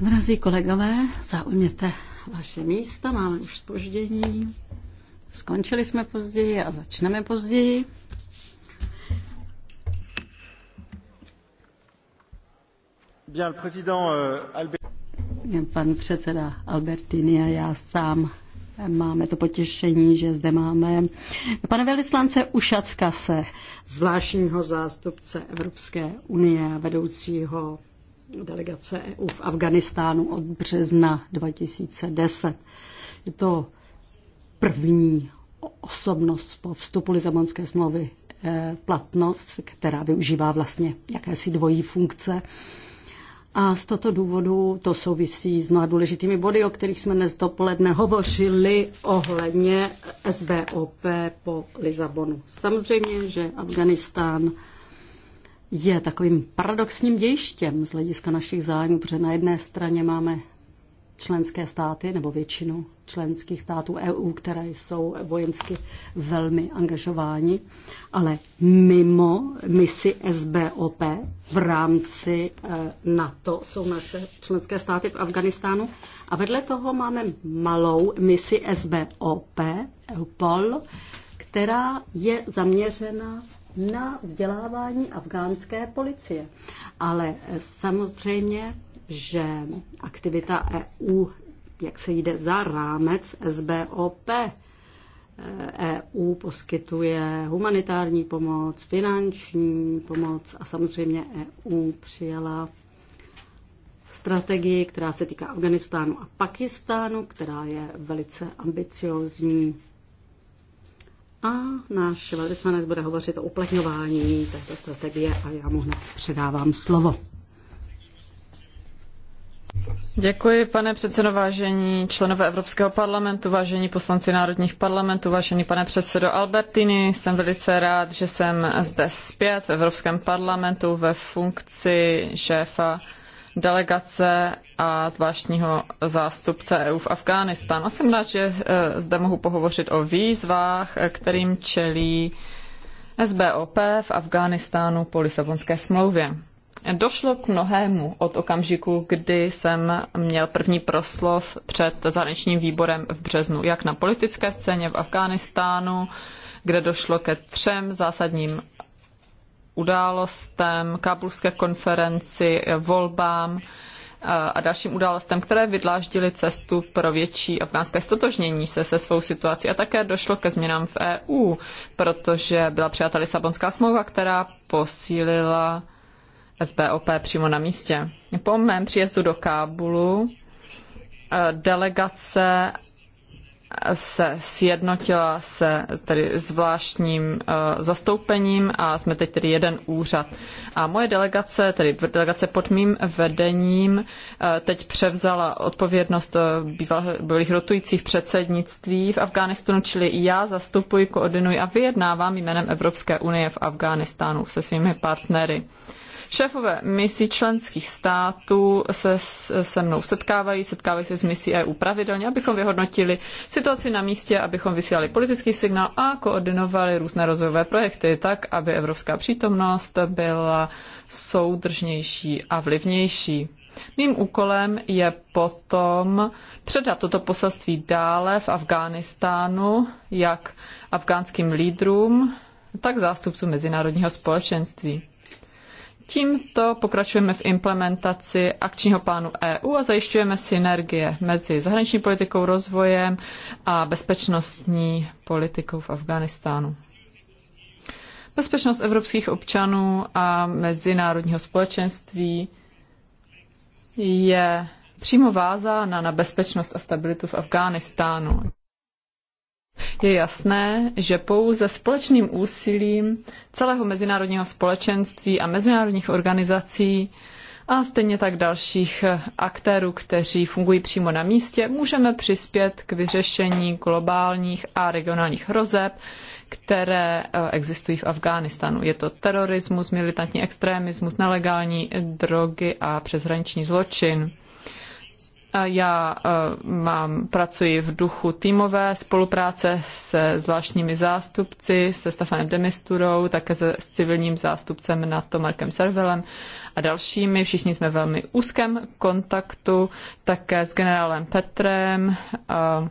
Drazí kolegové, zaujměte vaše místa, máme už spoždění. Skončili jsme později a začneme později. Bien, euh, Pan předseda Albertini a já sám Máme to potěšení, že zde máme pana velislance se zvláštního zástupce Evropské unie a vedoucího delegace EU v Afganistánu od března 2010. Je to první osobnost po vstupu Lizabonské smlouvy eh, platnost, která využívá vlastně jakési dvojí funkce. A z toto důvodu to souvisí s mnoha důležitými body, o kterých jsme dnes dopoledne hovořili ohledně SBOP po Lisabonu. Samozřejmě, že Afganistán je takovým paradoxním dějištěm z hlediska našich zájmů, protože na jedné straně máme členské státy nebo většinu členských států EU, které jsou vojensky velmi angažováni, ale mimo misi SBOP v rámci eh, NATO jsou naše členské státy v Afganistánu. A vedle toho máme malou misi SBOP, EUPOL, která je zaměřena na vzdělávání afgánské policie. Ale eh, samozřejmě že aktivita EU, jak se jde za rámec SBOP, EU eh, e poskytuje humanitární pomoc, finanční pomoc a samozřejmě EU přijala strategii, která se týká Afganistánu a Pakistánu, která je velice ambiciozní. A náš velvyslanec bude hovořit o uplatňování této strategie a já mu hned předávám slovo. Děkuji, pane předsedo, vážení členové Evropského parlamentu, vážení poslanci národních parlamentů, vážený pane předsedo Albertini. Jsem velice rád, že jsem zde zpět v Evropském parlamentu ve funkci šéfa delegace a zvláštního zástupce EU v Afghánistánu. A jsem rád, že e, zde mohu pohovořit o výzvách, e, kterým čelí SBOP v Afghánistánu po Lisabonské smlouvě. Došlo k mnohému od okamžiku, kdy jsem měl první proslov před zahraničním výborem v březnu, jak na politické scéně v Afghánistánu, kde došlo ke třem zásadním událostem, kábulské konferenci, volbám eh, a dalším událostem, které vydláždily cestu pro větší afgánské stotožnění se se svou situací. A také došlo ke změnám v EU, protože byla přijata Lisabonská smlouva, která posílila SBOP přímo na místě. Po mém příjezdu do Kábulu eh, delegace se sjednotila se tedy zvláštním eh, zastoupením a jsme teď tedy jeden úřad. A moje delegace, tedy delegace pod mým vedením, eh, teď převzala odpovědnost bývalých rotujících předsednictví v Afghánistánu, čili já zastupuji, koordinuji a vyjednávám jménem Evropské unie v Afghánistánu se svými partnery. Uh, Šéfové misí členských států se se mnou setkávají, setkávají se s misí EU pravidelně, abychom vyhodnotili situaci na místě, abychom vysílali politický signál a koordinovali různé rozvojové projekty tak, aby evropská přítomnost byla soudržnější a vlivnější. Mým úkolem je potom předat toto poselství dále v Afghánistánu, jak afgánským lídrům, tak zástupcům mezinárodního společenství. Tímto pokračujeme v implementaci akčního plánu EU a zajišťujeme synergie mezi zahraniční politikou, rozvojem a bezpečnostní politikou v Afghánistánu. Bezpečnost evropských občanů a mezinárodního společenství je přímo vázána na bezpečnost a stabilitu v Afghánistánu. Je jasné, že pouze společným úsilím celého mezinárodního společenství a mezinárodních organizací a stejně tak dalších aktérů, kteří fungují přímo na místě, můžeme přispět k vyřešení globálních a regionálních hrozeb, které eh, existují v Afghánistánu. Je to terorismus, militantní extremismus, nelegální drogy a přeshraniční zločin. Já e, mám, pracuji v duchu týmové spolupráce se zvláštními zástupci, se Stefanem Demisturou, také se, s civilním zástupcem to Markem Servelem a dalšími. Všichni jsme v velmi úzkém kontaktu, také s generálem Petrem, a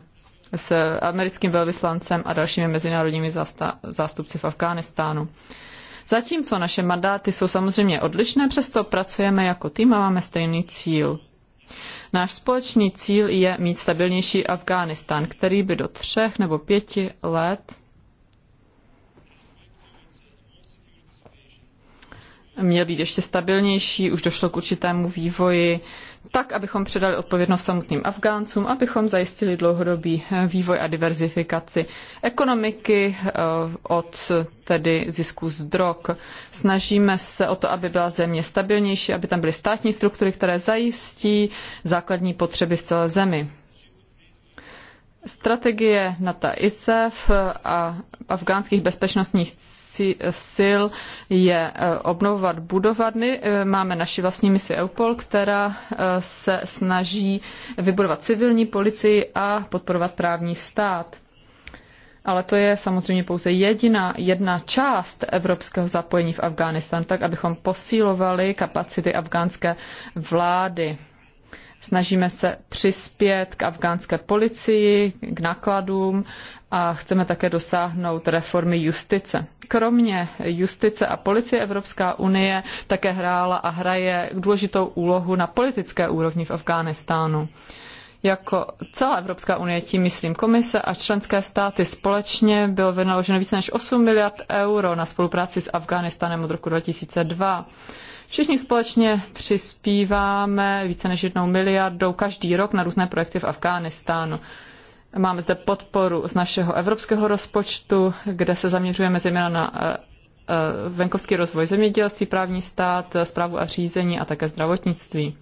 e, s americkým velvyslancem a dalšími mezinárodními zástupci v Afghánistánu. Zatímco naše mandáty jsou samozřejmě odlišné, přesto pracujeme jako tým a máme stejný cíl – Náš společný cíl je mít stabilnější Afghánistán, který by do třech nebo pěti let měl být ještě stabilnější, už došlo k určitému vývoji tak, abychom předali odpovědnost samotným Afgáncům, abychom zajistili dlouhodobý eh, vývoj a diverzifikaci ekonomiky eh, od tedy zisku z drog. Snažíme se o to, aby byla země stabilnější, aby tam byly státní struktury, které zajistí základní potřeby v celé zemi. Strategie NATO ISEF a afgánských bezpečnostních sil je e, obnovovat budovadny. E, máme naši vlastní misi EUPOL, která e, se snaží vybudovat civilní policii a podporovat právní stát. Ale to je samozřejmě pouze jediná, jedna část evropského zapojení v Afghánistánu, tak abychom posílovali kapacity afgánské vlády. Snažíme se přispět k afgánské policii, k nákladům a chceme také dosáhnout reformy justice. Kromě justice a policie Evropská unie také hrála a hraje důležitou úlohu na politické úrovni v Afghánistánu jako celá Evropská unie, tím myslím komise a členské státy společně, bylo vynaloženo více než 8 miliard euro na spolupráci s Afghánistánem od roku 2002. Všichni společně přispíváme více než jednou miliardou každý rok na různé projekty v Afghánistánu. Máme zde podporu z našeho evropského rozpočtu, kde se zaměřujeme zejména na eh, eh, venkovský rozvoj zemědělství, právní stát, zprávu a řízení a také zdravotnictví.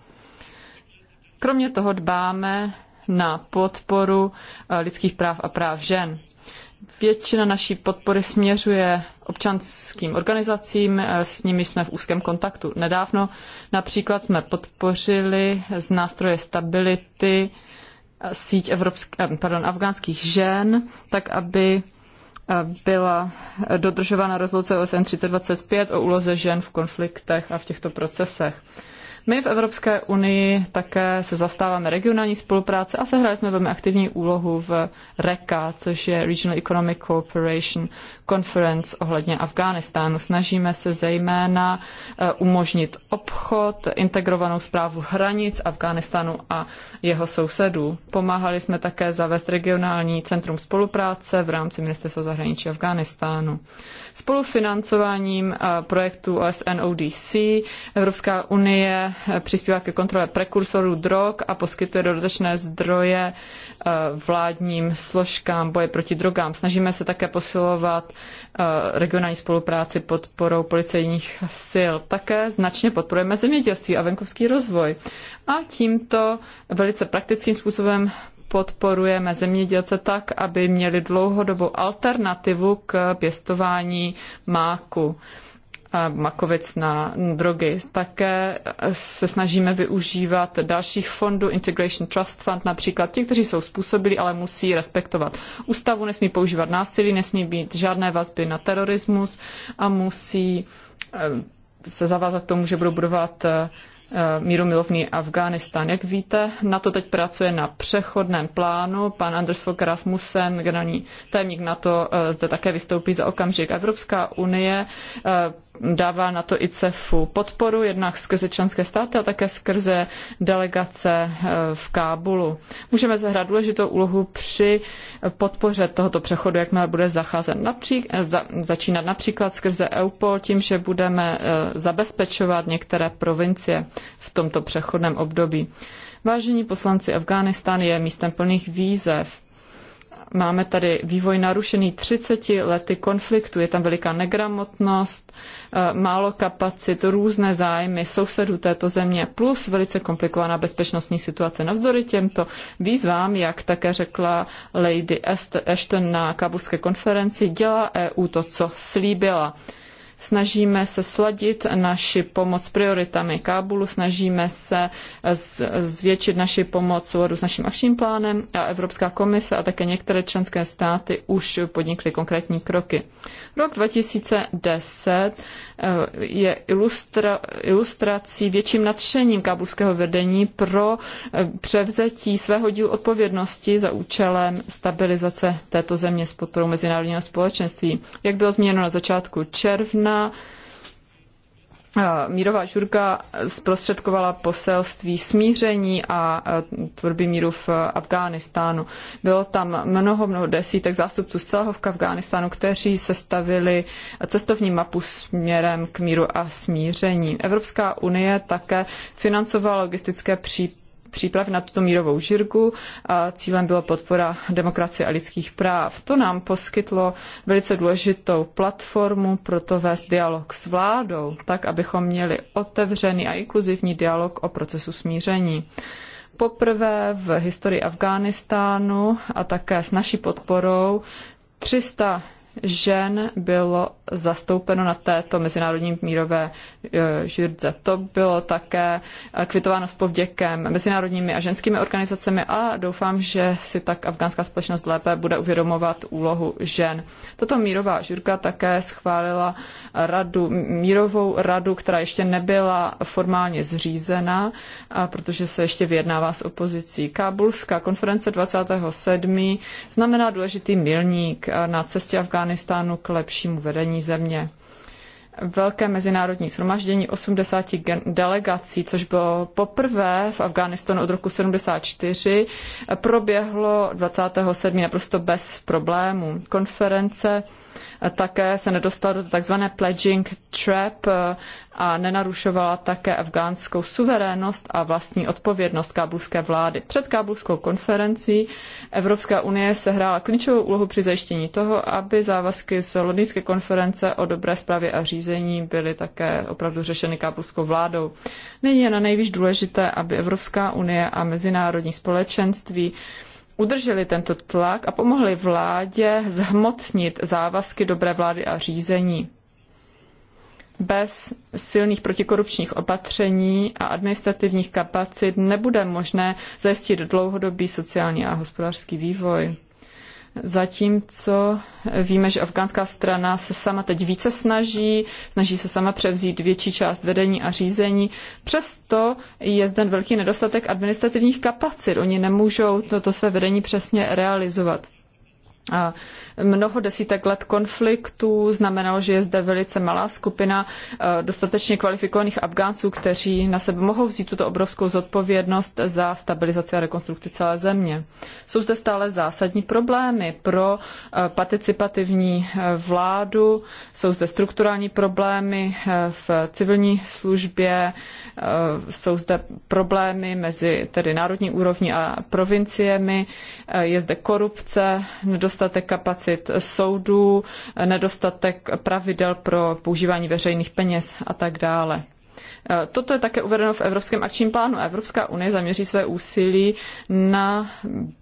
Kromě toho dbáme na podporu eh, lidských práv a práv žen. Většina naší podpory směřuje občanským organizacím, eh, s nimi jsme v úzkém kontaktu. Nedávno například jsme podpořili z nástroje stability eh, síť evropsk- eh, pardon, afgánských žen, tak aby byla dodržována rezoluce OSN 3025 o úloze žen v konfliktech a v těchto procesech. My v Evropské unii také se zastáváme regionální spolupráce a sehrali jsme velmi aktivní úlohu v RECA, což je Regional Economic Cooperation. Conference ohledně Afghánistánu. Snažíme se zejména eh, umožnit obchod, integrovanou správu hranic Afghánistánu a jeho sousedů. Pomáhali jsme také zavést regionální centrum spolupráce v rámci Ministerstva zahraničí Afghánistánu. Spolufinancováním eh, projektu OSN ODC Evropská unie eh, přispívá ke kontrole prekursorů drog a poskytuje dodatečné zdroje Eh, vládním složkám boje proti drogám. Snažíme se také posilovat eh, regionální spolupráci podporou policejních sil. Také značně podporujeme zemědělství a venkovský rozvoj. A tímto velice praktickým způsobem podporujeme zemědělce tak, aby měli dlouhodobou alternativu k pěstování máku. Makovic na drogy. Také se snažíme využívat dalších fondů, Integration Trust Fund například, ti, kteří jsou způsobili, ale musí respektovat ústavu, nesmí používat násilí, nesmí být žádné vazby na terorismus a musí eh, se zavázat k tomu, že budou budovat eh, Eh, mírumilovný Afghánistán. Jak víte, na to teď pracuje na přechodném plánu. Pan Anders Fogh Rasmussen, generální tajemník na to eh, zde také vystoupí za okamžik. Evropská unie eh, dává na to ICEFu podporu, jednak skrze členské státy a také skrze delegace v Kábulu. Můžeme zahrát důležitou úlohu při podpoře tohoto přechodu, jakmile bude zacházet napřík, za, začínat například skrze EUPOL, tím, že budeme zabezpečovat některé provincie v tomto přechodném období. Vážení poslanci, Afghánistán je místem plných výzev. Máme tady vývoj narušený 30 lety konfliktu, je tam veliká negramotnost, eh, málo kapacit, různé zájmy sousedů této země, plus velice komplikovaná bezpečnostní situace. Navzdory těmto výzvám, jak také řekla Lady Ashton na kabuské konferenci, dělá EU to, co slíbila. Snažíme se sladit naši pomoc s prioritami Kábulu, snažíme se zvětšit naši pomoc souladu s naším akčním plánem a Evropská komise a také některé členské státy už podnikly konkrétní kroky. Rok 2010 Eh, je ilustra, ilustrací větším nadšením kábulského vedení pro eh, převzetí svého dílu odpovědnosti za účelem stabilizace této země s podporou mezinárodního společenství. Jak bylo zmíněno na začátku června, mírová žurka zprostředkovala poselství smíření a tvorby míru v Afghánistánu. Bylo tam mnoho, mnoho desítek zástupců z celého Afghánistánu, kteří sestavili cestovní mapu směrem k míru a smíření. Evropská unie také financovala logistické přípravy příprav na tuto mírovou žirgu a cílem byla podpora demokracie a lidských práv. To nám poskytlo velice důležitou platformu pro to vést dialog s vládou, tak abychom měli otevřený a inkluzivní dialog o procesu smíření poprvé v historii Afghánistánu a také s naší podporou 300 žen bylo zastoupeno na této mezinárodní mírové e, žirdze. To bylo také e, kvitováno s povděkem mezinárodními a ženskými organizacemi a doufám, že si tak afgánská společnost lépe bude uvědomovat úlohu žen. Toto mírová žirka také schválila radu, mírovou radu, která ještě nebyla formálně zřízena, protože se ještě vyjednává s opozicí. Kábulská konference 27. znamená důležitý milník na cestě Afghánistánu k lepšímu vedení země. Velké mezinárodní shromaždění 80 delegací, což bylo poprvé v Afghánistánu od roku 74, proběhlo 27. naprosto bez problémů. Konference také se nedostala do tzv. pledging trap eh, a nenarušovala také afgánskou suverénnost a vlastní odpovědnost kábulské vlády. Před kábulskou konferencí Evropská unie sehrála klíčovou úlohu při zajištění toho, aby závazky z londýnské konference o dobré zprávě a řízení byly také opravdu řešeny kábulskou vládou. Nyní je na nejvíc důležité, aby Evropská unie a mezinárodní společenství udrželi tento tlak a pomohli vládě zhmotnit závazky dobré vlády a řízení. Bez silných protikorupčních opatření a administrativních kapacit nebude možné zajistit dlouhodobý sociální a hospodářský vývoj. Zatímco víme, že afgánská strana se sama teď více snaží, snaží se sama převzít větší část vedení a řízení, přesto je zde velký nedostatek administrativních kapacit. Oni nemůžou toto své vedení přesně realizovat mnoho desítek let konfliktů znamenalo, že je zde velice malá skupina e, dostatečně kvalifikovaných Afgánců, kteří na sebe mohou vzít tuto obrovskou zodpovědnost za stabilizaci a rekonstrukci celé země. Jsou zde stále zásadní problémy pro e, participativní e, vládu, jsou zde strukturální problémy v civilní službě, jsou zde problémy mezi tedy národní úrovní a provinciemi, je zde korupce, nedostatek nedostatek kapacit soudů, nedostatek pravidel pro používání veřejných peněz a tak dále. E, toto je také uvedeno v Evropském akčním plánu. Evropská unie zaměří své úsilí na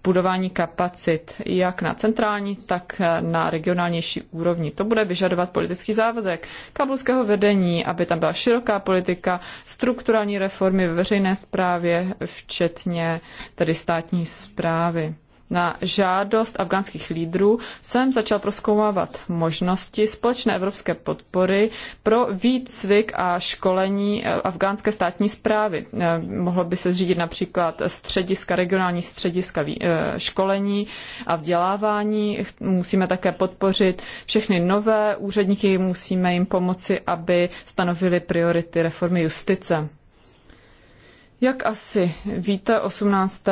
budování kapacit, jak na centrální, tak na regionálnější úrovni. To bude vyžadovat politický závazek kabulského vedení, aby tam byla široká politika, strukturální reformy ve veřejné správě, včetně tedy státní správy. Na žádost afgánských lídrů jsem začal proskoumávat možnosti společné evropské podpory pro výcvik a školení eh, afgánské státní zprávy. Eh, mohlo by se zřídit například střediska, regionální střediska eh, školení a vzdělávání. Musíme také podpořit všechny nové úředníky, musíme jim pomoci, aby stanovili priority reformy justice. Jak asi víte, 18.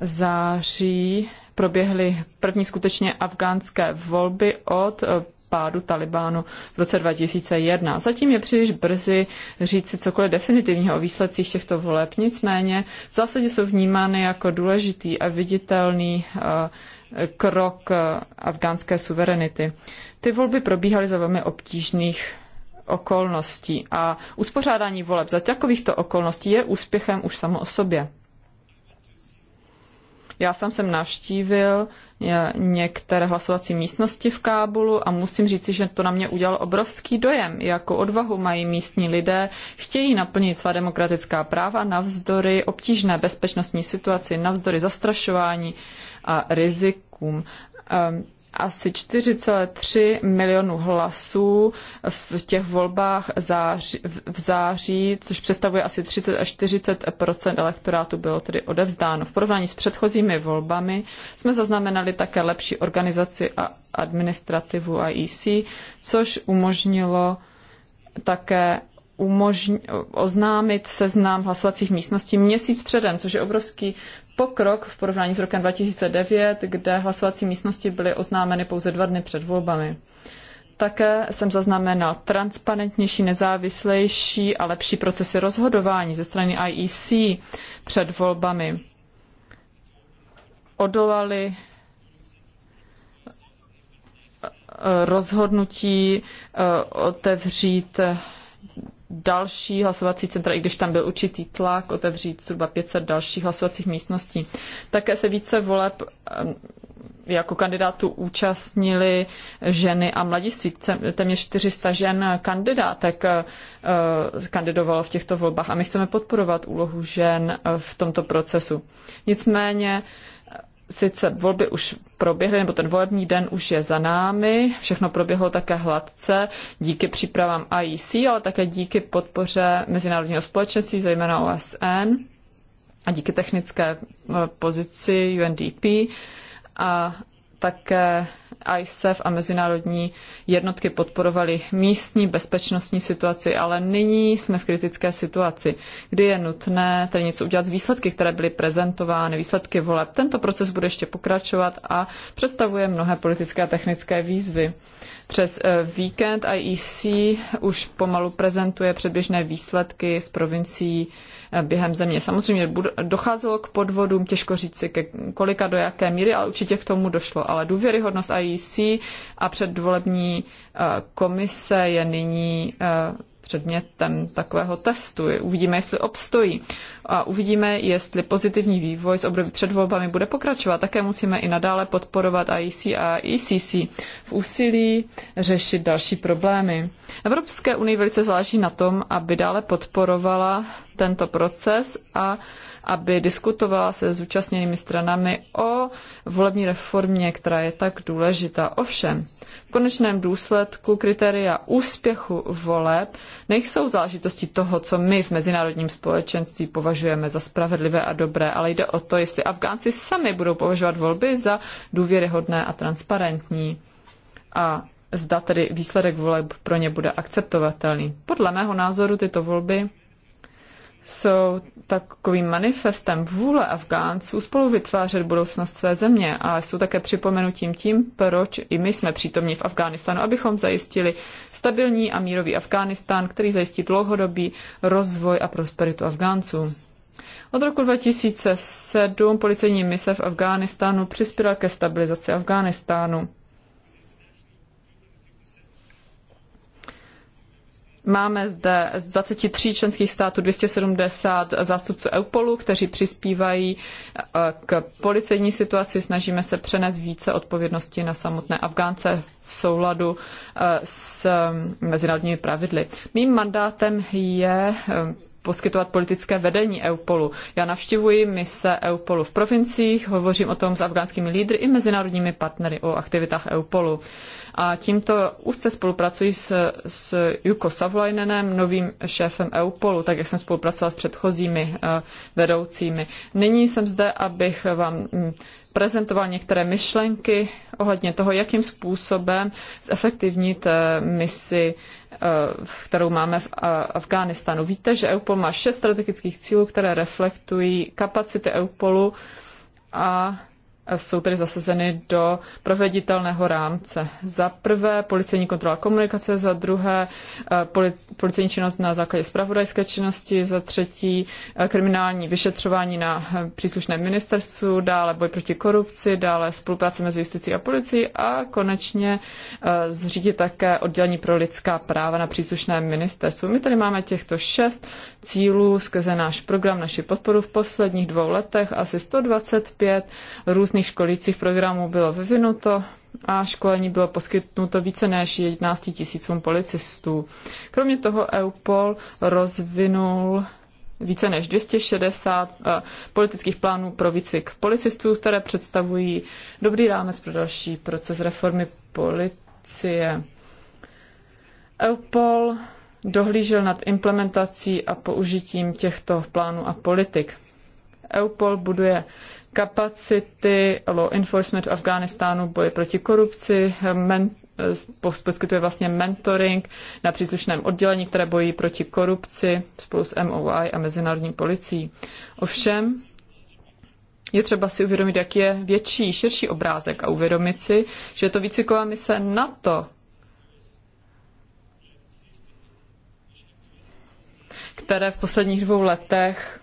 září proběhly první skutečně afgánské volby od pádu Talibánu v roce 2001. Zatím je příliš brzy říci cokoliv definitivního o výsledcích těchto voleb, nicméně v zásadě jsou vnímány jako důležitý a viditelný eh, krok eh, afgánské suverenity. Ty volby probíhaly za velmi obtížných okolností. A uspořádání voleb za takovýchto okolností je úspěchem už samo o sobě. Já sám jsem navštívil eh, některé hlasovací místnosti v Kábulu a musím říci, že to na mě udělalo obrovský dojem. Jako odvahu mají místní lidé, chtějí naplnit svá demokratická práva navzdory obtížné bezpečnostní situaci, navzdory zastrašování a rizikům. Ehm, asi 4,3 milionu hlasů v těch volbách září, v září, což představuje asi 30 až 40 elektorátu bylo tedy odevzdáno. V porovnání s předchozími volbami jsme zaznamenali také lepší organizaci a administrativu IEC, což umožnilo také umožň, oznámit seznam hlasovacích místností měsíc předem, což je obrovský pokrok v porovnání s rokem 2009, kde hlasovací místnosti byly oznámeny pouze dva dny před volbami. Také jsem zaznamenal transparentnější, nezávislejší a lepší procesy rozhodování ze strany IEC před volbami. Odolali eh, rozhodnutí eh, otevřít další hlasovací centra, i když tam byl určitý tlak, otevřít zhruba 500 dalších hlasovacích místností. Také se více voleb jako kandidátů účastnili ženy a mladiství. Téměř 400 žen kandidátek eh, kandidovalo v těchto volbách a my chceme podporovat úlohu žen v tomto procesu. Nicméně sice volby už proběhly, nebo ten volební den už je za námi, všechno proběhlo také hladce díky přípravám IEC, ale také díky podpoře mezinárodního společenství, zejména OSN a díky technické eh, pozici UNDP. A také eh, ISAF e a mezinárodní jednotky podporovaly místní bezpečnostní situaci, ale nyní jsme v kritické situaci, kdy je nutné tedy něco udělat s výsledky, které byly prezentovány, výsledky voleb. Tento proces bude ještě pokračovat a představuje mnohé politické a technické výzvy. Přes eh, víkend IEC už pomalu prezentuje předběžné výsledky z provincií během země. Samozřejmě docházelo k podvodům, těžko říci ke kolika do jaké míry, ale určitě k tomu došlo. Ale důvěryhodnost IEC a předvolební eh, komise je nyní eh, předmětem takového testu. Uvidíme, jestli obstojí a uvidíme, jestli pozitivní vývoj z období před volbami bude pokračovat. Také musíme i nadále podporovat IEC a ECC v úsilí řešit další problémy. Evropské unii velice záleží na tom, aby dále podporovala tento proces a aby diskutovala se zúčastněnými stranami o volební reformě, která je tak důležitá. Ovšem, v konečném důsledku kritéria úspěchu voleb nejsou záležitosti toho, co my v mezinárodním společenství považujeme za spravedlivé a dobré, ale jde o to, jestli Afgánci sami budou považovat volby za důvěryhodné a transparentní. A zda tedy výsledek voleb pro ně bude akceptovatelný. Podle mého názoru tyto volby jsou takovým manifestem vůle Afgánců spolu vytvářet budoucnost své země a jsou také připomenutím tím, proč i my jsme přítomní v Afghánistánu, abychom zajistili stabilní a mírový Afghánistán, který zajistí dlouhodobý rozvoj a prosperitu Afgánců. Od roku 2007 policejní mise v Afghánistánu přispěla ke stabilizaci Afghánistánu. Máme zde z 23 členských států 270 zástupců EUPOLu, kteří přispívají e, k policejní situaci. Snažíme se přenést více odpovědnosti na samotné Afgánce v souladu e, s mezinárodními pravidly. Mým mandátem je e, poskytovat politické vedení EUPOLu. Já navštěvuji mise EUPOLu v provinciích, hovořím o tom s afgánskými lídry i mezinárodními partnery o aktivitách EUPOLu. A tímto úzce spolupracuji s, s Juko Savlajnenem, novým šéfem EUPOLu, tak jak jsem spolupracoval s předchozími uh, vedoucími. Nyní jsem zde, abych vám mm, prezentoval některé myšlenky ohledně toho, jakým způsobem zefektivnit eh, misi, eh, kterou máme v eh, Afghánistánu. Víte, že EUPOL má šest strategických cílů, které reflektují kapacity EUPOLu a jsou tedy zasazeny do proveditelného rámce. Za prvé policejní kontrola komunikace, za druhé eh, policejní činnost na základě spravodajské činnosti, za třetí eh, kriminální vyšetřování na eh, příslušném ministerstvu, dále boj proti korupci, dále spolupráce mezi justicí a policií a konečně zřídit také oddělení pro lidská práva na příslušném ministerstvu. My tady máme těchto šest cílů skrze náš program, naši podporu v posledních dvou letech, asi 125 různých různých školících programů bylo vyvinuto a školení bylo poskytnuto více než 11 tisícům policistů. Kromě toho EUPOL rozvinul více než 260 eh, politických plánů pro výcvik policistů, které představují dobrý rámec pro další proces reformy policie. EUPOL dohlížel nad implementací a použitím těchto plánů a politik. EUPOL buduje kapacity law enforcement v Afghánistánu, boje proti korupci, men, eh, poskytuje vlastně mentoring na příslušném oddělení, které bojí proti korupci spolu s MOI a mezinárodní policií. Ovšem, je třeba si uvědomit, jak je větší, širší obrázek a uvědomit si, že je to výcviková mise NATO, které v posledních dvou letech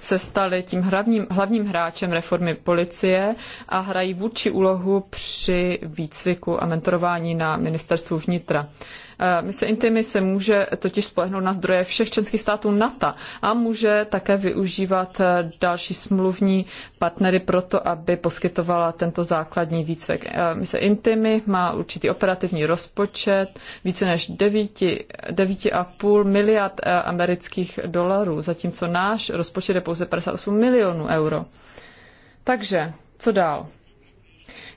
se staly tím hlavním, hlavním hráčem reformy policie a hrají vůdčí úlohu při výcviku a mentorování na ministerstvu vnitra. Eh, Mise Intimy se může totiž spolehnout na zdroje všech členských států NATO a může také využívat eh, další smluvní partnery to, aby poskytovala tento základní výcvik. Eh, Mise Intimy má určitý operativní rozpočet více než 9,5 miliard amerických dolarů, zatímco náš rozpočet je pouze 58 milionů euro. Takže, co dál?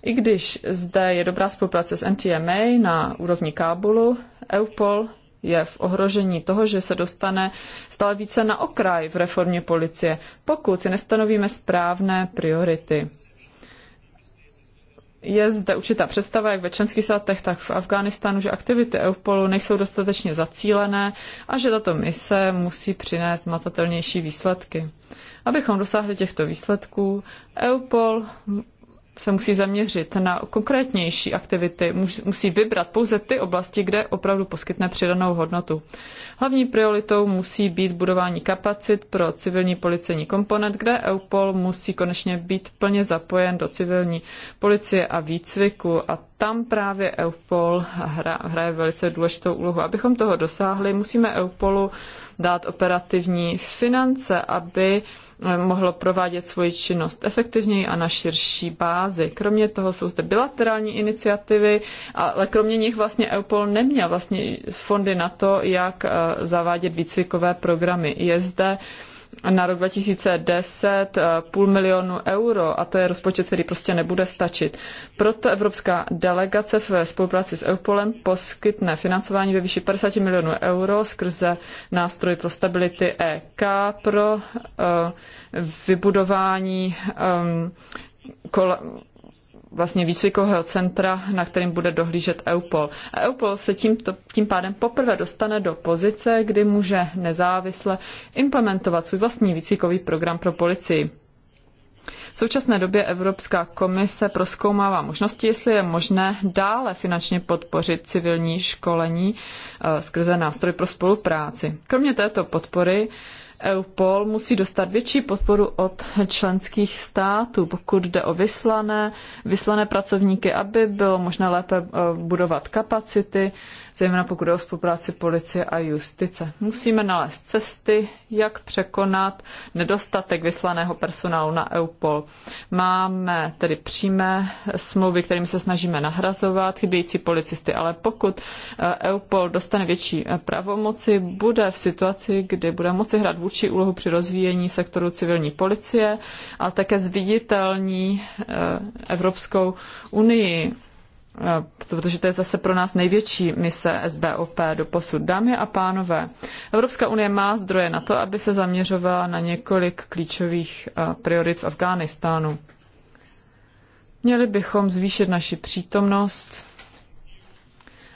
I když zde je dobrá spolupráce s NTMA na úrovni Kábulu, EUPOL je v ohrožení toho, že se dostane stále více na okraj v reformě policie, pokud si nestanovíme správné priority. Je zde určitá představa, jak ve členských státech, tak v Afghánistánu, že aktivity EUPOLu nejsou dostatečně zacílené a že tato mise musí přinést matatelnější výsledky. Abychom dosáhli těchto výsledků, EUPOL se musí zaměřit na konkrétnější aktivity, musí vybrat pouze ty oblasti, kde opravdu poskytne přidanou hodnotu. Hlavní prioritou musí být budování kapacit pro civilní policejní komponent, kde EUPOL musí konečně být plně zapojen do civilní policie a výcviku a tam právě EUPOL hra, hraje velice důležitou úlohu. Abychom toho dosáhli, musíme EUPOLu dát operativní finance, aby mohlo provádět svoji činnost efektivněji a na širší bázi. Kromě toho jsou zde bilaterální iniciativy, ale kromě nich vlastně EUPOL neměl vlastně fondy na to, jak eh, zavádět výcvikové programy. Je zde uh, na rok 2010 eh, půl milionu euro a to je rozpočet, který prostě nebude stačit. Proto Evropská delegace ve spolupráci s Eupolem poskytne financování ve výši 50 milionů euro skrze nástroj pro stability EK pro uh, vybudování um, vlastně výcvikového centra, na kterým bude dohlížet EUPOL. A EUPOL se tím, to, tím pádem poprvé dostane do pozice, kdy může nezávisle implementovat svůj vlastní výcvikový program pro policii. V současné době Evropská komise proskoumává možnosti, jestli je možné dále finančně podpořit civilní školení eh, skrze nástroj pro spolupráci. Kromě této podpory EUPOL musí dostat větší podporu od členských států, pokud jde o vyslané, vyslané pracovníky, aby bylo možné lépe eh, budovat kapacity, zejména pokud jde o spolupráci policie a justice. Musíme nalézt cesty, jak překonat nedostatek vyslaného personálu na EUPOL. Máme tedy přímé smlouvy, kterými se snažíme nahrazovat chybějící policisty, ale pokud eh, EUPOL dostane větší eh, pravomoci, bude v situaci, kdy bude moci hrát vůči vůči úlohu při rozvíjení sektoru civilní policie a také zviditelní eh, Evropskou unii eh, protože to je zase pro nás největší mise SBOP do posud. Dámy a pánové, Evropská unie má zdroje na to, aby se zaměřovala na několik klíčových eh, priorit v Afghánistánu. Měli bychom zvýšit naši přítomnost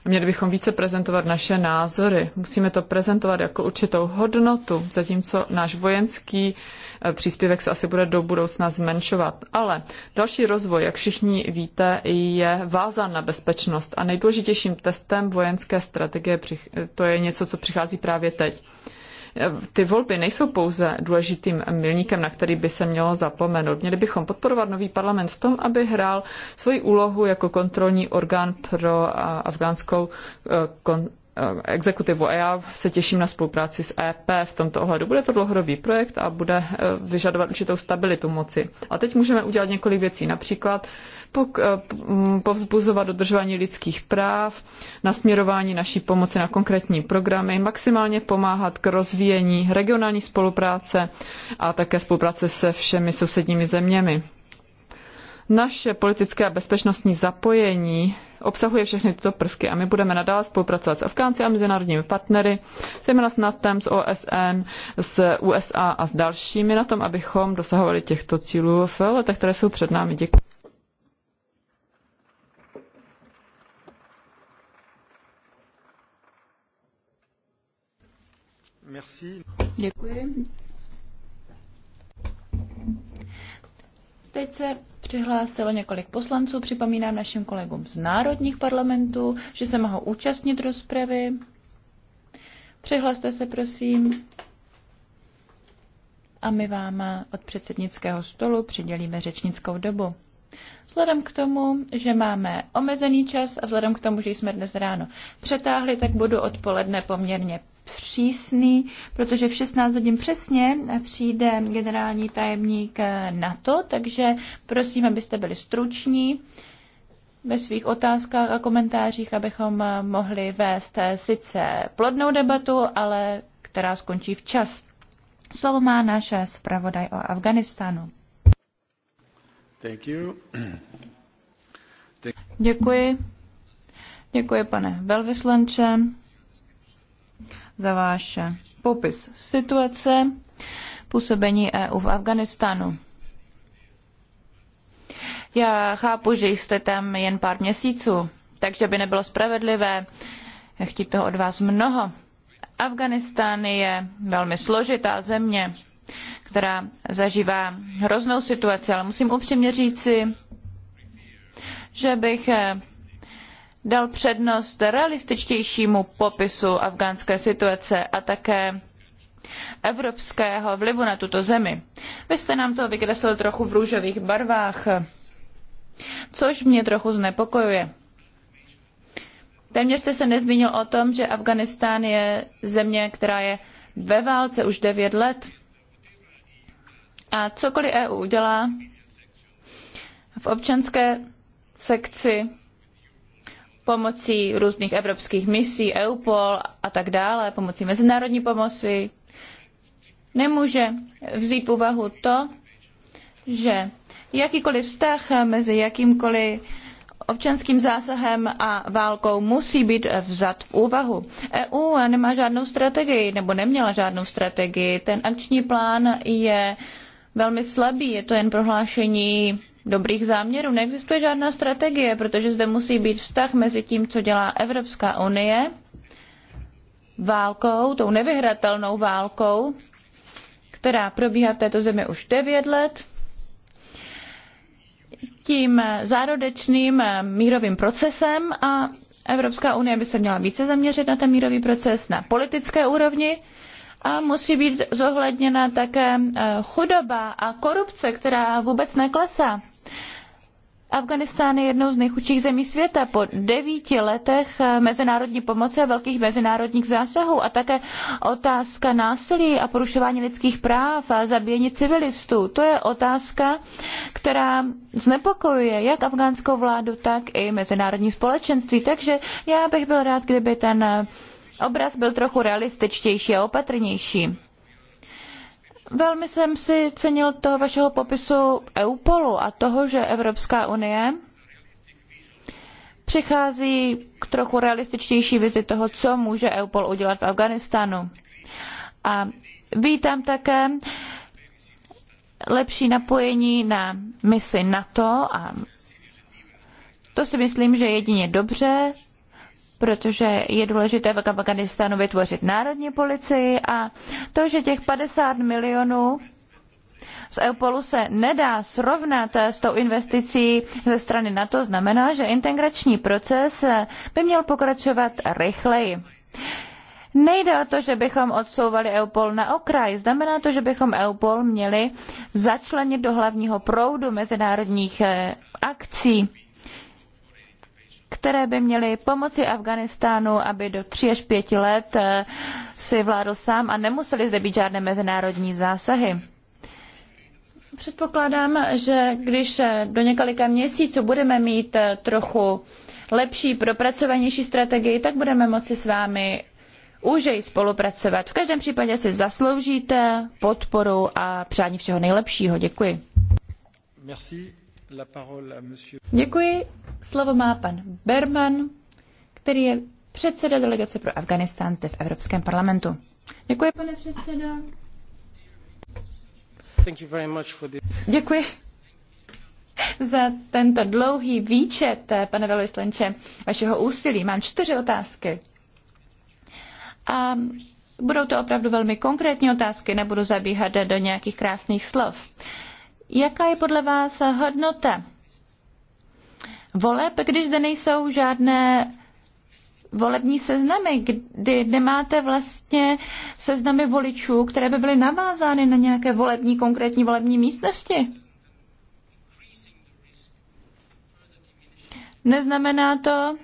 Měli bychom více prezentovat naše názory. Musíme to prezentovat jako určitou hodnotu, zatímco náš vojenský eh, příspěvek se asi bude do budoucna zmenšovat. Ale další rozvoj, jak všichni víte, je vázan na bezpečnost a nejdůležitějším testem vojenské strategie eh, to je něco, co přichází právě teď ty volby nejsou pouze důležitým milníkem, na který by se mělo zapomenout. Měli bychom podporovat nový parlament v tom, aby hrál svoji úlohu jako kontrolní orgán pro afgánskou eh, Eh, exekutivu. A já se těším na spolupráci s EP v tomto ohledu. Bude to dlouhodobý projekt a bude eh, vyžadovat určitou stabilitu moci. A teď můžeme udělat několik věcí. Například pok- eh, povzbuzovat dodržování lidských práv, nasměrování naší pomoci na konkrétní programy, maximálně pomáhat k rozvíjení regionální spolupráce a také spolupráce se všemi sousedními zeměmi. Naše politické a bezpečnostní zapojení obsahuje všechny tyto prvky a my budeme nadále spolupracovat s Afgánci a mezinárodními partnery, zejména s NATEM, s OSN, s USA a s dalšími na tom, abychom dosahovali těchto cílů v letech, které jsou před námi. Děkuji. Děkuji. Teď se přihlásilo několik poslanců. Připomínám našim kolegům z národních parlamentů, že se mohou účastnit rozpravy. Přihlaste se, prosím. A my vám od předsednického stolu přidělíme řečnickou dobu. Vzhledem k tomu, že máme omezený čas a vzhledem k tomu, že jsme dnes ráno přetáhli, tak budu odpoledne poměrně přísný, protože v 16 hodin přesně přijde generální tajemník eh, NATO, takže prosím, abyste byli struční ve svých otázkách a komentářích, abychom eh, mohli vést eh, sice plodnou debatu, ale která skončí včas. Slovo má náš zpravodaj o Afganistánu. Thank you. Děkuji. Děkuji, pane velvyslanče za váš popis situace působení EU v Afganistánu. Já chápu, že jste tam jen pár měsíců, takže by nebylo spravedlivé chtít toho od vás mnoho. Afganistán je velmi složitá země, která zažívá hroznou situaci, ale musím upřímně říci, že bych dal přednost realističtějšímu popisu afgánské situace a také evropského vlivu na tuto zemi. Vy jste nám to vykreslil trochu v růžových barvách, což mě trochu znepokojuje. Téměř jste se nezmínil o tom, že Afganistán je země, která je ve válce už devět let. A cokoliv EU udělá v občanské sekci pomocí různých evropských misí, EUPOL a tak dále, pomocí mezinárodní pomoci, nemůže vzít v úvahu to, že jakýkoliv vztah mezi jakýmkoliv občanským zásahem a válkou musí být vzat v úvahu. EU nemá žádnou strategii, nebo neměla žádnou strategii. Ten akční plán je velmi slabý, je to jen prohlášení dobrých záměrů. Neexistuje žádná strategie, protože zde musí být vztah mezi tím, co dělá Evropská unie, válkou, tou nevyhratelnou válkou, která probíhá v této zemi už 9 let, tím zárodečným mírovým procesem a Evropská unie by se měla více zaměřit na ten mírový proces na politické úrovni a musí být zohledněna také eh, chudoba a korupce, která vůbec neklesá. Afganistán je jednou z nejchudších zemí světa. Po devíti letech eh, mezinárodní pomoci a velkých mezinárodních zásahů a také otázka násilí a porušování lidských práv a zabíjení civilistů, to je otázka, která znepokojuje jak afgánskou vládu, tak i mezinárodní společenství. Takže já bych byl rád, kdyby ten eh, obraz byl trochu realističtější a opatrnější. Velmi jsem si cenil toho vašeho popisu EUPOLu a toho, že Evropská unie přichází k trochu realističtější vizi toho, co může EUPOL udělat v Afganistánu. A vítám také lepší napojení na misi NATO a to si myslím, že jedině dobře, protože je důležité v Afganistánu vytvořit národní policii a to, že těch 50 milionů z EUPOLu se nedá srovnat s tou investicí ze strany NATO, znamená, že integrační proces by měl pokračovat rychleji. Nejde o to, že bychom odsouvali EUPOL na okraj, znamená to, že bychom EUPOL měli začlenit do hlavního proudu mezinárodních eh, akcí které by měly pomoci Afganistánu, aby do tří až pěti let eh, si vládl sám a nemuseli zde být žádné mezinárodní zásahy. Předpokládám, že když eh, do několika měsíců budeme mít eh, trochu lepší, propracovanější strategii, tak budeme moci s vámi úžej spolupracovat. V každém případě si zasloužíte podporu a přání všeho nejlepšího. Děkuji. Merci. Děkuji. Slovo má pan Berman, který je předseda delegace pro Afganistán zde v Evropském parlamentu. Děkuji, pane předsedo. Děkuji za tento dlouhý výčet, pane velvyslanče, vašeho úsilí. Mám čtyři otázky. A budou to opravdu velmi konkrétní otázky, nebudu zabíhat do nějakých krásných slov. Jaká je podle vás hodnota voleb, když zde nejsou žádné volební seznamy, kdy nemáte vlastně seznamy voličů, které by byly navázány na nějaké volební, konkrétní volební místnosti? Neznamená to,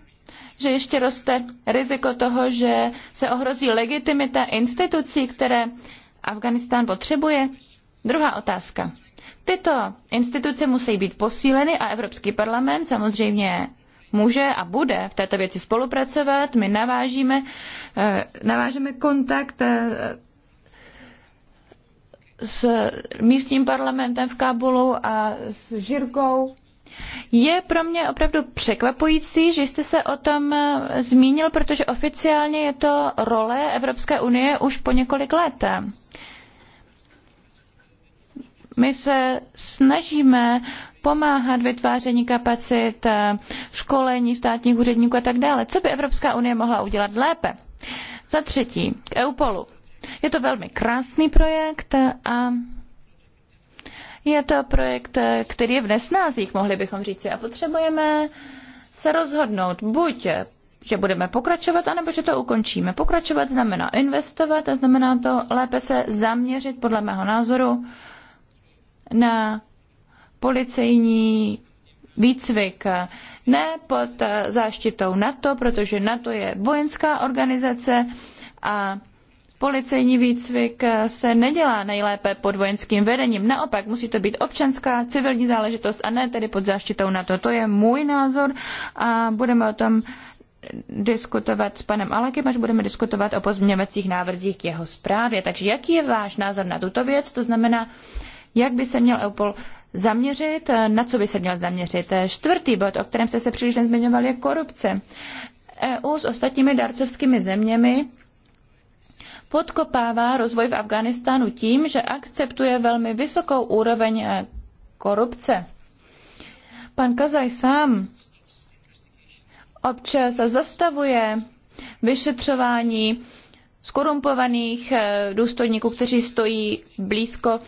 že ještě roste riziko toho, že se ohrozí legitimita institucí, které Afganistán potřebuje? Druhá otázka. Tyto instituce musí být posíleny a Evropský parlament samozřejmě může a bude v této věci spolupracovat. My navážíme, eh, navážeme kontakt eh, s místním parlamentem v Kábulu a s Žirkou. Je pro mě opravdu překvapující, že jste se o tom eh, zmínil, protože oficiálně je to role Evropské unie už po několik let. My se snažíme pomáhat vytváření kapacit, eh, školení státních úředníků a tak dále. Co by Evropská unie mohla udělat lépe? Za třetí, k EUPOLu. Je to velmi krásný projekt a je to projekt, eh, který je v nesnázích, mohli bychom říci, a potřebujeme se rozhodnout buď že budeme pokračovat, anebo že to ukončíme. Pokračovat znamená investovat a znamená to lépe se zaměřit, podle mého názoru, na policejní výcvik. Ne pod záštitou NATO, protože NATO je vojenská organizace a policejní výcvik se nedělá nejlépe pod vojenským vedením. Naopak, musí to být občanská, civilní záležitost a ne tedy pod záštitou NATO. To je můj názor a budeme o tom diskutovat s panem Alekem, až budeme diskutovat o pozměňovacích návrzích k jeho zprávě. Takže jaký je váš názor na tuto věc? To znamená, jak by se měl EUPOL zaměřit, eh, na co by se měl zaměřit. Eh, čtvrtý bod, o kterém jste se příliš nezmiňoval, je korupce. EU s ostatními darcovskými zeměmi podkopává rozvoj v Afghánistánu tím, že akceptuje velmi vysokou úroveň eh, korupce. Pan Kazaj sám občas zastavuje vyšetřování skorumpovaných důstojníků, kteří stojí blízko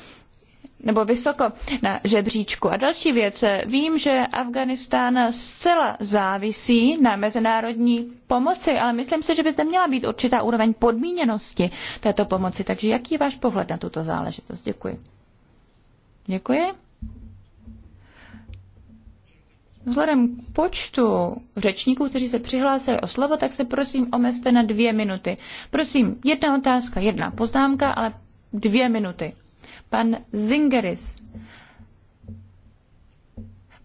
nebo vysoko na žebříčku. A další věc, vím, že Afganistán zcela závisí na mezinárodní pomoci, ale myslím si, že by zde měla být určitá úroveň podmíněnosti této pomoci. Takže jaký je váš pohled na tuto záležitost? Děkuji. Děkuji. Vzhledem k počtu řečníků, kteří se přihlásili o slovo, tak se prosím omezte na dvě minuty. Prosím, jedna otázka, jedna poznámka, ale dvě minuty pan Zingeris,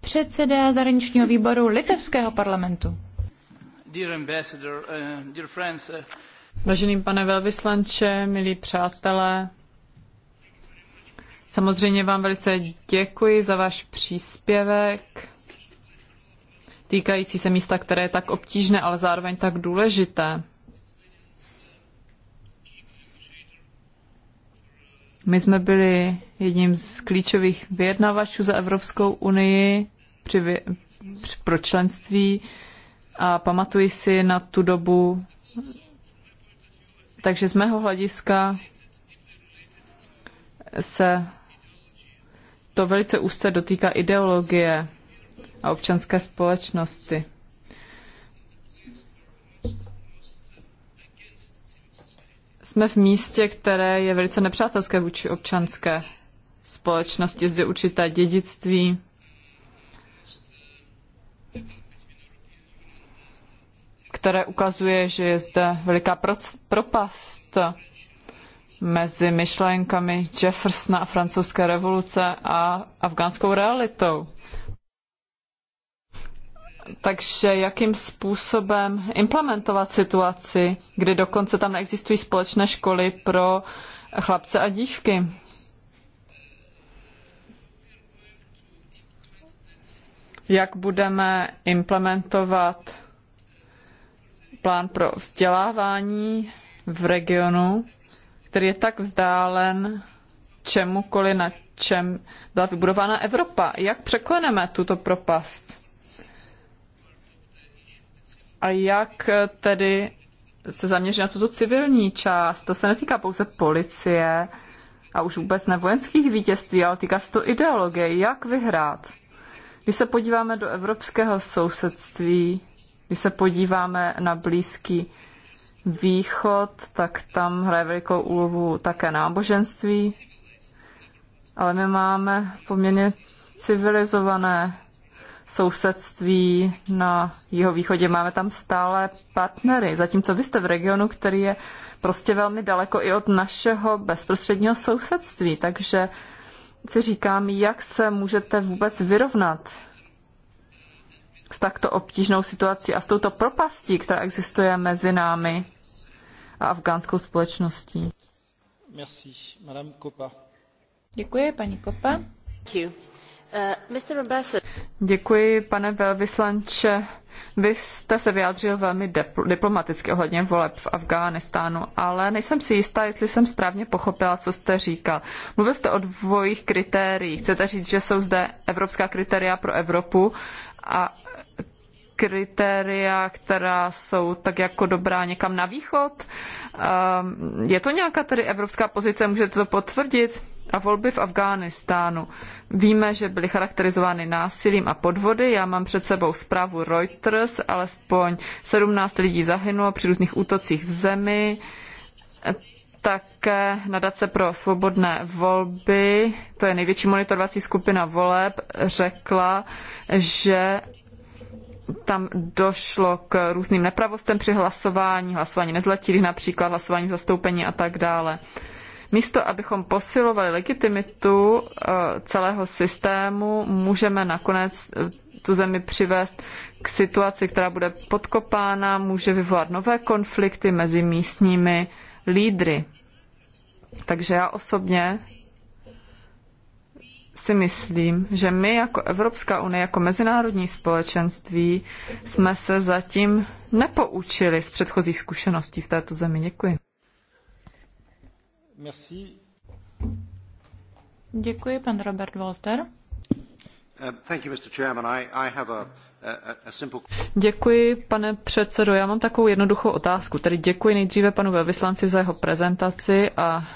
předseda zahraničního výboru litevského parlamentu. Uh, uh, Vážený pane velvyslanče, milí přátelé, samozřejmě vám velice děkuji za váš příspěvek týkající se místa, které je tak obtížné, ale zároveň tak důležité. My jsme byli jedním z klíčových vyjednavačů za Evropskou unii při, při, pro členství a pamatuji si na tu dobu. Takže z mého hlediska se to velice úzce dotýká ideologie a občanské společnosti. jsme v místě, které je velice nepřátelské vůči občanské společnosti, zde určité dědictví. které ukazuje, že je zde veliká propast mezi myšlenkami Jeffersona a francouzské revoluce a afgánskou realitou takže jakým způsobem implementovat situaci, kdy dokonce tam neexistují společné školy pro chlapce a dívky? Jak budeme implementovat plán pro vzdělávání v regionu, který je tak vzdálen čemukoliv, na čem byla vybudována Evropa. Jak překleneme tuto propast? A jak eh, tedy se zaměřit na tuto civilní část? To se netýká pouze policie a už vůbec ne vojenských vítězství, ale týká se to ideologie. Jak vyhrát? Když se podíváme do evropského sousedství, když se podíváme na Blízký východ, tak tam hraje velikou úlohu také náboženství. Ale my máme poměrně civilizované sousedství na jeho východě. Máme tam stále partnery, zatímco vy jste v regionu, který je prostě velmi daleko i od našeho bezprostředního sousedství. Takže si říkám, jak se můžete vůbec vyrovnat s takto obtížnou situací a s touto propastí, která existuje mezi námi a afgánskou společností. Merci. Madame Kopa. Děkuji, paní Kopa. Děkuji. Uh, Děkuji, pane velvyslanče. Vy jste se vyjádřil velmi diplomaticky ohledně voleb v Afghánistánu, ale nejsem si jistá, jestli jsem správně pochopila, co jste říkal. Mluvil jste o dvojích kritériích. Chcete říct, že jsou zde evropská kritéria pro Evropu a kritéria, která jsou tak jako dobrá někam na východ. Ehm, je to nějaká tedy evropská pozice, můžete to potvrdit? a volby v Afghánistánu. Víme, že byly charakterizovány násilím a podvody. Já mám před sebou zprávu Reuters, alespoň 17 lidí zahynulo při různých útocích v zemi. Také nadace pro svobodné volby, to je největší monitorovací skupina voleb, řekla, že tam došlo k různým nepravostem při hlasování, hlasování nezletilých například, hlasování v zastoupení a tak dále. Místo, abychom posilovali legitimitu eh, celého systému, můžeme nakonec eh, tu zemi přivést k situaci, která bude podkopána, může vyvolat nové konflikty mezi místními lídry. Takže já osobně si myslím, že my jako Evropská unie, jako mezinárodní společenství jsme se zatím nepoučili z předchozích zkušeností v této zemi. Děkuji. Merci. Děkuji, pan Robert Walter. Uh, děkuji, pane předsedo. Já mám takovou jednoduchou otázku. Tedy děkuji nejdříve panu velvyslanci za jeho prezentaci a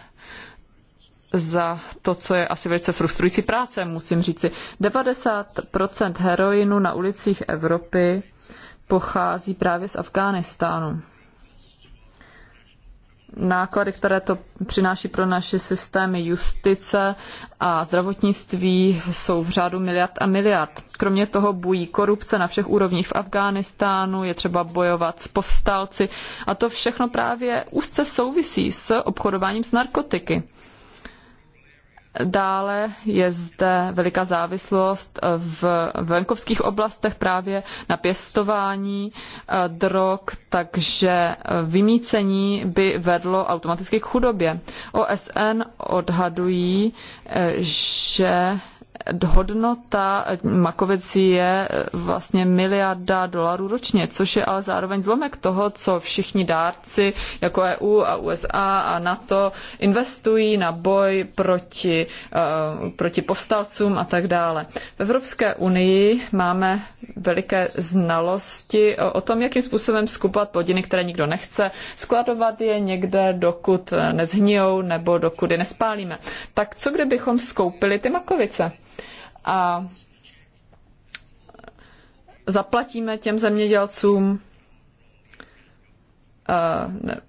za to, co je asi velice frustrující práce, musím říci. 90% heroinu na ulicích Evropy pochází právě z Afghánistánu náklady, které to přináší pro naše systémy justice a zdravotnictví, jsou v řádu miliard a miliard. Kromě toho bují korupce na všech úrovních v Afghánistánu, je třeba bojovat s povstalci a to všechno právě úzce souvisí s obchodováním s narkotiky. Dále je zde veliká závislost v venkovských oblastech právě na pěstování eh, drog, takže eh, vymícení by vedlo automaticky k chudobě. OSN odhadují, eh, že hodnota makovicí je vlastně miliarda dolarů ročně, což je ale zároveň zlomek toho, co všichni dárci jako EU a USA a NATO investují na boj proti, eh, proti povstalcům a tak dále. V Evropské unii máme veliké znalosti o tom, jakým způsobem skupat plodiny, které nikdo nechce, skladovat je někde, dokud nezhnijou nebo dokud je nespálíme. Tak co kdybychom skoupili ty makovice? a zaplatíme těm zemědělcům eh, ne,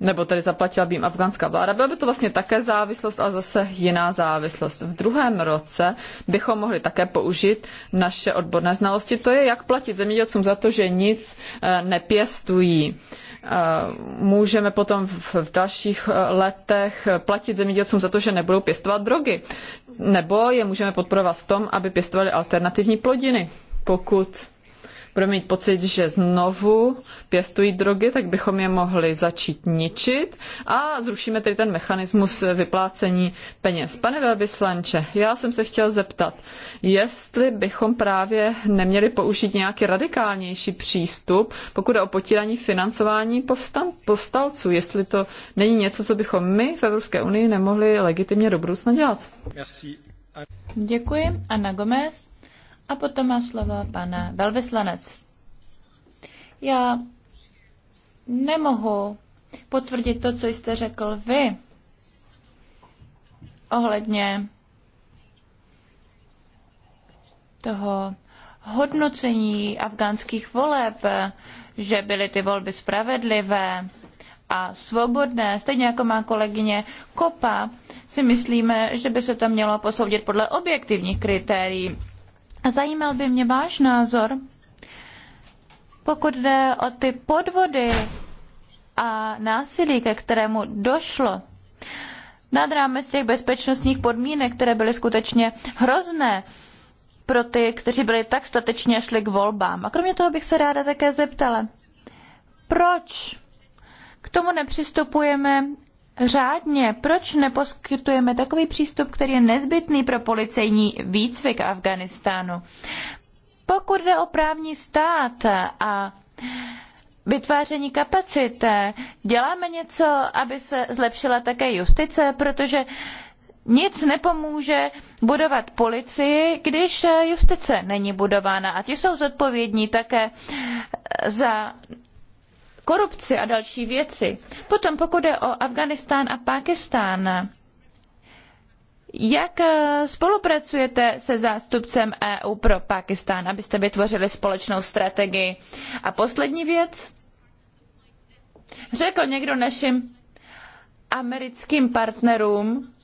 nebo tedy zaplatila by jim afgánská vláda. Byla by to vlastně také závislost, ale zase jiná závislost. V druhém roce bychom mohli také použít naše odborné znalosti. To je, jak platit zemědělcům za to, že nic eh, nepěstují. Eh, můžeme potom v dalších eh, letech platit zemědělcům za to, že nebudou pěstovat drogy. Nebo je můžeme podporovat v tom, aby pěstovali alternativní plodiny, pokud bude mít pocit, že znovu pěstují drogy, tak bychom je mohli začít ničit a zrušíme tedy ten mechanismus vyplácení peněz. Pane velvyslanče, já jsem se chtěl zeptat, jestli bychom právě neměli použít nějaký radikálnější přístup, pokud je o potírání financování povstan- povstalců, jestli to není něco, co bychom my v Evropské unii nemohli legitimně do budoucna dělat. Děkuji. Anna Gomez. A potom má slovo pan velvyslanec. Já nemohu potvrdit to, co jste řekl vy ohledně toho hodnocení afgánských voleb, že byly ty volby spravedlivé a svobodné, stejně jako má kolegyně Kopa, si myslíme, že by se to mělo posoudit podle objektivních kritérií Zajímal by mě váš názor, pokud jde o ty podvody a násilí, ke kterému došlo nad rámec těch bezpečnostních podmínek, které byly skutečně hrozné pro ty, kteří byli tak statečně šli k volbám. A kromě toho bych se ráda také zeptala, proč k tomu nepřistupujeme řádně, proč neposkytujeme takový přístup, který je nezbytný pro policejní výcvik Afganistánu? Pokud jde o právní stát a vytváření kapacit, děláme něco, aby se zlepšila také justice, protože nic nepomůže budovat policii, když justice není budována. A ti jsou zodpovědní také za korupci a další věci. Potom pokud jde o Afganistán a Pákistán, jak eh, spolupracujete se zástupcem EU pro Pákistán, abyste vytvořili společnou strategii? A poslední věc. Řekl někdo našim americkým partnerům,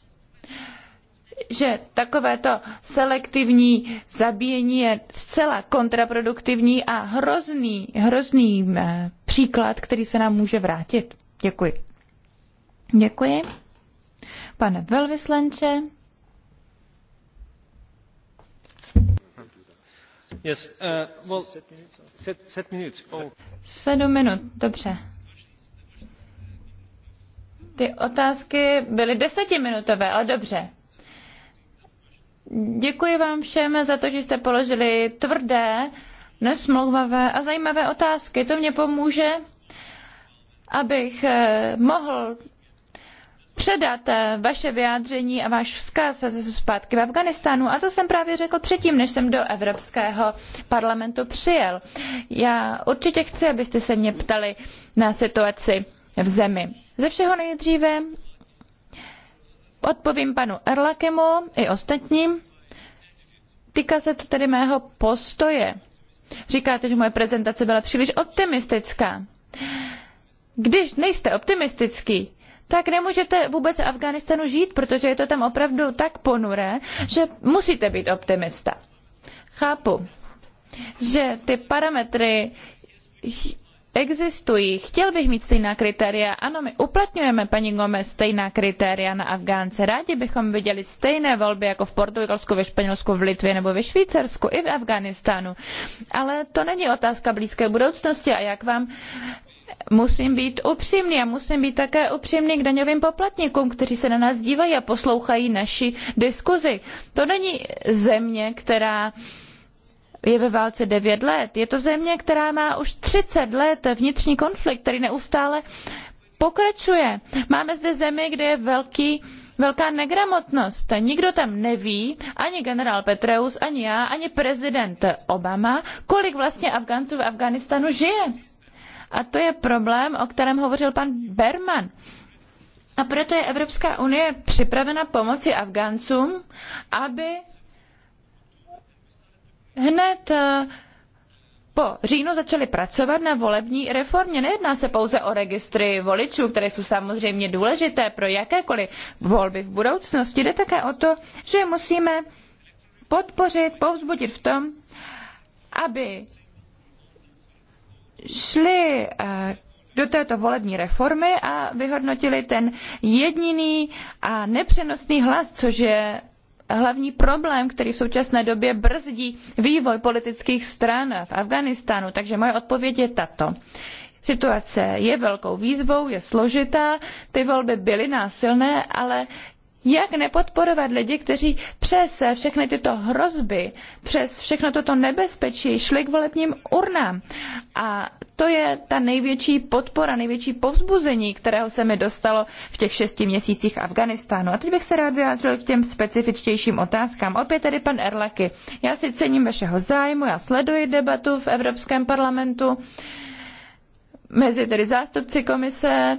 že takovéto selektivní zabíjení je zcela kontraproduktivní a hrozný, hrozný eh, příklad, který se nám může vrátit. Děkuji. Děkuji. Pane velvyslanče. Yes, uh, well, set, set minutes. Oh. Sedm minut, dobře. Ty otázky byly desetiminutové, ale dobře. Děkuji vám všem za to, že jste položili tvrdé, nesmlouvavé a zajímavé otázky. To mě pomůže, abych eh, mohl předat eh, vaše vyjádření a váš vzkaz zase zpátky v Afganistánu. A to jsem právě řekl předtím, než jsem do Evropského parlamentu přijel. Já určitě chci, abyste se mě ptali na situaci v zemi. Ze všeho nejdříve odpovím panu Erlakemu i ostatním. Týká se to tedy mého postoje. Říkáte, že moje prezentace byla příliš optimistická. Když nejste optimistický, tak nemůžete vůbec v Afganistanu žít, protože je to tam opravdu tak ponuré, že musíte být optimista. Chápu, že ty parametry existují. Chtěl bych mít stejná kritéria. Ano, my uplatňujeme, paní Gomez, stejná kritéria na Afgánce. Rádi bychom viděli stejné volby jako v Portugalsku, ve Španělsku, v Litvě nebo ve Švýcarsku i v Afghánistánu. Ale to není otázka blízké budoucnosti a jak vám musím být upřímný a musím být také upřímný k daňovým poplatníkům, kteří se na nás dívají a poslouchají naši diskuzi. To není země, která je ve válce 9 let. Je to země, která má už 30 let vnitřní konflikt, který neustále pokračuje. Máme zde zemi, kde je velký velká negramotnost. Nikdo tam neví, ani generál Petreus, ani já, ani prezident Obama, kolik vlastně Afgánců v Afghánistánu žije. A to je problém, o kterém hovořil pan Berman. A proto je Evropská unie připravena pomoci Afgáncům, aby hned eh, po říjnu začali pracovat na volební reformě. Nejedná se pouze o registry voličů, které jsou samozřejmě důležité pro jakékoliv volby v budoucnosti. Jde také o to, že musíme podpořit, povzbudit v tom, aby šli eh, do této volební reformy a vyhodnotili ten jediný a nepřenosný hlas, což je hlavní problém, který v současné době brzdí vývoj politických stran v Afghánistánu. Takže moje odpověď je tato. Situace je velkou výzvou, je složitá, ty volby byly násilné, ale jak nepodporovat lidi, kteří přes všechny tyto hrozby, přes všechno toto nebezpečí šli k volebním urnám? A to je ta největší podpora, největší povzbuzení, kterého se mi dostalo v těch šesti měsících Afganistánu. A teď bych se rád vyjádřil k těm specifičtějším otázkám. Opět tedy pan Erlaky. Já si cením vašeho zájmu, já sleduji debatu v Evropském parlamentu mezi tedy zástupci komise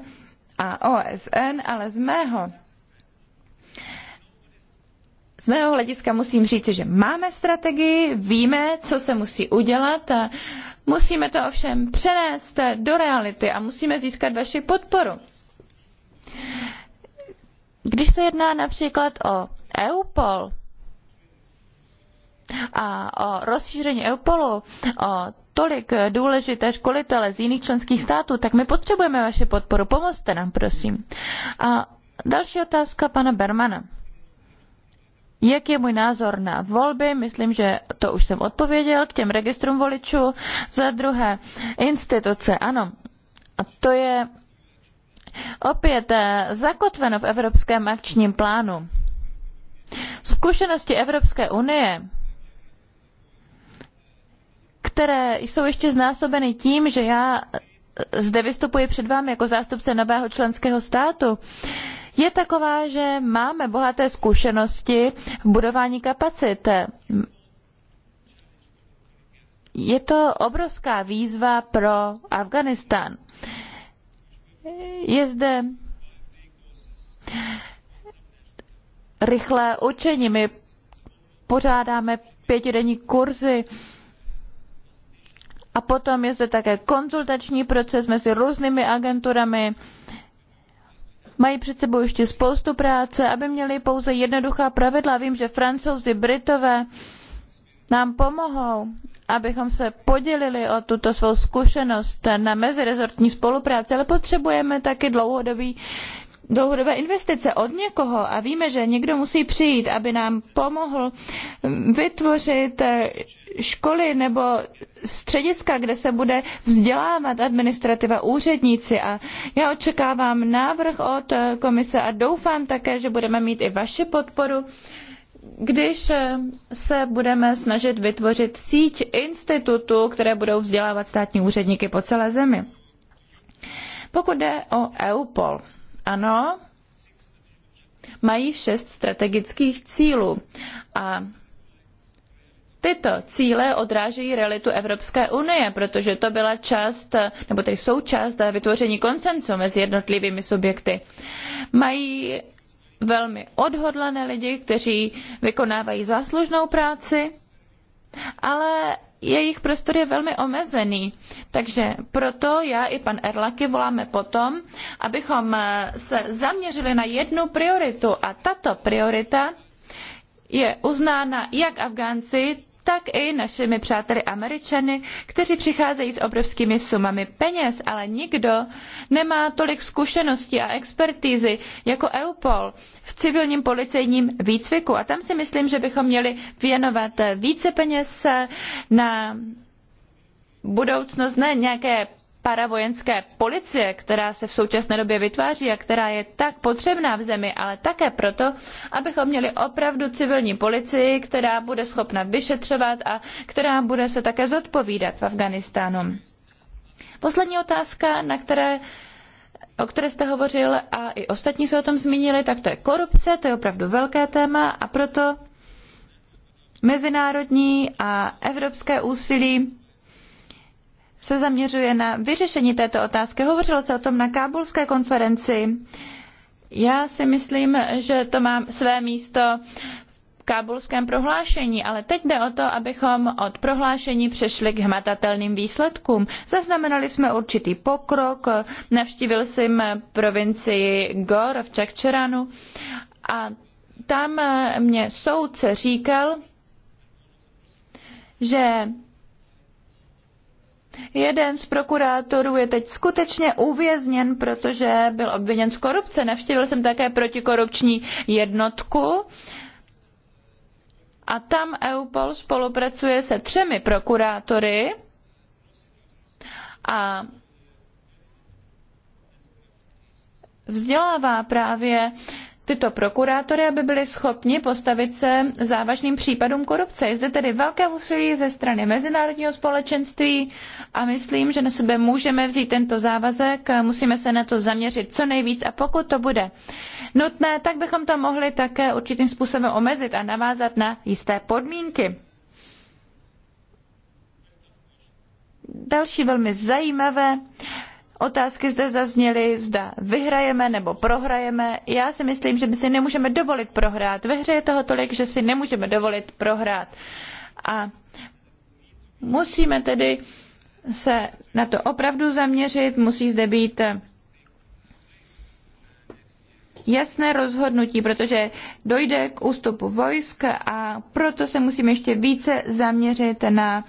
a OSN, ale z mého z mého hlediska musím říct, že máme strategii, víme, co se musí udělat. A musíme to ovšem přenést do reality a musíme získat vaši podporu. Když se jedná například o EUPOL a o rozšíření EUPOLu, o tolik důležité školitele z jiných členských států, tak my potřebujeme vaši podporu. Pomozte nám, prosím. A další otázka pana Bermana. Jak je můj názor na volby? Myslím, že to už jsem odpověděl k těm registrům voličů. Za druhé, instituce, ano. A to je opět eh, zakotveno v Evropském akčním plánu. Zkušenosti Evropské unie které jsou ještě znásobeny tím, že já eh, zde vystupuji před vámi jako zástupce nového členského státu, je taková, že máme bohaté zkušenosti v budování kapacit. Je to obrovská výzva pro Afganistán. Je zde rychlé učení. My pořádáme pětidenní kurzy a potom je zde také konzultační proces mezi různými agenturami mají před sebou ještě spoustu práce, aby měli pouze jednoduchá pravidla. Vím, že francouzi, britové nám pomohou, abychom se podělili o tuto svou zkušenost na meziresortní spolupráci, ale potřebujeme taky dlouhodobý dlouhodobé investice od někoho a víme, že někdo musí přijít, aby nám pomohl mm, vytvořit eh, školy nebo střediska, kde se bude vzdělávat administrativa úředníci a já očekávám návrh od eh, komise a doufám také, že budeme mít i vaši podporu když eh, se budeme snažit vytvořit síť institutů, které budou vzdělávat státní úředníky po celé zemi. Pokud jde o EUPOL, ano, mají šest strategických cílů a tyto cíle odrážejí realitu Evropské unie, protože to byla část, nebo tedy součást vytvoření konsensu mezi jednotlivými subjekty. Mají velmi odhodlané lidi, kteří vykonávají záslužnou práci, ale jejich prostor je velmi omezený. Takže proto já i pan Erlaky voláme potom, abychom eh, se zaměřili na jednu prioritu a tato priorita je uznána jak Afgánci, tak i našimi přáteli Američany, kteří přicházejí s obrovskými sumami peněz, ale nikdo nemá tolik zkušeností a expertízy jako EUPOL v civilním policejním výcviku. A tam si myslím, že bychom měli věnovat více peněz na budoucnost, ne nějaké paravojenské policie, která se v současné době vytváří a která je tak potřebná v zemi, ale také proto, abychom měli opravdu civilní policii, která bude schopna vyšetřovat a která bude se také zodpovídat v Afganistánu. Poslední otázka, na které o které jste hovořil a i ostatní se o tom zmínili, tak to je korupce, to je opravdu velké téma a proto mezinárodní a evropské úsilí se zaměřuje na vyřešení této otázky. Hovořilo se o tom na kábulské konferenci. Já si myslím, že to má své místo v kábulském prohlášení, ale teď jde o to, abychom od prohlášení přešli k hmatatelným výsledkům. Zaznamenali jsme určitý pokrok, navštívil jsem provincii Gor v Čakčeranu a tam mě soudce říkal, že Jeden z prokurátorů je teď skutečně uvězněn, protože byl obviněn z korupce. Navštívil jsem také protikorupční jednotku. A tam EUPOL spolupracuje se třemi prokurátory a vzdělává právě tyto prokurátory, aby byli schopni postavit se závažným případům korupce. Je zde tedy velké úsilí ze strany mezinárodního společenství a myslím, že na sebe můžeme vzít tento závazek, musíme se na to zaměřit co nejvíc a pokud to bude nutné, tak bychom to mohli také určitým způsobem omezit a navázat na jisté podmínky. Další velmi zajímavé Otázky zde zazněly, zda vyhrajeme nebo prohrajeme. Já si myslím, že my si nemůžeme dovolit prohrát. Ve hře je toho tolik, že si nemůžeme dovolit prohrát. A musíme tedy se na to opravdu zaměřit, musí zde být jasné rozhodnutí, protože dojde k ústupu vojsk a proto se musíme ještě více zaměřit na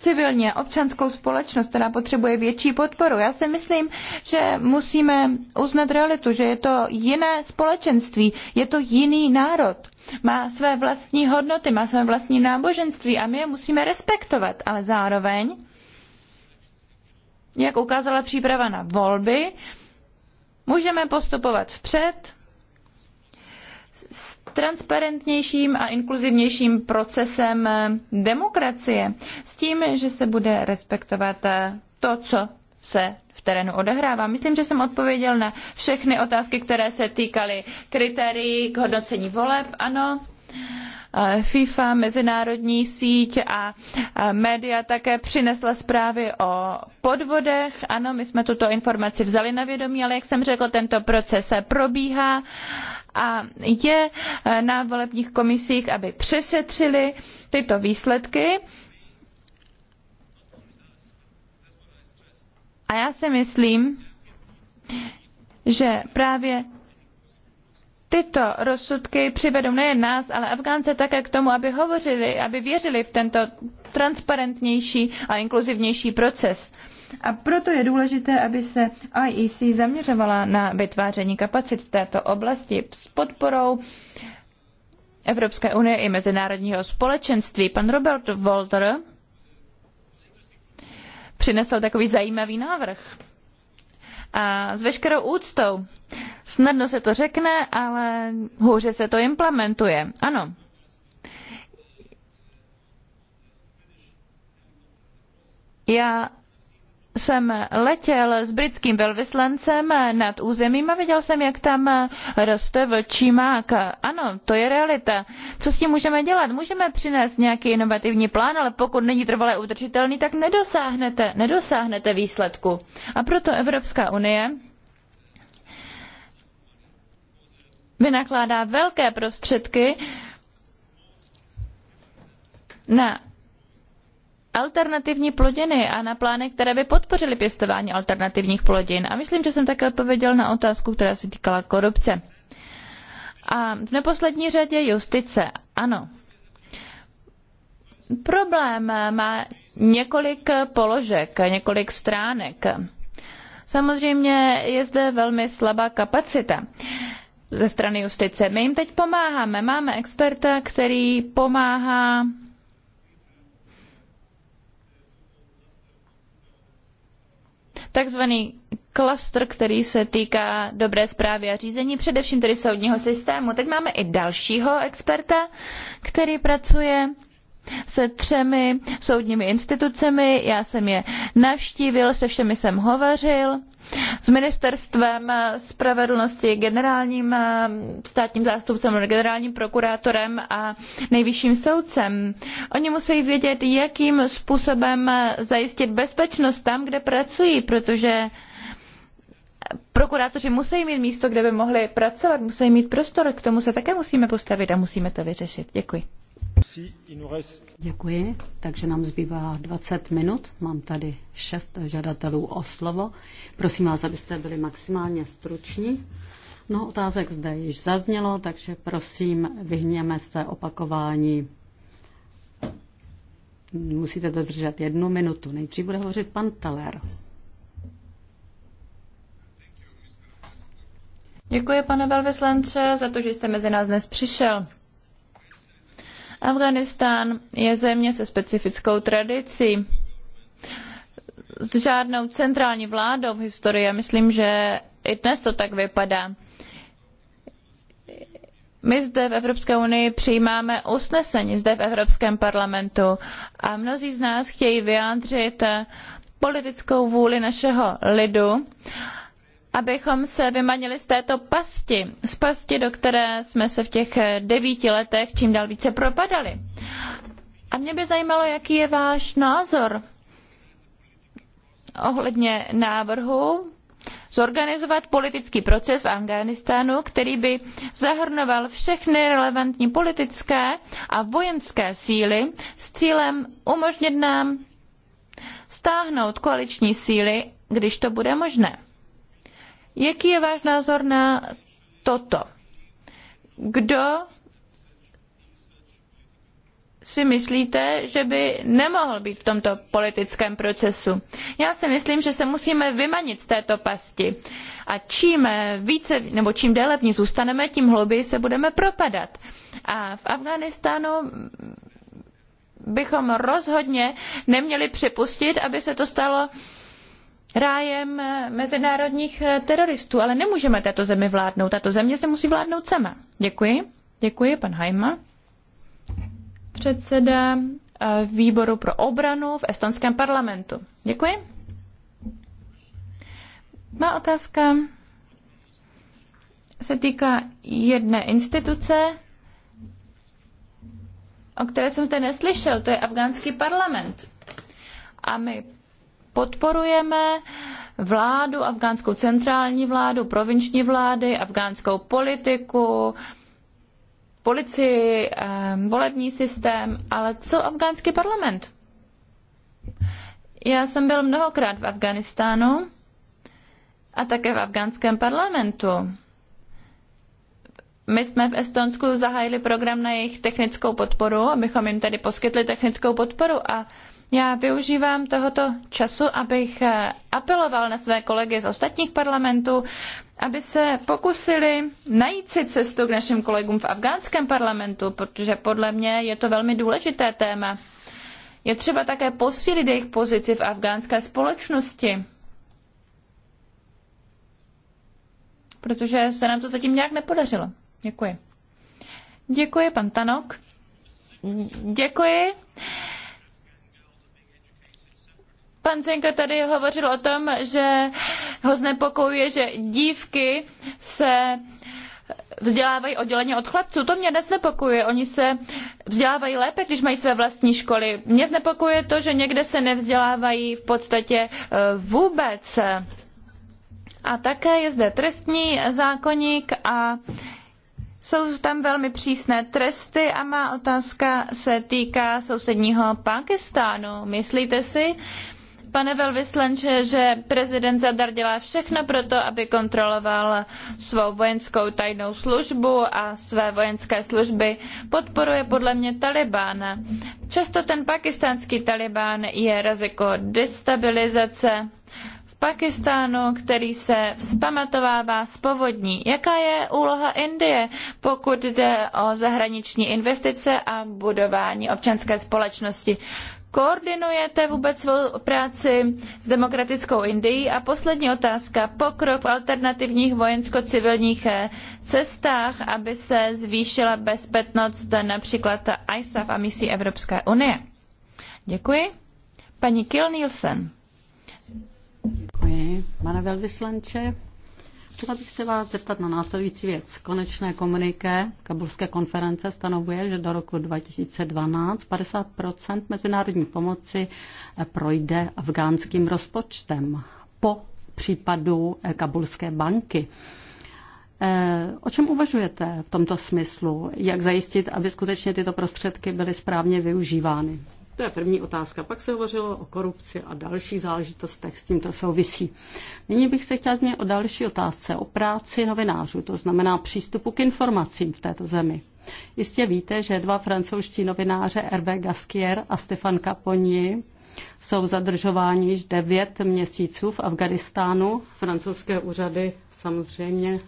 civilně občanskou společnost, která potřebuje větší podporu. Já si myslím, že musíme uznat realitu, že je to jiné společenství, je to jiný národ. Má své vlastní hodnoty, má své vlastní náboženství a my je musíme respektovat, ale zároveň, jak ukázala příprava na volby, můžeme postupovat vpřed transparentnějším a inkluzivnějším procesem demokracie s tím, že se bude respektovat to, co se v terénu odehrává. Myslím, že jsem odpověděl na všechny otázky, které se týkaly kritérií k hodnocení voleb. Ano, FIFA, mezinárodní síť a média také přinesla zprávy o podvodech. Ano, my jsme tuto informaci vzali na vědomí, ale jak jsem řekl, tento proces probíhá a je eh, na volebních komisích, aby přešetřili tyto výsledky. A já si myslím, že právě tyto rozsudky přivedou nejen nás, ale Afgánce také k tomu, aby hovořili, aby věřili v tento transparentnější a inkluzivnější proces. A proto je důležité, aby se IEC zaměřovala na vytváření kapacit v této oblasti s podporou Evropské unie i mezinárodního společenství. Pan Robert Walter přinesl takový zajímavý návrh. A s veškerou úctou. Snadno se to řekne, ale hůře se to implementuje. Ano. Já jsem letěl s britským velvyslancem nad územím a viděl jsem, jak tam roste vlčí mák. Ano, to je realita. Co s tím můžeme dělat? Můžeme přinést nějaký inovativní plán, ale pokud není trvale udržitelný, tak nedosáhnete, nedosáhnete výsledku. A proto Evropská unie vynakládá velké prostředky na alternativní plodiny a na plány, které by podpořily pěstování alternativních plodin. A myslím, že jsem také odpověděl na otázku, která se týkala korupce. A v neposlední řadě justice. Ano. Problém má několik položek, několik stránek. Samozřejmě je zde velmi slabá kapacita ze strany justice. My jim teď pomáháme. Máme experta, který pomáhá takzvaný klastr, který se týká dobré zprávy a řízení, především tedy soudního systému. Teď máme i dalšího experta, který pracuje se třemi soudními institucemi, já jsem je navštívil, se všemi jsem hovořil, s ministerstvem spravedlnosti, generálním státním zástupcem, generálním prokurátorem a nejvyšším soudcem. Oni musí vědět, jakým způsobem zajistit bezpečnost tam, kde pracují, protože prokurátoři musí mít místo, kde by mohli pracovat, musí mít prostor, k tomu se také musíme postavit a musíme to vyřešit. Děkuji. Děkuji, takže nám zbývá 20 minut. Mám tady šest žadatelů o slovo. Prosím vás, abyste byli maximálně struční. No, otázek zde již zaznělo, takže prosím, vyhněme se opakování. Musíte dodržet jednu minutu. Nejdřív bude hovořit pan Teller. Děkuji, pane velvyslance, za to, že jste mezi nás dnes přišel. Afghánistán je země se specifickou tradicí s žádnou centrální vládou v historii a myslím, že i dnes to tak vypadá. My zde v Evropské unii přijímáme usnesení zde v Evropském parlamentu a mnozí z nás chtějí vyjádřit politickou vůli našeho lidu abychom se vymanili z této pasti, z pasti, do které jsme se v těch eh, devíti letech čím dál více propadali. A mě by zajímalo, jaký je váš názor ohledně návrhu zorganizovat politický proces v Afghánistánu, který by zahrnoval všechny relevantní politické a vojenské síly s cílem umožnit nám stáhnout koaliční síly, když to bude možné. Jaký je váš názor na toto? Kdo si myslíte, že by nemohl být v tomto politickém procesu? Já si myslím, že se musíme vymanit z této pasti. A čím více, nebo čím déle v ní zůstaneme, tím hlouběji se budeme propadat. A v Afghánistánu bychom rozhodně neměli připustit, aby se to stalo rájem eh, mezinárodních eh, teroristů, ale nemůžeme této zemi vládnout. Tato země se musí vládnout sama. Děkuji. Děkuji, pan Hajma. Předseda eh, výboru pro obranu v estonském parlamentu. Děkuji. Má otázka se týká jedné instituce, o které jsem zde neslyšel, to je afgánský parlament. A my podporujeme vládu, afgánskou centrální vládu, provinční vlády, afgánskou politiku, policii, volební systém, ale co afgánský parlament? Já jsem byl mnohokrát v Afganistánu a také v afgánském parlamentu. My jsme v Estonsku zahájili program na jejich technickou podporu, abychom jim tedy poskytli technickou podporu a já využívám tohoto času, abych eh, apeloval na své kolegy z ostatních parlamentů, aby se pokusili najít si cestu k našim kolegům v afgánském parlamentu, protože podle mě je to velmi důležité téma. Je třeba také posílit jejich pozici v afgánské společnosti. Protože se nám to zatím nějak nepodařilo. Děkuji. Děkuji, pan Tanok. Děkuji. Pan Zenka tady hovořil o tom, že ho znepokojuje, že dívky se vzdělávají odděleně od chlapců. To mě neznepokojuje. Oni se vzdělávají lépe, když mají své vlastní školy. Mě znepokojuje to, že někde se nevzdělávají v podstatě e, vůbec. A také je zde trestní zákoník a jsou tam velmi přísné tresty a má otázka se týká sousedního Pákistánu. Myslíte si, pane velvyslanče, že prezident Zadar dělá všechno pro to, aby kontroloval svou vojenskou tajnou službu a své vojenské služby. Podporuje podle mě Talibána. Často ten pakistánský Talibán je riziko destabilizace v Pakistánu, který se vzpamatovává z povodní. Jaká je úloha Indie, pokud jde o zahraniční investice a budování občanské společnosti? Koordinujete vůbec svou práci s demokratickou Indií? A poslední otázka. Pokrok v alternativních vojensko-civilních eh, cestách, aby se zvýšila bezpečnost například ISAF a misí Evropské unie. Děkuji. Paní Kill Nielsen. Děkuji, pane velvyslanče. Chtěla bych se vás zeptat na následující věc. Konečné komuniké Kabulské konference stanovuje, že do roku 2012 50 mezinárodní pomoci eh, projde afgánským rozpočtem po případu eh, Kabulské banky. Eh, o čem uvažujete v tomto smyslu? Jak zajistit, aby skutečně tyto prostředky byly správně využívány? To je první otázka. Pak se hovořilo o korupci a další záležitostech s tímto souvisí. Nyní bych se chtěla změnit o další otázce, o práci novinářů, to znamená přístupu k informacím v této zemi. Jistě víte, že dva francouzští novináře Hervé Gaskier a Stefan Caponi jsou zadržováni již devět měsíců v Afganistánu. Francouzské úřady samozřejmě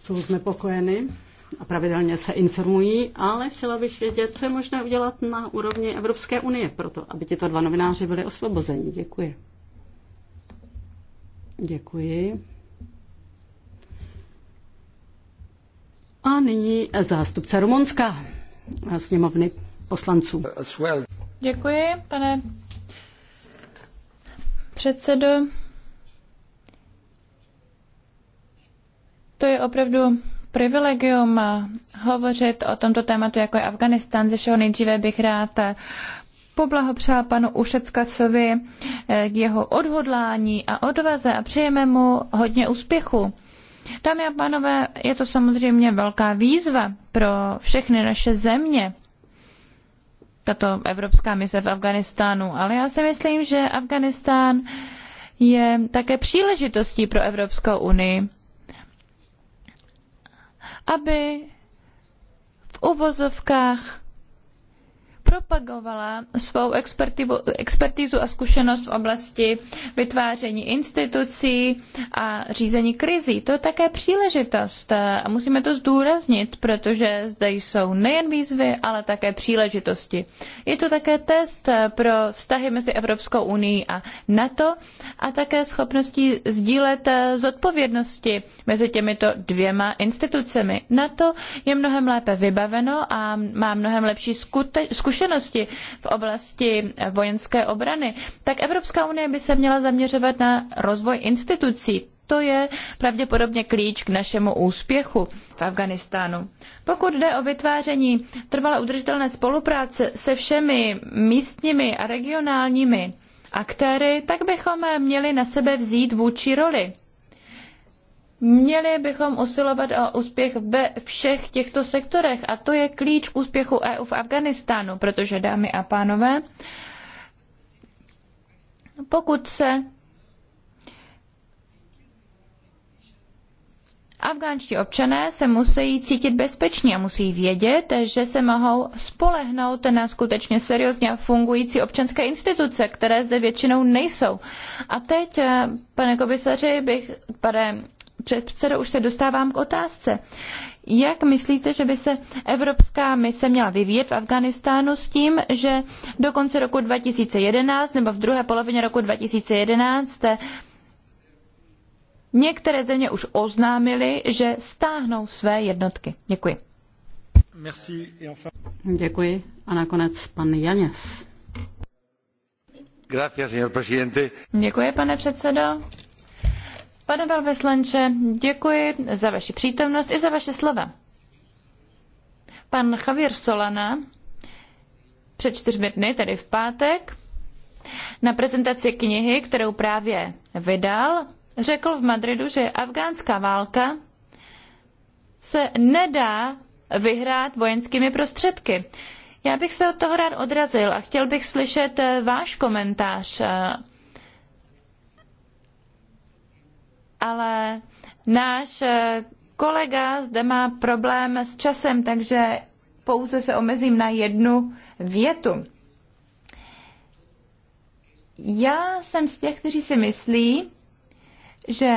jsou znepokojeny a pravidelně se informují, ale chtěla bych vědět, co je možné udělat na úrovni Evropské unie pro to, aby tyto dva novináři byli osvobozeni. Děkuji. Děkuji. A nyní zástupce Rumunska sněmovny poslanců. Děkuji, pane předsedo. To je opravdu privilegium hovořit o tomto tématu, jako je Afganistán. Ze všeho nejdříve bych rád poblahopřál panu Ušeckacovi k eh, jeho odhodlání a odvaze a přejeme mu hodně úspěchu. Dámy a pánové, je to samozřejmě velká výzva pro všechny naše země, tato evropská mise v Afganistánu, ale já si myslím, že Afganistán je také příležitostí pro Evropskou unii aby v uvozovkách propagovala svou expertizu a zkušenost v oblasti vytváření institucí a řízení krizí. To je také příležitost a musíme to zdůraznit, protože zde jsou nejen výzvy, ale také příležitosti. Je to také test pro vztahy mezi Evropskou unii a NATO a také schopností sdílet zodpovědnosti mezi těmito dvěma institucemi. NATO je mnohem lépe vybaveno a má mnohem lepší zkušenosti zkušenosti v oblasti vojenské obrany, tak Evropská unie by se měla zaměřovat na rozvoj institucí. To je pravděpodobně klíč k našemu úspěchu v Afganistánu. Pokud jde o vytváření trvale udržitelné spolupráce se všemi místními a regionálními aktéry, tak bychom měli na sebe vzít vůči roli. Měli bychom usilovat o úspěch ve všech těchto sektorech a to je klíč k úspěchu EU v Afganistánu, protože dámy a pánové, pokud se Afgánští občané se musí cítit bezpečně a musí vědět, že se mohou spolehnout na skutečně seriózně fungující občanské instituce, které zde většinou nejsou. A teď, eh, pane komisaři, bych, pane předsedo, už se dostávám k otázce. Jak myslíte, že by se evropská mise měla vyvíjet v Afghánistánu s tím, že do konce roku 2011 nebo v druhé polovině roku 2011 některé země už oznámily, že stáhnou své jednotky? Děkuji. Děkuji. A nakonec pan Janěs. Děkuji, pane předsedo. Pane velvyslanče, děkuji za vaši přítomnost i za vaše slova. Pan Javier Solana před čtyřmi dny, tedy v pátek, na prezentaci knihy, kterou právě vydal, řekl v Madridu, že afgánská válka se nedá vyhrát vojenskými prostředky. Já bych se od toho rád odrazil a chtěl bych slyšet váš komentář ale náš eh, kolega zde má problém s časem, takže pouze se omezím na jednu větu. Já jsem z těch, kteří si myslí, že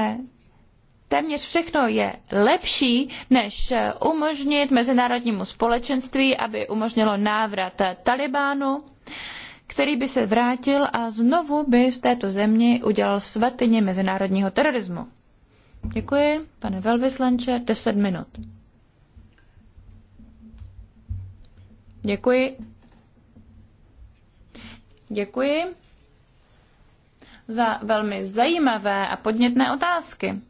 téměř všechno je lepší, než eh, umožnit mezinárodnímu společenství, aby umožnilo návrat eh, Talibánu který by se vrátil a znovu by z této země udělal svatyně mezinárodního terorismu. Děkuji, pane velvyslanče, 10 minut. Děkuji. Děkuji za velmi zajímavé a podnětné otázky.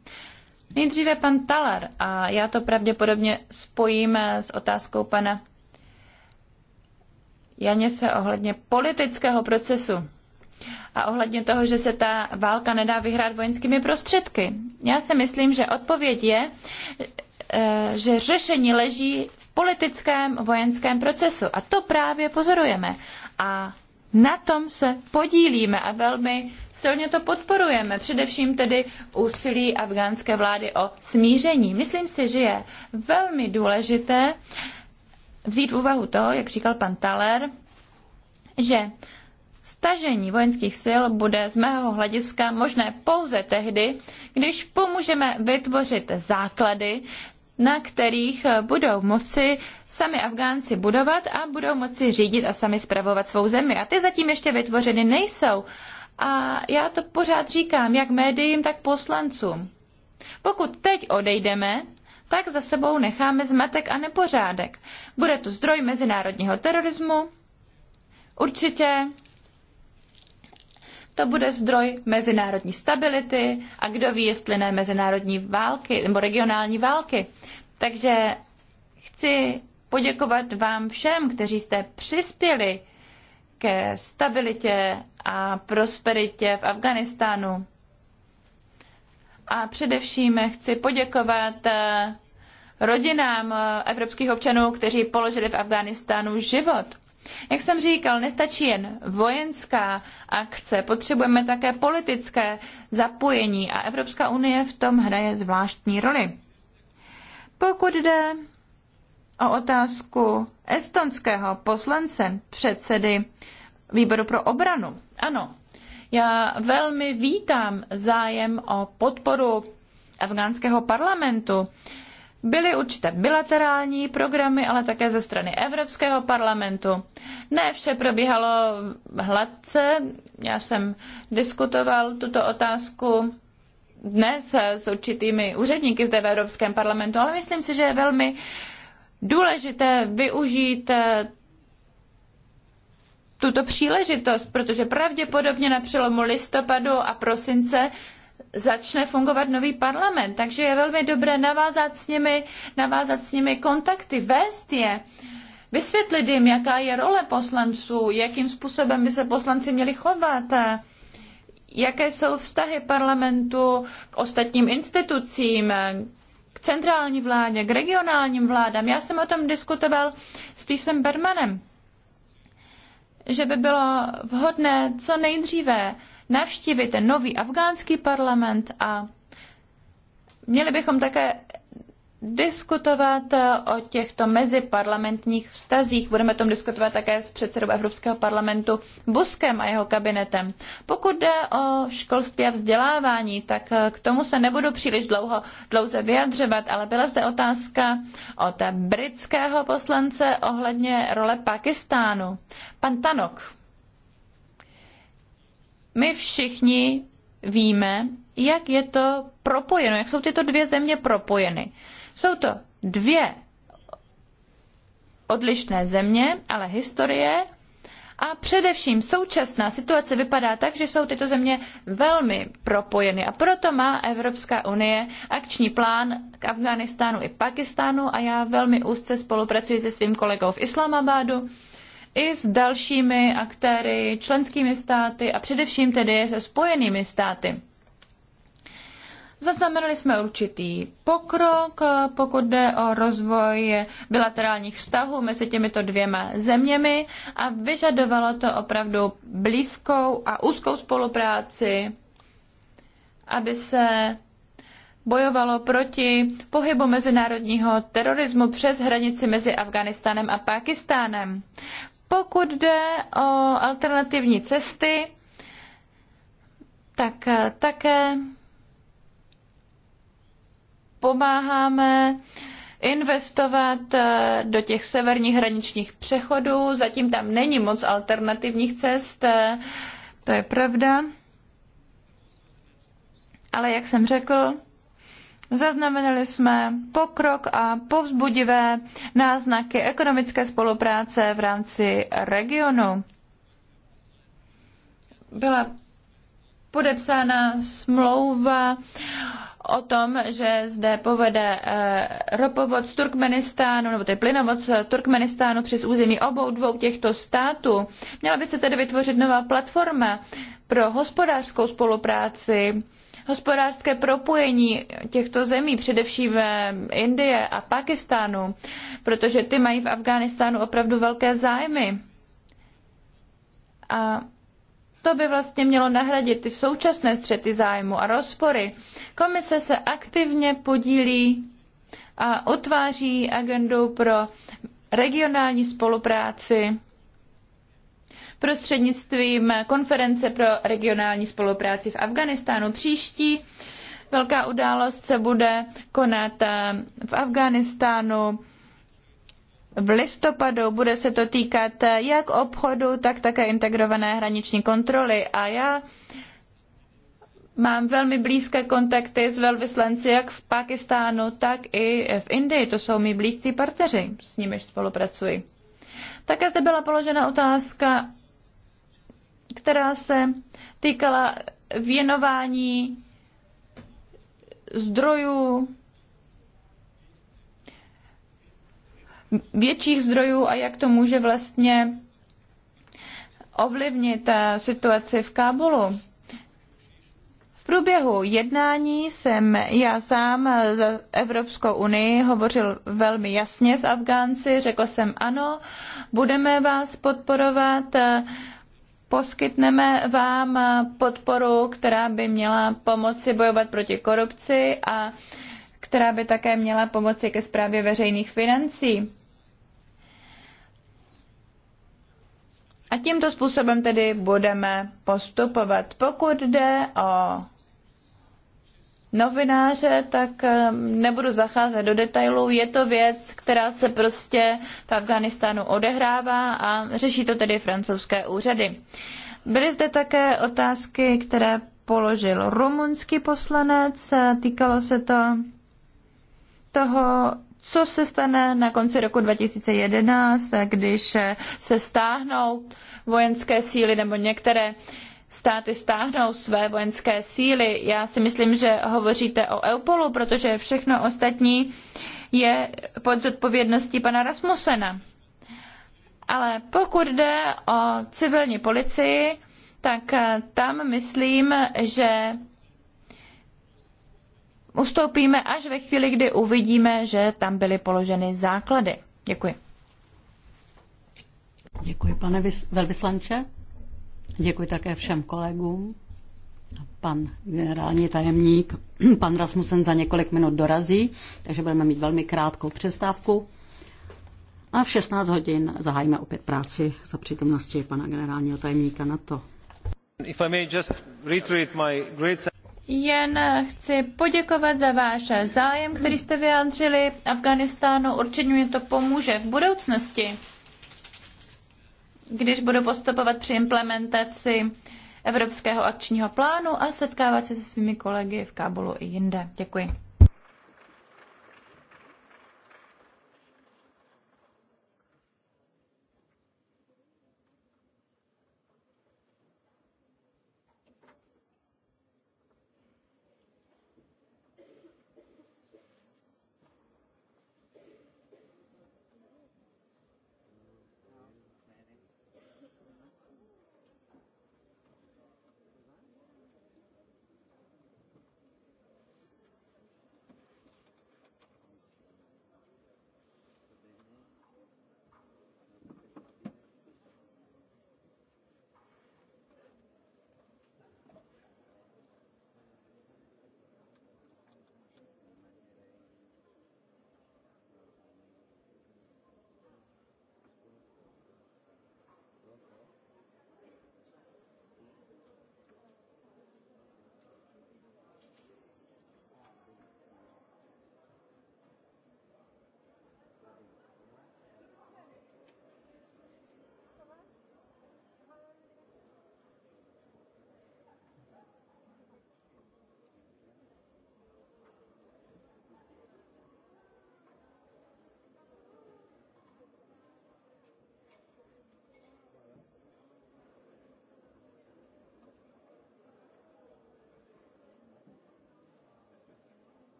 Nejdříve pan Talar a já to pravděpodobně spojím s otázkou pana se ohledně politického procesu a ohledně toho, že se ta válka nedá vyhrát vojenskými prostředky. Já si myslím, že odpověď je, eh, že řešení leží v politickém vojenském procesu. A to právě pozorujeme. A na tom se podílíme a velmi silně to podporujeme, především tedy úsilí afgánské vlády o smíření. Myslím si, že je velmi důležité, vzít v úvahu to, jak říkal pan Taler, že stažení vojenských sil bude z mého hlediska možné pouze tehdy, když pomůžeme vytvořit základy, na kterých budou moci sami Afgánci budovat a budou moci řídit a sami spravovat svou zemi. A ty zatím ještě vytvořeny nejsou. A já to pořád říkám, jak médiím, tak poslancům. Pokud teď odejdeme, tak za sebou necháme zmatek a nepořádek. Bude to zdroj mezinárodního terorismu? Určitě. To bude zdroj mezinárodní stability a kdo ví, jestli ne mezinárodní války nebo regionální války. Takže chci poděkovat vám všem, kteří jste přispěli ke stabilitě a prosperitě v Afganistánu. A především chci poděkovat eh, rodinám eh, evropských občanů, kteří položili v Afghánistánu život. Jak jsem říkal, nestačí jen vojenská akce, potřebujeme také politické zapojení a Evropská unie v tom hraje zvláštní roli. Pokud jde o otázku estonského poslance, předsedy výboru pro obranu, ano, já velmi vítám zájem o podporu afgánského parlamentu byly určité bilaterální programy, ale také ze strany Evropského parlamentu. Ne vše probíhalo hladce. Já jsem diskutoval tuto otázku dnes s určitými úředníky zde v Evropském parlamentu, ale myslím si, že je velmi důležité využít eh, tuto příležitost, protože pravděpodobně na přelomu listopadu a prosince začne fungovat nový parlament. Takže je velmi dobré navázat s nimi, navázat s nimi kontakty, vést je, vysvětlit jim, jaká je role poslanců, jakým způsobem by se poslanci měli chovat, jaké jsou vztahy parlamentu k ostatním institucím, k centrální vládě, k regionálním vládám. Já jsem o tom diskutoval s Týsem Bermanem, že by bylo vhodné co nejdříve navštívit ten nový afgánský parlament a měli bychom také diskutovat eh, o těchto meziparlamentních vztazích. Budeme tom diskutovat také s předsedou Evropského parlamentu Buskem a jeho kabinetem. Pokud jde o školství a vzdělávání, tak eh, k tomu se nebudu příliš dlouho, dlouze vyjadřovat, ale byla zde otázka od britského poslance ohledně role Pakistánu. Pan Tanok my všichni víme, jak je to propojeno, jak jsou tyto dvě země propojeny. Jsou to dvě odlišné země, ale historie a především současná situace vypadá tak, že jsou tyto země velmi propojeny a proto má Evropská unie akční plán k Afganistánu i Pakistánu a já velmi úzce spolupracuji se svým kolegou v Islamabadu i s dalšími aktéry, členskými státy a především tedy se spojenými státy. Zaznamenali jsme určitý pokrok, pokud jde o rozvoj bilaterálních vztahů mezi těmito dvěma zeměmi a vyžadovalo to opravdu blízkou a úzkou spolupráci, aby se bojovalo proti pohybu mezinárodního terorismu přes hranici mezi Afganistánem a Pákistánem. Pokud jde o alternativní cesty, tak eh, také pomáháme investovat eh, do těch severních hraničních přechodů. Zatím tam není moc alternativních cest, eh, to je pravda. Ale jak jsem řekl, Zaznamenali jsme pokrok a povzbudivé náznaky ekonomické spolupráce v rámci regionu. Byla podepsána smlouva o tom, že zde povede eh, ropovod z Turkmenistánu, nebo tedy plynovod z Turkmenistánu přes území obou dvou těchto států. Měla by se tedy vytvořit nová platforma pro hospodářskou spolupráci hospodářské propojení těchto zemí, především Indie a Pakistánu, protože ty mají v Afghánistánu opravdu velké zájmy. A to by vlastně mělo nahradit ty současné střety zájmu a rozpory. Komise se aktivně podílí a utváří agendu pro regionální spolupráci prostřednictvím konference pro regionální spolupráci v Afganistánu. Příští velká událost se bude konat eh, v Afganistánu v listopadu. Bude se to týkat eh, jak obchodu, tak také integrované hraniční kontroly. A já mám velmi blízké kontakty s velvyslanci jak v Pakistánu, tak i v Indii. To jsou mi blízcí partneři, s nimiž spolupracuji. Také zde byla položena otázka která se týkala věnování zdrojů, větších zdrojů a jak to může vlastně ovlivnit eh, situaci v Kábulu. V průběhu jednání jsem já sám eh, za Evropskou unii hovořil velmi jasně s Afgánci. Řekl jsem ano, budeme vás podporovat, eh, poskytneme vám podporu, která by měla pomoci bojovat proti korupci a která by také měla pomoci ke zprávě veřejných financí. A tímto způsobem tedy budeme postupovat. Pokud jde o novináře, tak eh, nebudu zacházet do detailů. Je to věc, která se prostě v Afganistánu odehrává a řeší to tedy francouzské úřady. Byly zde také otázky, které položil rumunský poslanec. Týkalo se to toho, co se stane na konci roku 2011, když se stáhnou vojenské síly nebo některé státy stáhnou své vojenské síly. Já si myslím, že hovoříte o Eupolu, protože všechno ostatní je pod zodpovědností pana Rasmusena. Ale pokud jde o civilní policii, tak eh, tam myslím, že ustoupíme až ve chvíli, kdy uvidíme, že tam byly položeny základy. Děkuji. Děkuji, pane velvyslanče. Děkuji také všem kolegům. Pan generální tajemník, pan Rasmussen za několik minut dorazí, takže budeme mít velmi krátkou přestávku. A v 16 hodin zahájíme opět práci za přítomnosti pana generálního tajemníka NATO. If I may just my great... Jen chci poděkovat za váš zájem, který jste vyjádřili Afganistánu. Určitě mě to pomůže v budoucnosti když budu postupovat při implementaci Evropského akčního plánu a setkávat se se svými kolegy v Kábulu i jinde. Děkuji.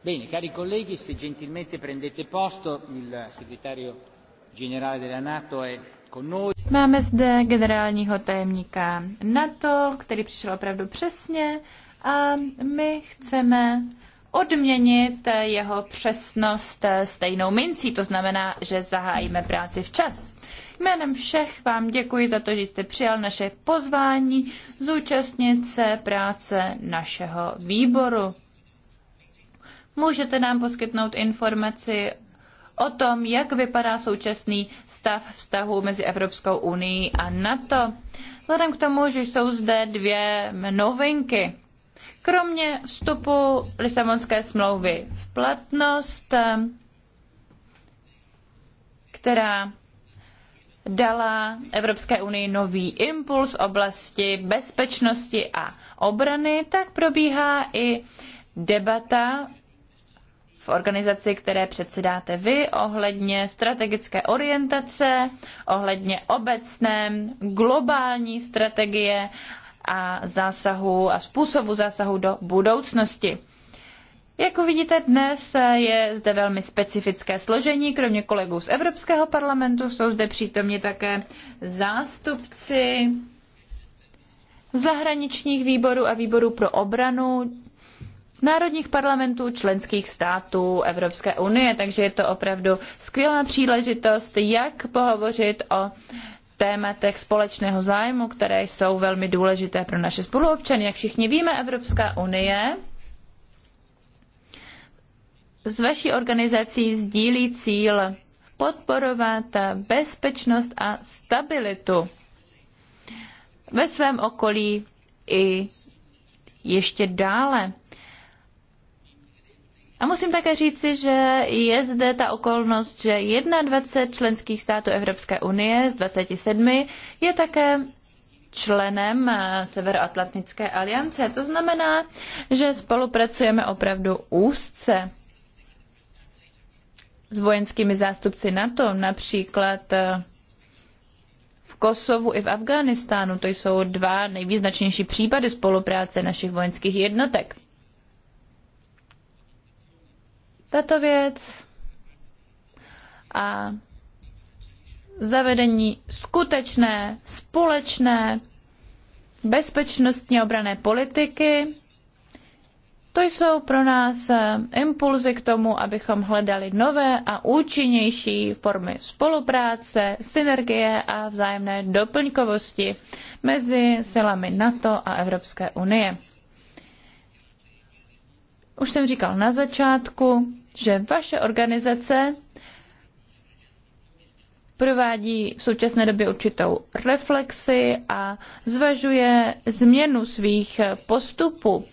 Bene, cari colleghi, se gentilmente prendete posto, il segretario generale della Nato è con noi. Máme zde generálního tajemníka NATO, který přišel opravdu přesně a my chceme odměnit jeho přesnost stejnou mincí, to znamená, že zahájíme práci včas. Jménem všech vám děkuji za to, že jste přijal naše pozvání zúčastnit se práce našeho výboru. Můžete nám poskytnout informaci o tom, jak vypadá současný stav vztahů mezi Evropskou unii a NATO. Vzhledem k tomu, že jsou zde dvě novinky, Kromě vstupu Lisabonské smlouvy v platnost, eh, která dala Evropské unii nový impuls v oblasti bezpečnosti a obrany, tak probíhá i debata v organizaci, které předsedáte vy, ohledně strategické orientace, ohledně obecné globální strategie a zásahu a způsobu zásahu do budoucnosti. Jak uvidíte dnes, je zde velmi specifické složení. Kromě kolegů z Evropského parlamentu jsou zde přítomni také zástupci zahraničních výborů a výborů pro obranu, národních parlamentů členských států Evropské unie, takže je to opravdu skvělá příležitost, jak pohovořit o tématech společného zájmu, které jsou velmi důležité pro naše spoluobčany. Jak všichni víme, Evropská unie s vaší organizací sdílí cíl podporovat bezpečnost a stabilitu ve svém okolí i ještě dále. A musím také říci, že je zde ta okolnost, že 21 členských států Evropské unie z 27 je také členem eh, Severoatlantické aliance. To znamená, že spolupracujeme opravdu úzce s vojenskými zástupci NATO, například eh, v Kosovu i v Afghánistánu. To jsou dva nejvýznačnější případy spolupráce našich vojenských jednotek. Tato věc a zavedení skutečné, společné, bezpečnostní obrané politiky, to jsou pro nás eh, impulzy k tomu, abychom hledali nové a účinnější formy spolupráce, synergie a vzájemné doplňkovosti mezi silami NATO a Evropské unie. Už jsem říkal na začátku, že vaše organizace provádí v současné době určitou reflexi a zvažuje změnu svých postupů.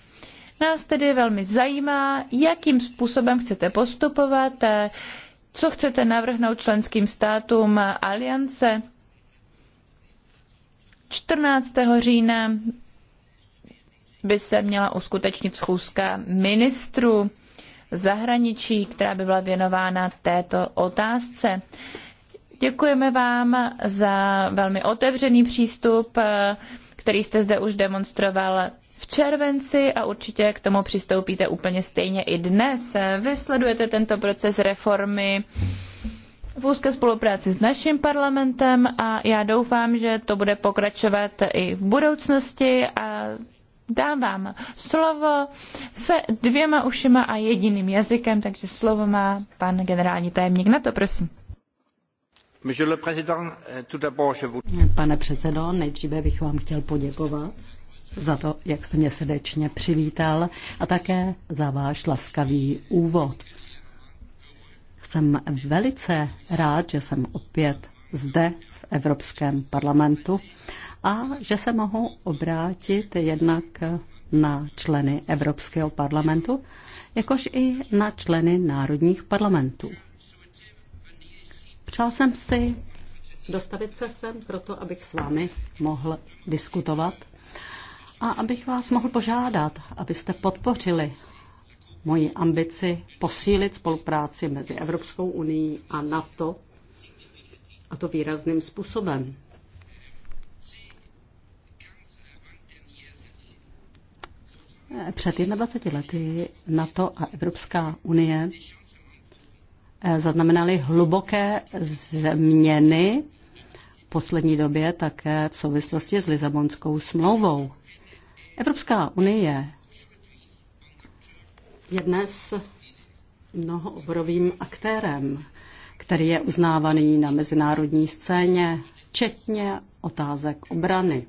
Nás tedy velmi zajímá, jakým způsobem chcete postupovat, co chcete navrhnout členským státům aliance. 14. října by se měla uskutečnit schůzka ministrů zahraničí, která by byla věnována této otázce. Děkujeme vám za velmi otevřený přístup, který jste zde už demonstroval v červenci a určitě k tomu přistoupíte úplně stejně i dnes. Vy sledujete tento proces reformy v úzké spolupráci s naším parlamentem a já doufám, že to bude pokračovat i v budoucnosti a dávám slovo se dvěma ušima a jediným jazykem, takže slovo má pan generální tajemník na to, prosím. Eh, Pane předsedo, nejdříve bych vám chtěl poděkovat za to, jak jste mě srdečně přivítal a také za váš laskavý úvod. Jsem velice rád, že jsem opět zde v Evropském parlamentu a že se mohou obrátit jednak na členy Evropského parlamentu, jakož i na členy národních parlamentů. Přál jsem si dostavit se sem proto, abych s vámi mohl diskutovat a abych vás mohl požádat, abyste podpořili moji ambici posílit spolupráci mezi Evropskou unii a NATO, a to výrazným způsobem. Před 21 lety NATO a Evropská unie eh, zaznamenaly hluboké změny v poslední době také v souvislosti s Lizabonskou smlouvou. Evropská unie je dnes mnohoobrovým aktérem, který je uznávaný na mezinárodní scéně, včetně otázek obrany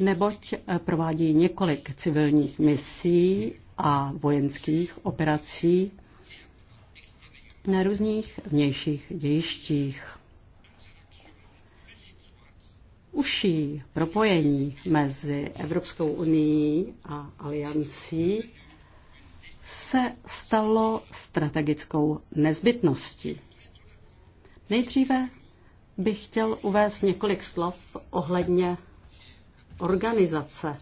neboť eh, provádí několik civilních misí a vojenských operací na různých vnějších dějištích. Uší propojení mezi Evropskou unii a aliancí se stalo strategickou nezbytností. Nejdříve bych chtěl uvést několik slov ohledně organizace,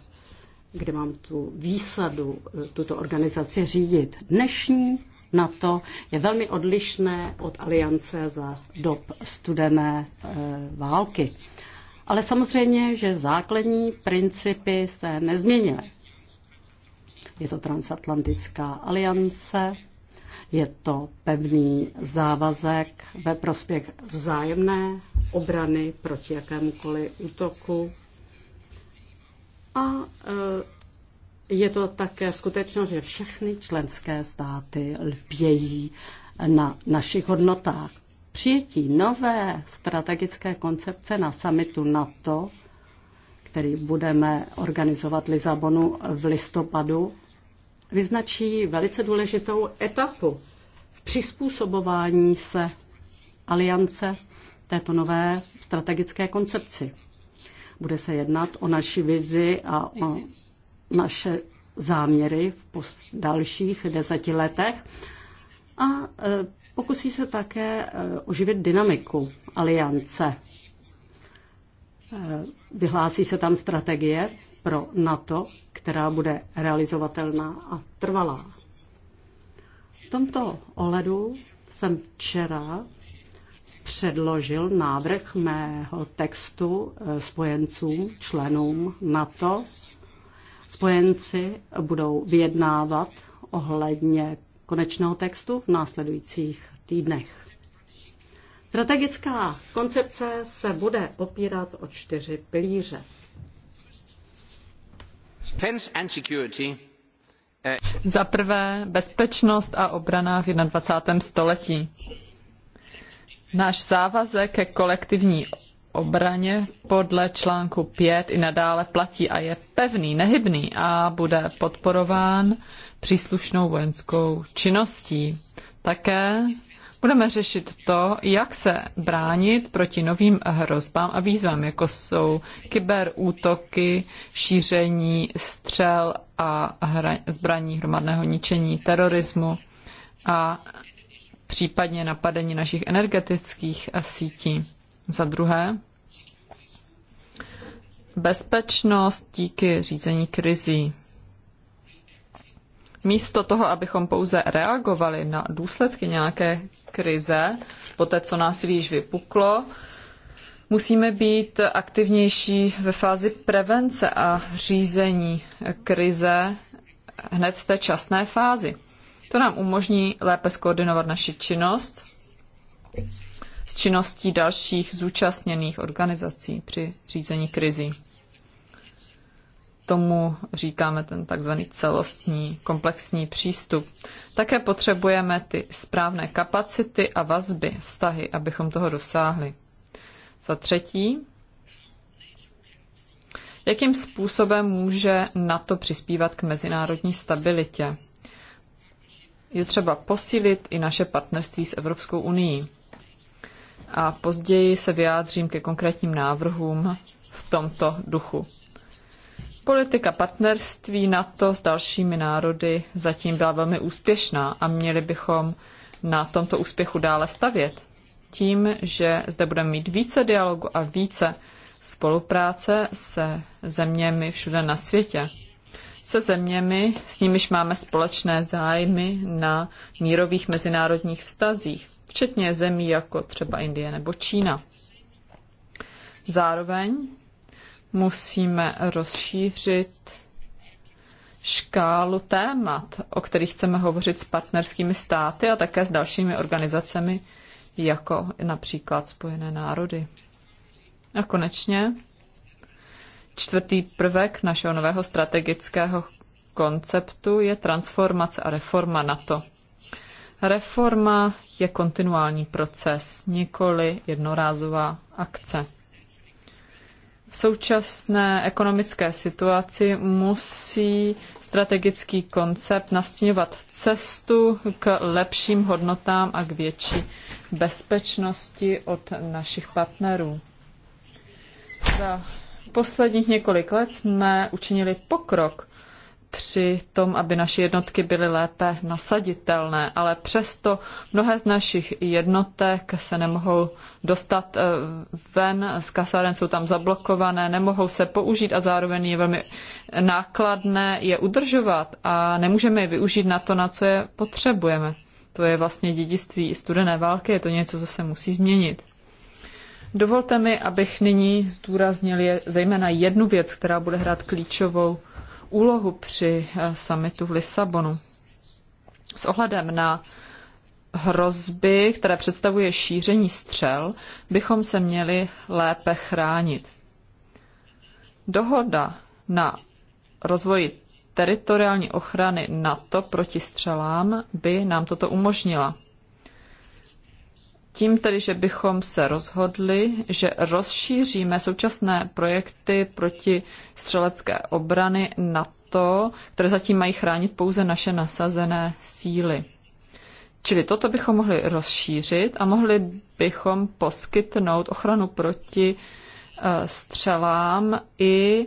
kde mám tu výsadu eh, tuto organizaci řídit. Dnešní NATO je velmi odlišné od aliance za dob studené eh, války. Ale samozřejmě, že základní principy se nezměnily. Je to transatlantická aliance, je to pevný závazek ve prospěch vzájemné obrany proti jakémukoliv útoku a e, je to také skutečnost, že všechny členské státy lpějí na našich hodnotách. Přijetí nové strategické koncepce na samitu NATO, který budeme organizovat Lisabonu v listopadu, vyznačí velice důležitou etapu v přizpůsobování se aliance této nové strategické koncepci. Bude se jednat o naši vizi a o naše záměry v dalších deseti letech a e, pokusí se také e, oživit dynamiku aliance. E, vyhlásí se tam strategie pro NATO, která bude realizovatelná a trvalá. V tomto ohledu jsem včera předložil návrh mého textu eh, spojencům, členům NATO. Spojenci budou vyjednávat ohledně konečného textu v následujících týdnech. Strategická koncepce se bude opírat o čtyři pilíře. Eh, Za prvé bezpečnost a obrana v 21. století. Náš závazek ke kolektivní obraně podle článku 5 i nadále platí a je pevný, nehybný a bude podporován příslušnou vojenskou činností. Také budeme řešit to, jak se bránit proti novým hrozbám a výzvám, jako jsou kyberútoky, šíření střel a zbraní hromadného ničení, terorismu a případně napadení našich energetických sítí. Za druhé, bezpečnost díky řízení krizí. Místo toho, abychom pouze reagovali na důsledky nějaké krize, po té, co nás již vypuklo, musíme být aktivnější ve fázi prevence a řízení krize hned v té časné fázi. To nám umožní lépe skoordinovat naši činnost s činností dalších zúčastněných organizací při řízení krizí. Tomu říkáme ten takzvaný celostní, komplexní přístup. Také potřebujeme ty správné kapacity a vazby, vztahy, abychom toho dosáhli. Za třetí, jakým způsobem může NATO přispívat k mezinárodní stabilitě? je třeba posílit i naše partnerství s Evropskou unii. A později se vyjádřím ke konkrétním návrhům v tomto duchu. Politika partnerství NATO s dalšími národy zatím byla velmi úspěšná a měli bychom na tomto úspěchu dále stavět. Tím, že zde budeme mít více dialogu a více spolupráce se zeměmi všude na světě se zeměmi, s nimiž máme společné zájmy na mírových mezinárodních vztazích, včetně zemí jako třeba Indie nebo Čína. Zároveň musíme rozšířit škálu témat, o kterých chceme hovořit s partnerskými státy a také s dalšími organizacemi, jako například Spojené národy. A konečně Čtvrtý prvek našeho nového strategického konceptu je transformace a reforma NATO. Reforma je kontinuální proces, nikoli jednorázová akce. V současné ekonomické situaci musí strategický koncept nastínovat cestu k lepším hodnotám a k větší bezpečnosti od našich partnerů. Za posledních několik let jsme učinili pokrok při tom, aby naše jednotky byly lépe nasaditelné, ale přesto mnohé z našich jednotek se nemohou dostat eh, ven z kasáren, jsou tam zablokované, nemohou se použít a zároveň je velmi nákladné je udržovat a nemůžeme je využít na to, na co je potřebujeme. To je vlastně dědictví studené války, je to něco, co se musí změnit. Dovolte mi, abych nyní zdůraznil je zejména jednu věc, která bude hrát klíčovou úlohu při eh, summitu v Lisabonu. S ohledem na hrozby, které představuje šíření střel, bychom se měli lépe chránit. Dohoda na rozvoji teritoriální ochrany NATO proti střelám by nám toto umožnila tím tedy, že bychom se rozhodli, že rozšíříme současné projekty proti střelecké obrany na to, které zatím mají chránit pouze naše nasazené síly. Čili toto bychom mohli rozšířit a mohli bychom poskytnout ochranu proti eh, střelám i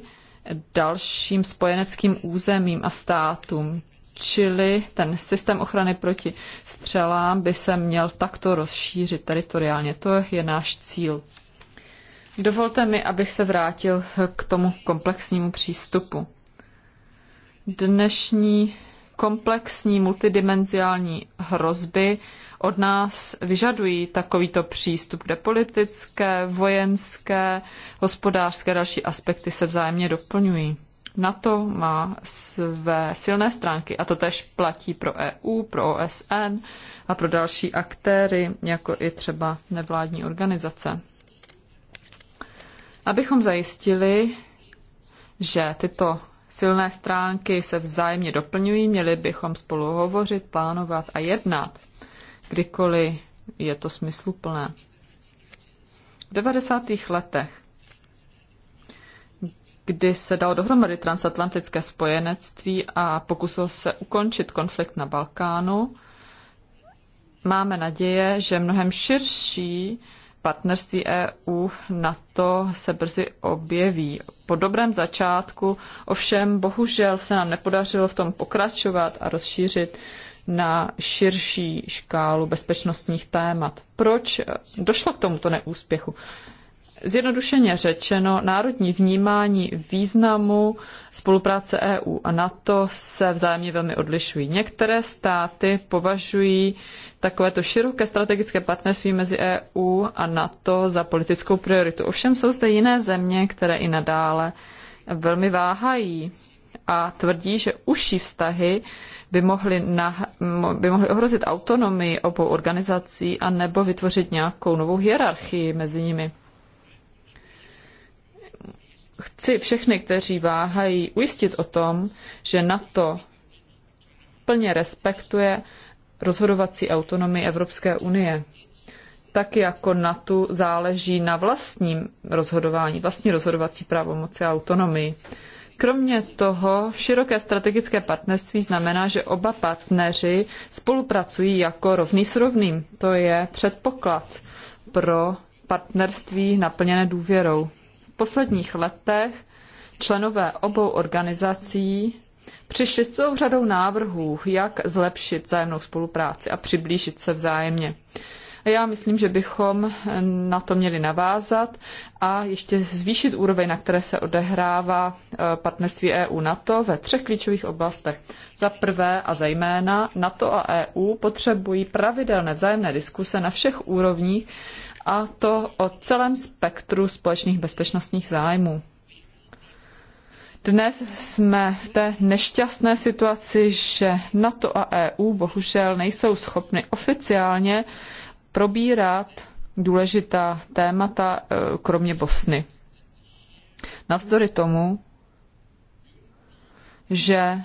dalším spojeneckým územím a státům. Čili ten systém ochrany proti střelám by se měl takto rozšířit teritoriálně. To je náš cíl. Dovolte mi, abych se vrátil k tomu komplexnímu přístupu. Dnešní komplexní multidimenziální hrozby od nás vyžadují takovýto přístup, kde politické, vojenské, hospodářské a další aspekty se vzájemně doplňují. NATO má své silné stránky a to tež platí pro EU, pro OSN a pro další aktéry, jako i třeba nevládní organizace. Abychom zajistili, že tyto silné stránky se vzájemně doplňují, měli bychom spolu hovořit, plánovat a jednat, kdykoliv je to smysluplné. V 90. letech kdy se dalo dohromady transatlantické spojenectví a pokusilo se ukončit konflikt na Balkánu, máme naděje, že mnohem širší partnerství EU na to se brzy objeví. Po dobrém začátku ovšem bohužel se nám nepodařilo v tom pokračovat a rozšířit na širší škálu bezpečnostních témat. Proč došlo k tomuto neúspěchu? Zjednodušeně řečeno, národní vnímání významu spolupráce EU a NATO se vzájemně velmi odlišují. Některé státy považují takovéto široké strategické partnerství mezi EU a NATO za politickou prioritu. Ovšem jsou zde jiné země, které i nadále velmi váhají a tvrdí, že užší vztahy by mohly, na, by mohly ohrozit autonomii obou organizací a nebo vytvořit nějakou novou hierarchii mezi nimi. Chci všechny, kteří váhají, ujistit o tom, že NATO plně respektuje rozhodovací autonomii Evropské unie. Tak jako NATO záleží na vlastním rozhodování, vlastní rozhodovací právomoci a autonomii. Kromě toho, široké strategické partnerství znamená, že oba partneři spolupracují jako rovný s rovným. To je předpoklad pro partnerství naplněné důvěrou posledních letech členové obou organizací přišli s celou řadou návrhů, jak zlepšit vzájemnou spolupráci a přiblížit se vzájemně. Já myslím, že bychom na to měli navázat a ještě zvýšit úroveň, na které se odehrává e, partnerství EU-NATO ve třech klíčových oblastech. Za prvé a zejména NATO a EU potřebují pravidelné vzájemné diskuse na všech úrovních, a to o celém spektru společných bezpečnostních zájmů. Dnes jsme v té nešťastné situaci, že NATO a EU bohužel nejsou schopny oficiálně probírat důležitá témata, e, kromě Bosny. Navzdory tomu, že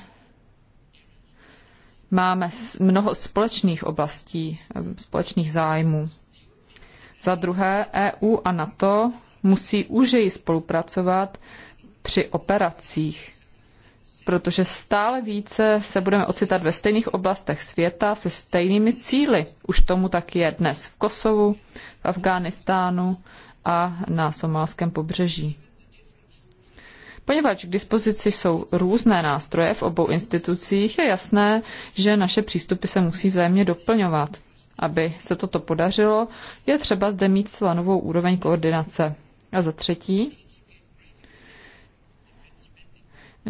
máme mnoho společných oblastí, e, společných zájmů. Za druhé, EU a NATO musí užeji spolupracovat při operacích, protože stále více se budeme ocitat ve stejných oblastech světa se stejnými cíly. Už tomu tak je dnes v Kosovu, v Afghánistánu a na somálském pobřeží. Poněvadž k dispozici jsou různé nástroje v obou institucích, je jasné, že naše přístupy se musí vzájemně doplňovat aby se toto podařilo, je třeba zde mít slanovou úroveň koordinace. A za třetí,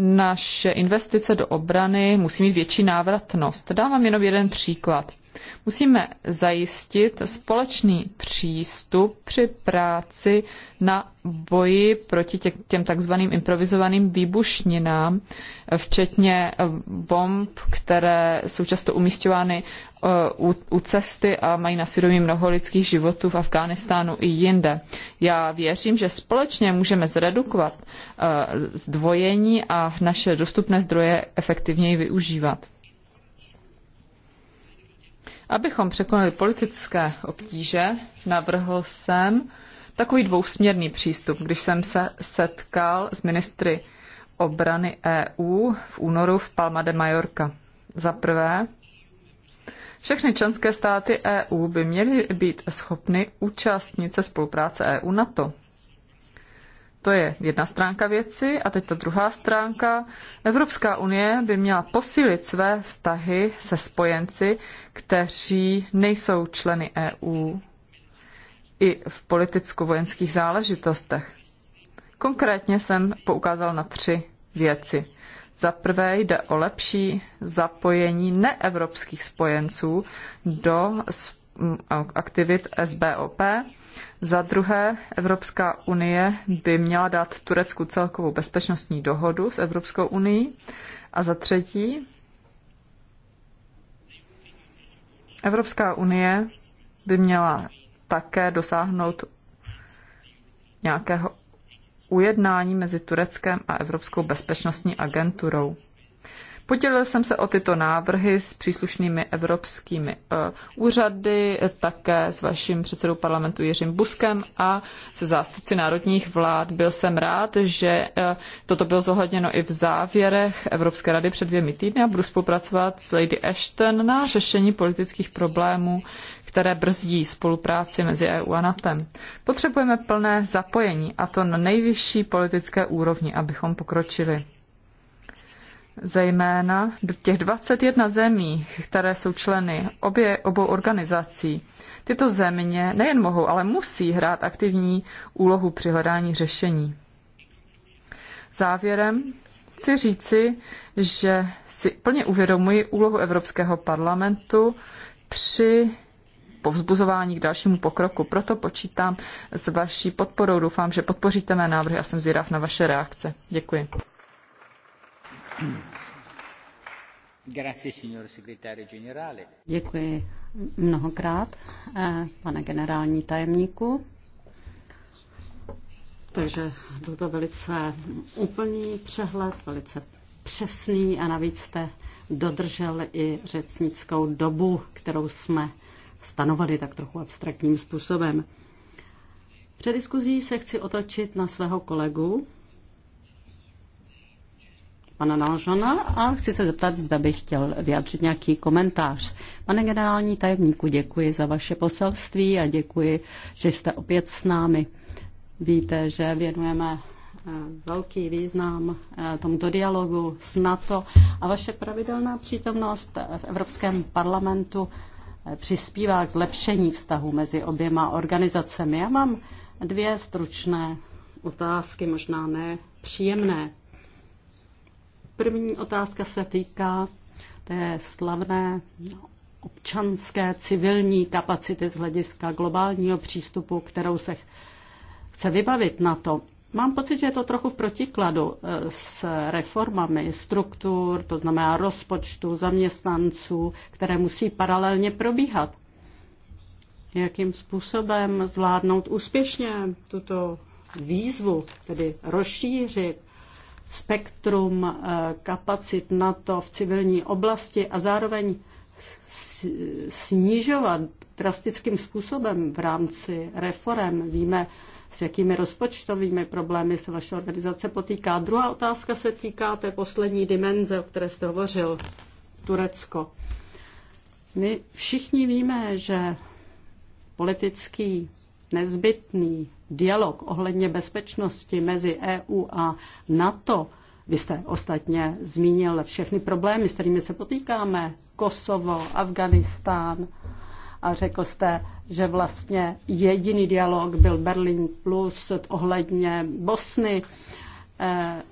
naše investice do obrany musí mít větší návratnost. Dávám jenom jeden příklad. Musíme zajistit společný přístup při práci na boji proti těm takzvaným improvizovaným výbušninám, včetně eh, bomb, které jsou často umístěvány eh, u, u cesty a mají na svědomí mnoho lidských životů v Afghánistánu i jinde. Já věřím, že společně můžeme zredukovat eh, zdvojení a naše dostupné zdroje efektivněji využívat. Abychom překonali politické obtíže, navrhl jsem takový dvousměrný přístup, když jsem se setkal s ministry obrany EU v únoru v Palma de Mallorca. Za prvé, všechny členské státy EU by měly být schopny účastnit se spolupráce EU NATO. To je jedna stránka věci a teď ta druhá stránka. Evropská unie by měla posílit své vztahy se spojenci, kteří nejsou členy EU i v politicko-vojenských záležitostech. Konkrétně jsem poukázal na tři věci. Za prvé jde o lepší zapojení neevropských spojenců do aktivit SBOP za druhé, Evropská unie by měla dát Turecku celkovou bezpečnostní dohodu s Evropskou unii. A za třetí, Evropská unie by měla také dosáhnout nějakého ujednání mezi Tureckem a Evropskou bezpečnostní agenturou. Podělil jsem se o tyto návrhy s příslušnými evropskými eh, úřady, také s vaším předsedou parlamentu Jiřím Buskem a se zástupci národních vlád. Byl jsem rád, že eh, toto bylo zohledněno i v závěrech Evropské rady před dvěmi týdny a budu spolupracovat s Lady Ashton na řešení politických problémů, které brzdí spolupráci mezi EU a NATEM. Potřebujeme plné zapojení, a to na nejvyšší politické úrovni, abychom pokročili zejména těch 21 zemí, které jsou členy obě, obou organizací. Tyto země nejen mohou, ale musí hrát aktivní úlohu při hledání řešení. Závěrem chci říci, že si plně uvědomuji úlohu Evropského parlamentu při povzbuzování k dalšímu pokroku. Proto počítám s vaší podporou. Doufám, že podpoříte mé návrhy a jsem zvědav na vaše reakce. Děkuji. Děkuji mnohokrát, eh, pane generální tajemníku. Takže byl to velice úplný přehled, velice přesný a navíc jste dodržel i řečnickou dobu, kterou jsme stanovali tak trochu abstraktním způsobem. Před diskuzí se chci otočit na svého kolegu, pana Nalžana a chci se zeptat, zda bych chtěl vyjádřit nějaký komentář. Pane generální tajemníku, děkuji za vaše poselství a děkuji, že jste opět s námi. Víte, že věnujeme eh, velký význam eh, tomuto dialogu s NATO a vaše pravidelná přítomnost v Evropském parlamentu eh, přispívá k zlepšení vztahu mezi oběma organizacemi. Já mám dvě stručné otázky, možná ne příjemné. První otázka se týká té slavné občanské civilní kapacity z hlediska globálního přístupu, kterou se chce vybavit na to. Mám pocit, že je to trochu v protikladu eh, s reformami struktur, to znamená rozpočtu zaměstnanců, které musí paralelně probíhat. Jakým způsobem zvládnout úspěšně tuto výzvu, tedy rozšířit spektrum eh, kapacit NATO v civilní oblasti a zároveň snižovat drastickým způsobem v rámci reform. Víme, s jakými rozpočtovými problémy se vaše organizace potýká. Druhá otázka se týká té poslední dimenze, o které jste hovořil, Turecko. My všichni víme, že politický nezbytný dialog ohledně bezpečnosti mezi EU a NATO, vy jste ostatně zmínil všechny problémy, s kterými se potýkáme, Kosovo, Afganistán, a řekl jste, že vlastně jediný dialog byl Berlin plus ohledně Bosny. Eh,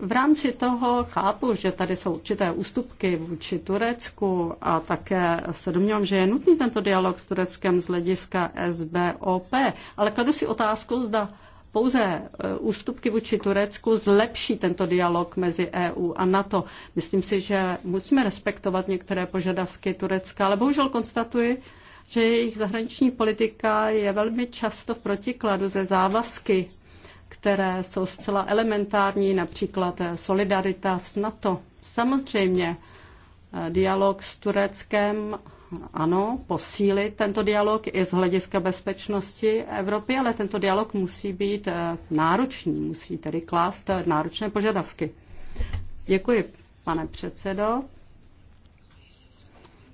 v rámci toho chápu, že tady jsou určité ústupky vůči Turecku a také se domnívám, že je nutný tento dialog s Tureckem z hlediska SBOP, ale kladu si otázku, zda pouze e, ústupky vůči Turecku zlepší tento dialog mezi EU a NATO. Myslím si, že musíme respektovat některé požadavky Turecka, ale bohužel konstatuji, že jejich zahraniční politika je velmi často v protikladu ze závazky které jsou zcela elementární, například eh, solidarita s NATO. Samozřejmě eh, dialog s Tureckem, ano, posílit tento dialog i z hlediska bezpečnosti Evropy, ale tento dialog musí být eh, náročný, musí tedy klást náročné požadavky. Děkuji, pane předsedo.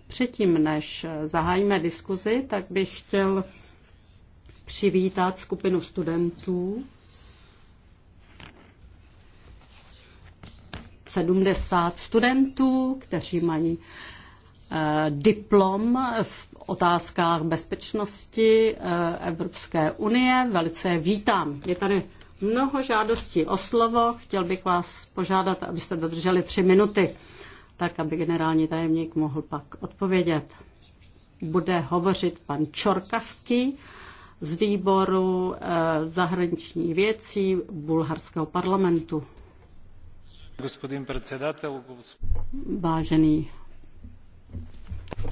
Předtím, než zahájíme diskuzi, tak bych chtěl přivítat skupinu studentů 70 studentů, kteří mají eh, diplom v otázkách bezpečnosti eh, Evropské unie. Velice je vítám. Je tady mnoho žádostí o slovo. Chtěl bych vás požádat, abyste dodrželi tři minuty, tak aby generální tajemník mohl pak odpovědět. Bude hovořit pan Čorkaský z výboru eh, zahraniční věcí bulharského parlamentu.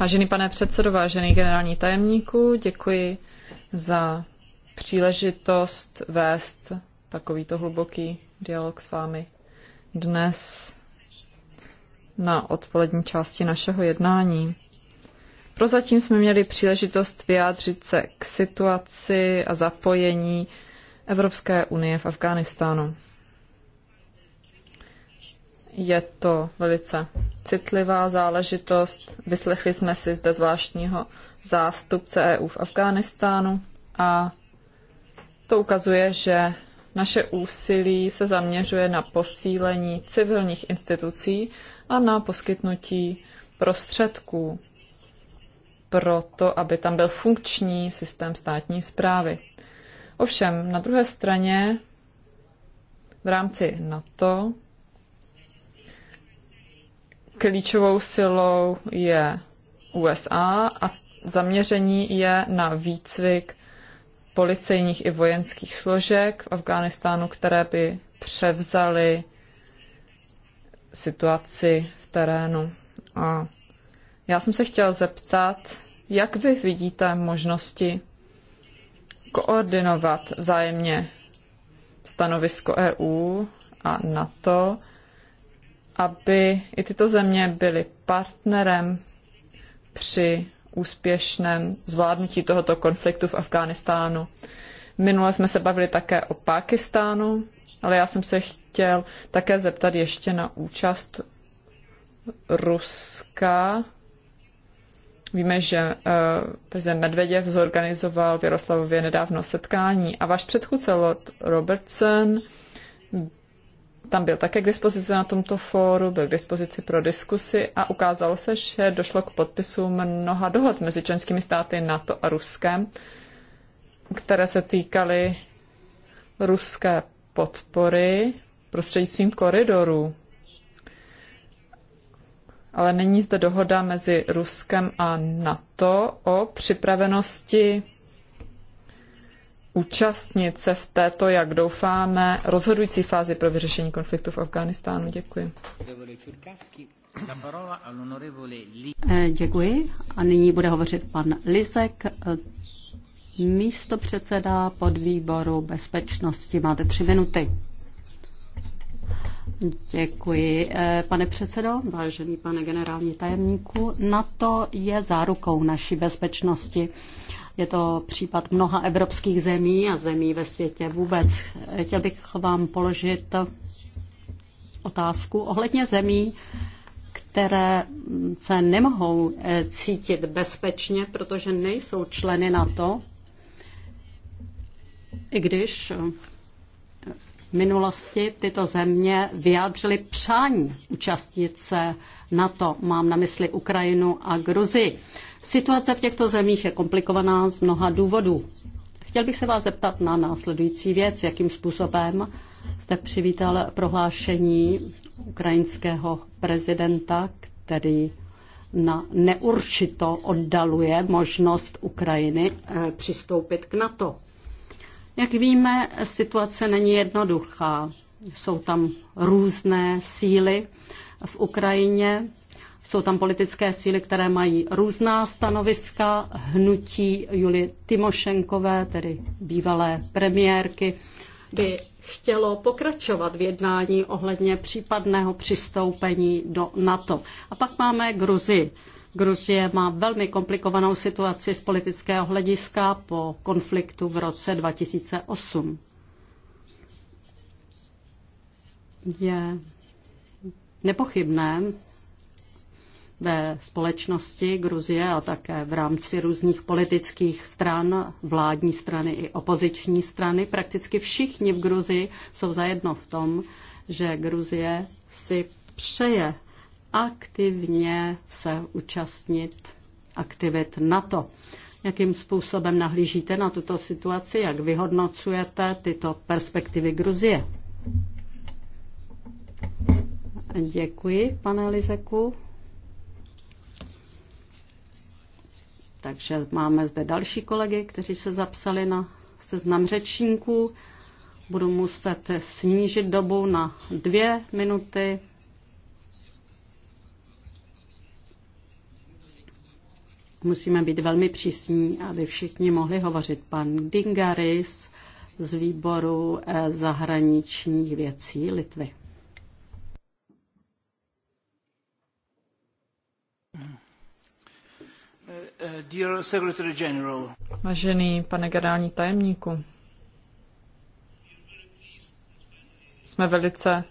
Vážený pane předsedo, vážený generální tajemníku, děkuji za příležitost vést takovýto hluboký dialog s vámi dnes na odpolední části našeho jednání. Prozatím jsme měli příležitost vyjádřit se k situaci a zapojení Evropské unie v Afghánistánu. Je to velice citlivá záležitost. Vyslechli jsme si zde zvláštního zástupce EU v Afghánistánu a to ukazuje, že naše úsilí se zaměřuje na posílení civilních institucí a na poskytnutí prostředků pro to, aby tam byl funkční systém státní zprávy. Ovšem, na druhé straně v rámci NATO Klíčovou silou je USA a zaměření je na výcvik policejních i vojenských složek v Afghánistánu, které by převzaly situaci v terénu. A já jsem se chtěla zeptat, jak vy vidíte možnosti koordinovat vzájemně stanovisko EU a NATO aby i tyto země byly partnerem při úspěšném zvládnutí tohoto konfliktu v Afghánistánu. Minule jsme se bavili také o Pákistánu, ale já jsem se chtěl také zeptat ještě na účast Ruska. Víme, že uh, prezident Medveděv zorganizoval v Jaroslavově nedávno setkání a váš předchůdce Lord Robertson tam byl také k dispozici na tomto fóru, byl k dispozici pro diskusy a ukázalo se, že došlo k podpisu mnoha dohod mezi členskými státy NATO a Ruskem, které se týkaly ruské podpory prostřednictvím koridorů. Ale není zde dohoda mezi Ruskem a NATO o připravenosti účastnit se v této, jak doufáme, rozhodující fázi pro vyřešení konfliktu v Afghánistánu. Děkuji. Eh, děkuji. A nyní bude hovořit pan Lisek, eh, místo předseda podvýboru bezpečnosti. Máte tři minuty. Děkuji, eh, pane předsedo, vážený pane generální tajemníku. NATO je zárukou naší bezpečnosti. Je to případ mnoha evropských zemí a zemí ve světě vůbec. Chtěl bych vám položit otázku ohledně zemí, které se nemohou eh, cítit bezpečně, protože nejsou členy na to, i když v minulosti tyto země vyjádřily přání účastnit se na to. Mám na mysli Ukrajinu a Gruzii. Situace v těchto zemích je komplikovaná z mnoha důvodů. Chtěl bych se vás zeptat na následující věc, jakým způsobem jste přivítal prohlášení ukrajinského prezidenta, který na neurčito oddaluje možnost Ukrajiny eh, přistoupit k NATO. Jak víme, situace není jednoduchá. Jsou tam různé síly v Ukrajině, jsou tam politické síly, které mají různá stanoviska, hnutí Julie Timošenkové, tedy bývalé premiérky, by chtělo pokračovat v jednání ohledně případného přistoupení do NATO. A pak máme Gruzii. Gruzie má velmi komplikovanou situaci z politického hlediska po konfliktu v roce 2008. Je nepochybné, ve společnosti Gruzie a také v rámci různých politických stran, vládní strany i opoziční strany. Prakticky všichni v Gruzii jsou zajedno v tom, že Gruzie si přeje aktivně se účastnit aktivit NATO. Jakým způsobem nahlížíte na tuto situaci? Jak vyhodnocujete tyto perspektivy Gruzie? Děkuji, pane Lizeku. Takže máme zde další kolegy, kteří se zapsali na seznam řečníků. Budu muset snížit dobu na dvě minuty. Musíme být velmi přísní, aby všichni mohli hovořit. Pan Dingaris z výboru eh, zahraničních věcí Litvy. Dear Secretary General. Vážený pane generální tajemníku, jsme velice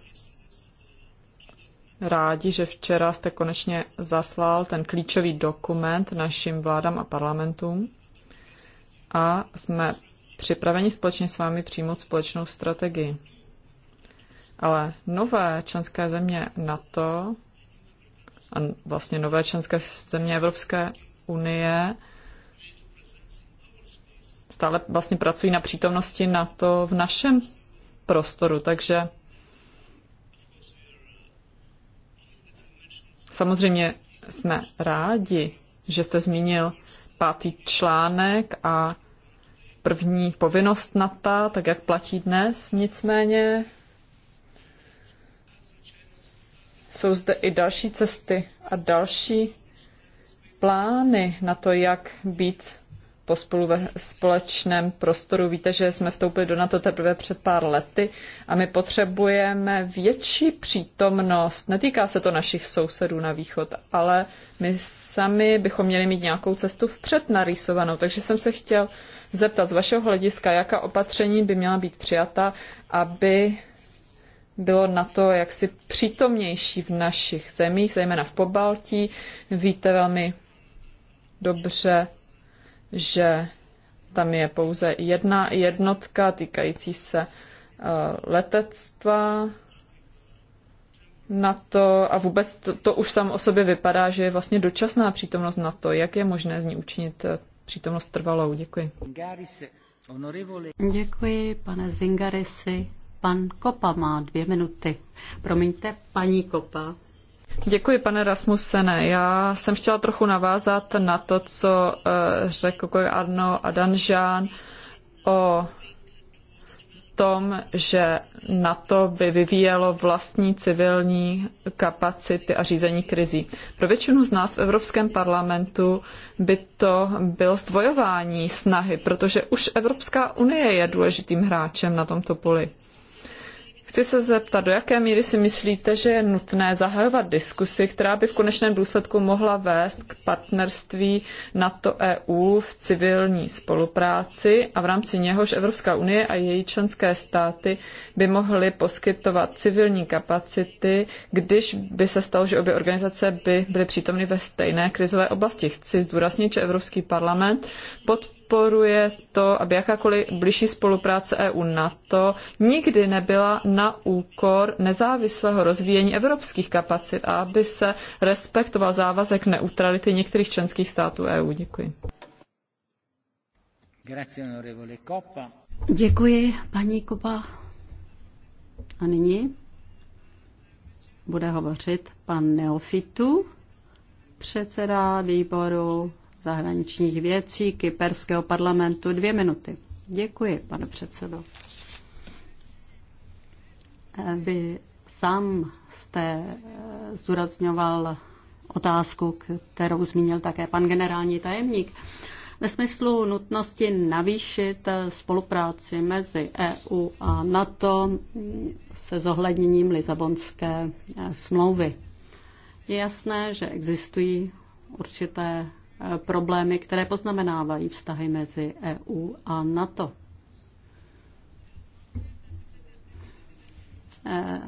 rádi, že včera jste konečně zaslal ten klíčový dokument našim vládám a parlamentům a jsme připraveni společně s vámi přijmout společnou strategii. Ale nové členské země NATO a vlastně nové členské země Evropské unie stále vlastně pracují na přítomnosti na to v našem prostoru, takže samozřejmě jsme rádi, že jste zmínil pátý článek a první povinnost NATO, tak jak platí dnes. Nicméně jsou zde i další cesty a další plány na to, jak být pospolu ve společném prostoru. Víte, že jsme vstoupili do NATO teprve před pár lety a my potřebujeme větší přítomnost. Netýká se to našich sousedů na východ, ale my sami bychom měli mít nějakou cestu vpřed narýsovanou. Takže jsem se chtěl zeptat z vašeho hlediska, jaká opatření by měla být přijata, aby bylo na to jak si přítomnější v našich zemích, zejména v Pobaltí. Víte velmi dobře, že tam je pouze jedna jednotka týkající se eh, letectva na to a vůbec to, to už sam o sobě vypadá, že je vlastně dočasná přítomnost na to, Jak je možné z ní učinit eh, přítomnost trvalou? Děkuji. Děkuji, pane Zingarisi. Pan Kopa má dvě minuty. Promiňte, paní Kopa Děkuji, pane Rasmusene. Já jsem chtěla trochu navázat na to, co eh, řekl Arno a Danžán o tom, že NATO by vyvíjelo vlastní civilní kapacity a řízení krizí. Pro většinu z nás v Evropském parlamentu by to bylo zdvojování snahy, protože už Evropská unie je důležitým hráčem na tomto poli. Chci se zeptat, do jaké míry si myslíte, že je nutné zahajovat diskusi, která by v konečném důsledku mohla vést k partnerství NATO-EU v civilní spolupráci a v rámci něhož Evropská unie a její členské státy by mohly poskytovat civilní kapacity, když by se stalo, že obě organizace by byly přítomny ve stejné krizové oblasti. Chci zdůraznit, že Evropský parlament podporuje podporuje to, aby jakákoliv blížší spolupráce EU-NATO nikdy nebyla na úkor nezávislého rozvíjení evropských kapacit a aby se respektoval závazek neutrality některých členských států EU. Děkuji. Děkuji, paní Kopa. A nyní bude hovořit pan Neofitu, předseda výboru zahraničních věcí Kyperského parlamentu. Dvě minuty. Děkuji, pane předsedo. Vy sám jste eh, zdůrazňoval otázku, kterou zmínil také pan generální tajemník, ve smyslu nutnosti navýšit eh, spolupráci mezi EU a NATO mm, se zohledněním Lisabonské eh, smlouvy. Je jasné, že existují určité problémy, které poznamenávají vztahy mezi EU a NATO. E,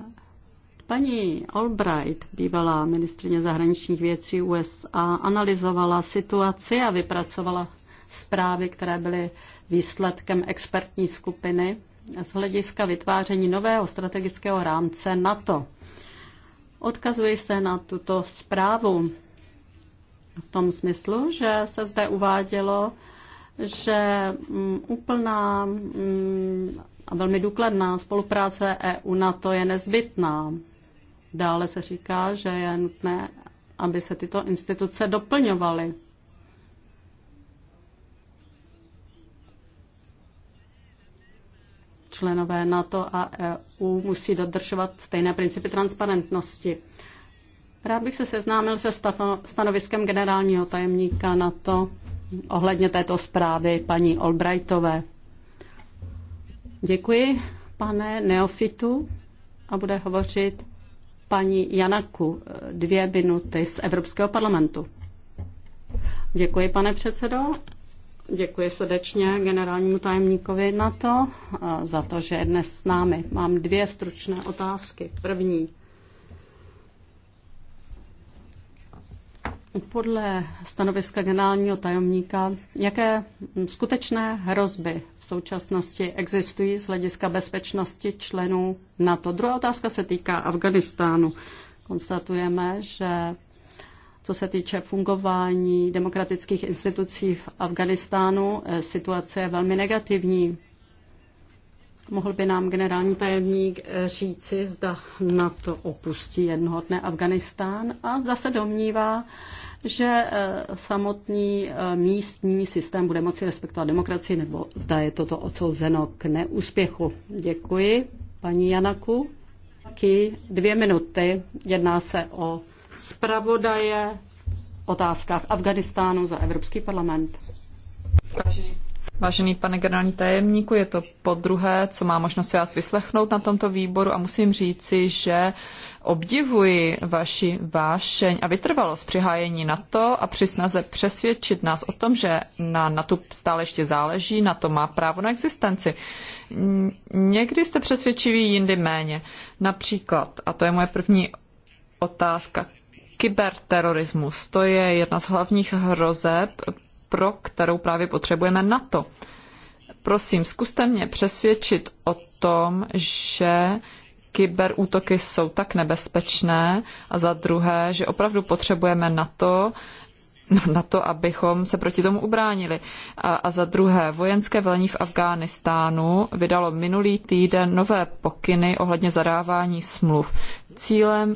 paní Albright, bývalá ministrině zahraničních věcí USA, analyzovala situaci a vypracovala zprávy, které byly výsledkem expertní skupiny z hlediska vytváření nového strategického rámce NATO. Odkazuji se na tuto zprávu v tom smyslu, že se zde uvádělo, že mm, úplná mm, a velmi důkladná spolupráce EU na to je nezbytná. Dále se říká, že je nutné, aby se tyto instituce doplňovaly. Členové NATO a EU musí dodržovat stejné principy transparentnosti. Rád bych se seznámil se stanoviskem generálního tajemníka na to ohledně této zprávy paní Albrightové. Děkuji, pane Neofitu, a bude hovořit paní Janaku eh, dvě minuty z Evropského parlamentu. Děkuji, pane předsedo. Děkuji srdečně generálnímu tajemníkovi NATO eh, za to, že je dnes s námi. Mám dvě stručné otázky. První. podle stanoviska generálního tajemníka, jaké skutečné hrozby v současnosti existují z hlediska bezpečnosti členů NATO? Druhá otázka se týká Afganistánu. Konstatujeme, že co se týče fungování demokratických institucí v Afganistánu, eh, situace je velmi negativní. Mohl by nám generální tajemník eh, říci, zda NATO opustí jednoho dne Afganistán a zda se domnívá, že eh, samotný eh, místní systém bude moci respektovat demokracii, nebo zda je toto odsouzeno k neúspěchu. Děkuji, paní Janaku. Taky dvě minuty. Jedná se o zpravodaje v otázkách Afganistánu za Evropský parlament. Vážený Vážený pane generální tajemníku, je to po druhé, co má možnost si vás vyslechnout na tomto výboru a musím říci, že obdivuji vaši vášeň a vytrvalost při hájení NATO a při snaze přesvědčit nás o tom, že na NATO stále ještě záleží, na to má právo na existenci. Někdy jste přesvědčiví, jindy méně. Například, a to je moje první otázka, kyberterorismus. To je jedna z hlavních hrozeb, pro kterou právě potřebujeme NATO. Prosím, zkuste mě přesvědčit o tom, že kyberútoky jsou tak nebezpečné a za druhé, že opravdu potřebujeme NATO, na to, abychom se proti tomu ubránili. A, a za druhé, vojenské velení v Afghánistánu vydalo minulý týden nové pokyny ohledně zadávání smluv. Cílem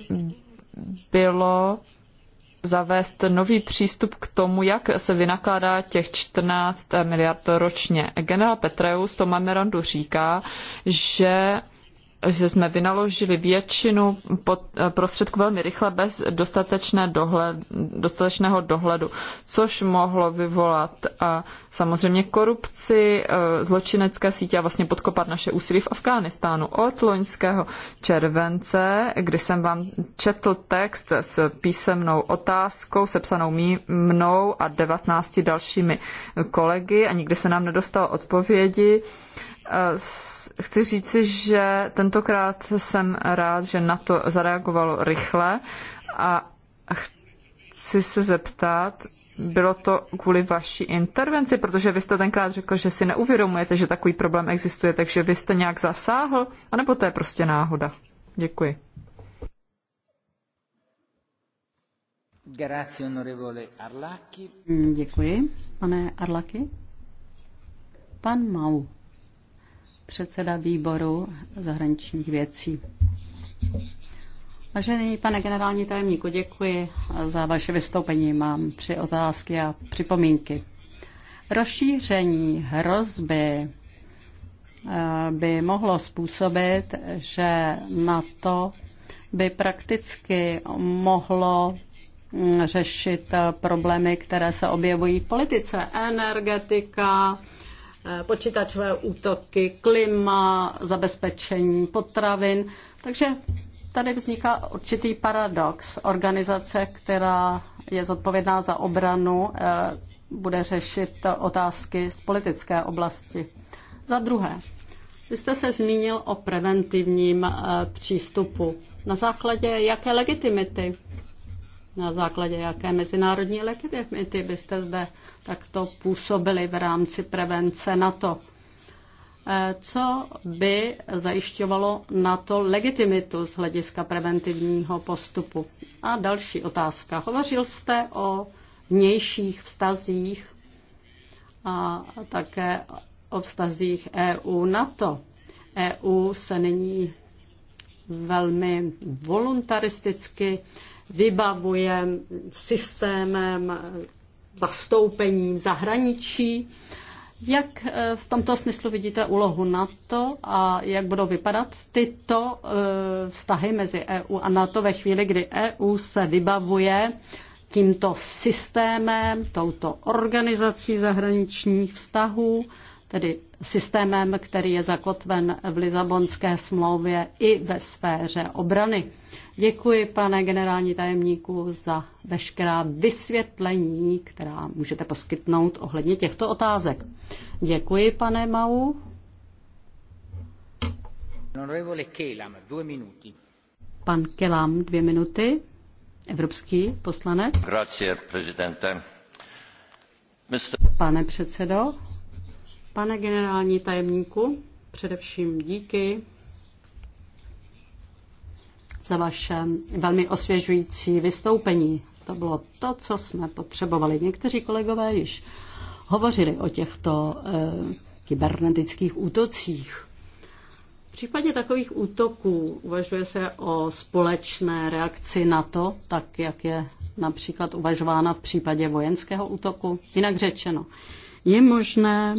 bylo zavést nový přístup k tomu, jak se vynakládá těch 14 miliard ročně. Generál Petraeus to memorandu říká, že že jsme vynaložili většinu eh, prostředků velmi rychle bez dostatečné dohled, dostatečného dohledu, což mohlo vyvolat a eh, samozřejmě korupci, eh, zločinecké sítě a vlastně podkopat naše úsilí v Afghánistánu. Od loňského července, kdy jsem vám četl text s písemnou otázkou, sepsanou mý, mnou a 19 dalšími kolegy a nikdy se nám nedostalo odpovědi, Eh, chci říci, že tentokrát jsem rád, že na to zareagovalo rychle a chci se zeptat, bylo to kvůli vaší intervenci, protože vy jste tenkrát řekl, že si neuvědomujete, že takový problém existuje, takže vy jste nějak zasáhl, anebo to je prostě náhoda? Děkuji. Děkuji, pane Arlaki. Pan Mau předseda výboru zahraničních věcí. Vážený pane generální tajemníku, děkuji za vaše vystoupení. Mám tři otázky a připomínky. Rozšíření hrozby eh, by mohlo způsobit, že NATO by prakticky mohlo mm, řešit eh, problémy, které se objevují v politice. Energetika, Eh, počítačové útoky, klima, zabezpečení potravin. Takže tady vzniká určitý paradox. Organizace, která je zodpovědná za obranu, eh, bude řešit otázky z politické oblasti. Za druhé, vy jste se zmínil o preventivním eh, přístupu. Na základě jaké legitimity na základě jaké mezinárodní legitimity byste zde takto působili v rámci prevence NATO. Eh, co by zajišťovalo NATO legitimitu z hlediska preventivního postupu? A další otázka. Hovořil jste o vnějších vztazích a také o vztazích EU-NATO. EU se nyní velmi voluntaristicky vybavuje systémem zastoupení v zahraničí. Jak eh, v tomto smyslu vidíte úlohu NATO a jak budou vypadat tyto eh, vztahy mezi EU a NATO ve chvíli, kdy EU se vybavuje tímto systémem, touto organizací zahraničních vztahů, tedy systémem, který je zakotven v Lizabonské smlouvě i ve sféře obrany. Děkuji, pane generální tajemníku, za veškerá vysvětlení, která můžete poskytnout ohledně těchto otázek. Děkuji, pane Mau. Pan Kelam, dvě minuty. Evropský poslanec. Grazie, prezidente. Pane předsedo, Pane generální tajemníku, především díky za vaše velmi osvěžující vystoupení. To bylo to, co jsme potřebovali. Někteří kolegové již hovořili o těchto eh, kybernetických útocích. V případě takových útoků uvažuje se o společné reakci na to, tak jak je například uvažována v případě vojenského útoku. Jinak řečeno, je možné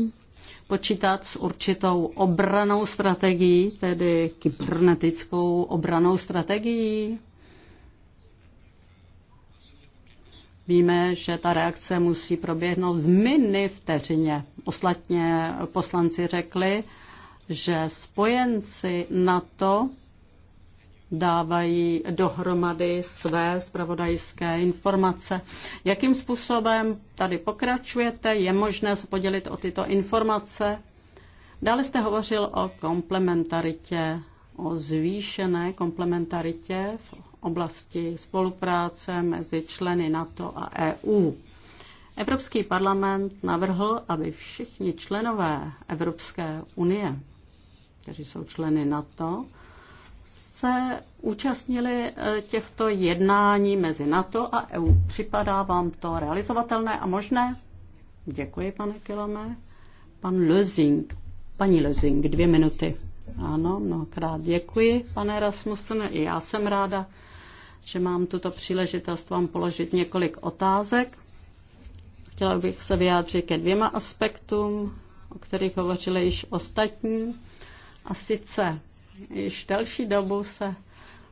počítat s určitou obranou strategií, tedy kybernetickou obranou strategií? Víme, že ta reakce musí proběhnout v mini vteřině. Ostatně poslanci řekli, že spojenci NATO dávají dohromady své zpravodajské informace. Jakým způsobem tady pokračujete? Je možné se podělit o tyto informace? Dále jste hovořil o komplementaritě, o zvýšené komplementaritě v oblasti spolupráce mezi členy NATO a EU. Evropský parlament navrhl, aby všichni členové Evropské unie, kteří jsou členy NATO, se účastnili eh, těchto jednání mezi NATO a EU. Připadá vám to realizovatelné a možné? Děkuji, pane Kilome. Pan Lözing, paní Lözing, dvě minuty. Ano, mnohokrát děkuji, pane Rasmussen. I já jsem ráda, že mám tuto příležitost vám položit několik otázek. Chtěla bych se vyjádřit ke dvěma aspektům, o kterých hovořili již ostatní. A sice Již další dobu se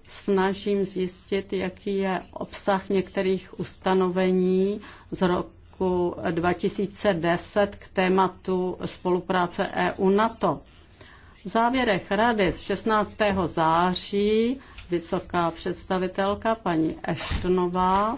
snažím zjistit, jaký je obsah některých ustanovení z roku 2010 k tématu spolupráce EU-NATO. V závěrech rady z 16. září vysoká představitelka paní Eštonová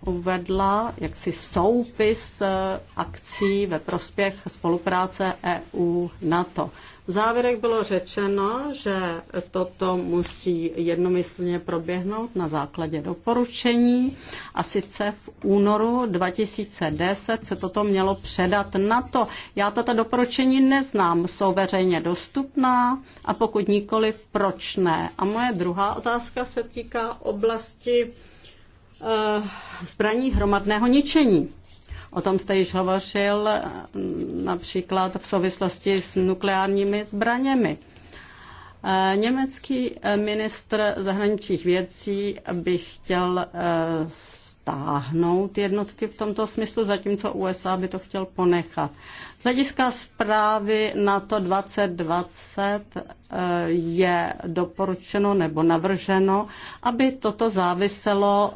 uvedla jaksi soupis eh, akcí ve prospěch spolupráce EU-NATO. V závěrech bylo řečeno, že toto musí jednomyslně proběhnout na základě doporučení a sice v únoru 2010 se toto mělo předat na to. Já tato doporučení neznám, jsou veřejně dostupná a pokud nikoli, proč ne? A moje druhá otázka se týká oblasti eh, zbraní hromadného ničení. O tom jste již hovořil mm, například v souvislosti s nukleárními zbraněmi. Eh, německý eh, ministr zahraničních věcí by chtěl eh, stáhnout jednotky v tomto smyslu, zatímco USA by to chtěl ponechat. Z hlediska zprávy NATO 2020 je doporučeno nebo navrženo, aby toto záviselo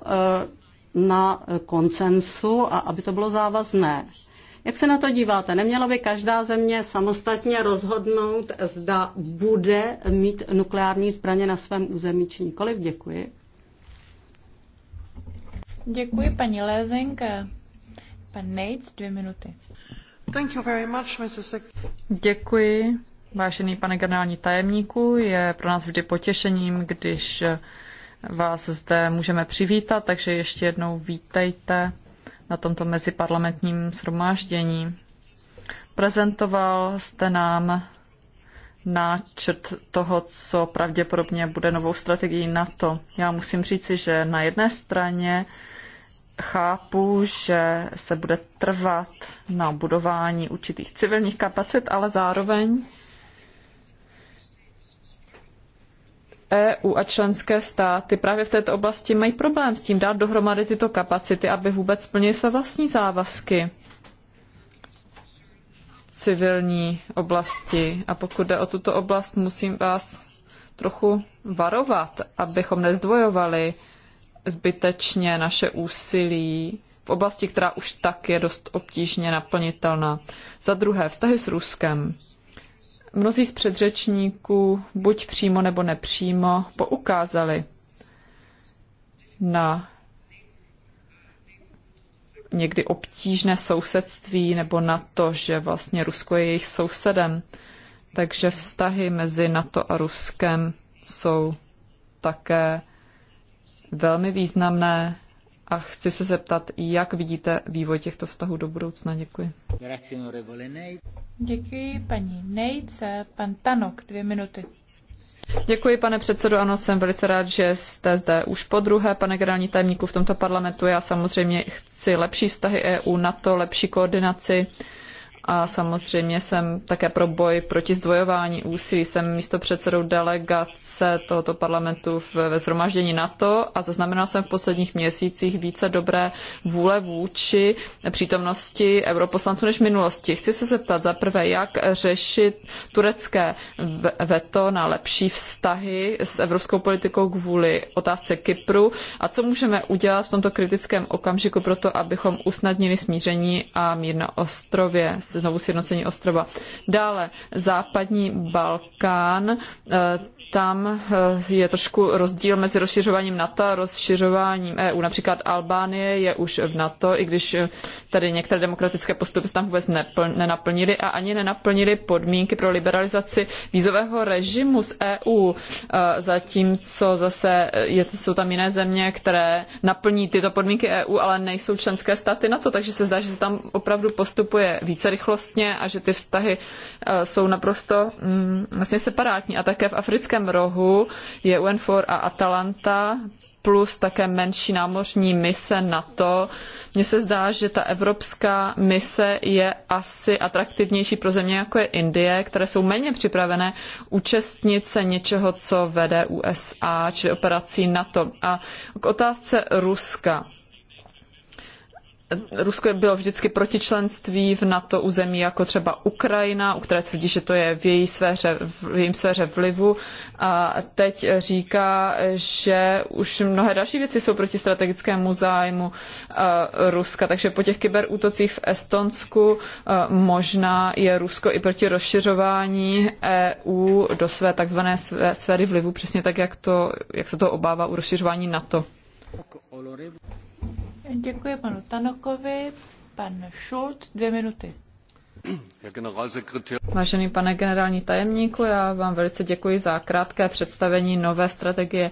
na koncensu a aby to bylo závazné. Jak se na to díváte? Neměla by každá země samostatně rozhodnout, zda bude mít nukleární zbraně na svém území či nikoliv? Děkuji. Děkuji, paní Lézenka. Pan Nejc, dvě minuty. Thank you very much, Mrs. Děkuji, vážený pane generální tajemníku. Je pro nás vždy potěšením, když vás zde můžeme přivítat, takže ještě jednou vítejte na tomto meziparlamentním shromáždění. Prezentoval jste nám náčrt toho, co pravděpodobně bude novou strategií NATO. Já musím říci, že na jedné straně chápu, že se bude trvat na budování určitých civilních kapacit, ale zároveň EU a členské státy právě v této oblasti mají problém s tím dát dohromady tyto kapacity, aby vůbec splnili své vlastní závazky civilní oblasti. A pokud jde o tuto oblast, musím vás trochu varovat, abychom nezdvojovali zbytečně naše úsilí v oblasti, která už tak je dost obtížně naplnitelná. Za druhé, vztahy s Ruskem mnozí z předřečníků buď přímo nebo nepřímo poukázali na někdy obtížné sousedství nebo na to, že vlastně Rusko je jejich sousedem. Takže vztahy mezi NATO a Ruskem jsou také velmi významné a chci se zeptat, jak vidíte vývoj těchto vztahů do budoucna. Děkuji. Děkuji paní Nejce. Pan Tanok, dvě minuty. Děkuji, pane předsedo. Ano, jsem velice rád, že jste zde už po druhé, pane generální tajemníku v tomto parlamentu. Já samozřejmě chci lepší vztahy EU, NATO, lepší koordinaci a samozřejmě jsem také pro boj proti zdvojování úsilí. Jsem místo předsedou delegace tohoto parlamentu ve zhromaždění NATO a zaznamenal jsem v posledních měsících více dobré vůle vůči přítomnosti europoslanců než v minulosti. Chci se zeptat za prvé, jak řešit turecké veto na lepší vztahy s evropskou politikou kvůli otázce Kypru a co můžeme udělat v tomto kritickém okamžiku pro to, abychom usnadnili smíření a mír na ostrově s znovu sjednocení ostrova. Dále západní Balkán, eh, tam eh, je trošku rozdíl mezi rozšiřováním NATO a rozšiřováním EU. Například Albánie je už v NATO, i když eh, tady některé demokratické postupy se tam vůbec nenaplnily a ani nenaplnily podmínky pro liberalizaci vízového režimu z EU, eh, zatímco zase jsou tam jiné země, které naplní tyto podmínky EU, ale nejsou členské státy NATO, takže se zdá, že se tam opravdu postupuje více rychlostně a že ty vztahy jsou naprosto mm, vlastně separátní. A také v africké Africkém rohu je UNFOR a Atalanta plus také menší námořní mise NATO. Mně se zdá, že ta evropská mise je asi atraktivnější pro země, jako je Indie, které jsou méně připravené účastnit se něčeho, co vede USA, čili operací NATO. A k otázce Ruska. Rusko bylo vždycky proti členství v NATO u zemí jako třeba Ukrajina, u které tvrdí, že to je v, její sféře, v jejím sféře vlivu. A teď říká, že už mnohé další věci jsou proti strategickému zájmu e, Ruska. Takže po těch kyberútocích v Estonsku e, možná je Rusko i proti rozšiřování EU do své takzvané sféry vlivu, přesně tak, jak, to, jak se to obává u rozšiřování NATO. Děkuji panu Tanokovi. Pan Schulz, dvě minuty. Vážený pane generální tajemníku, já vám velice děkuji za krátké představení nové strategie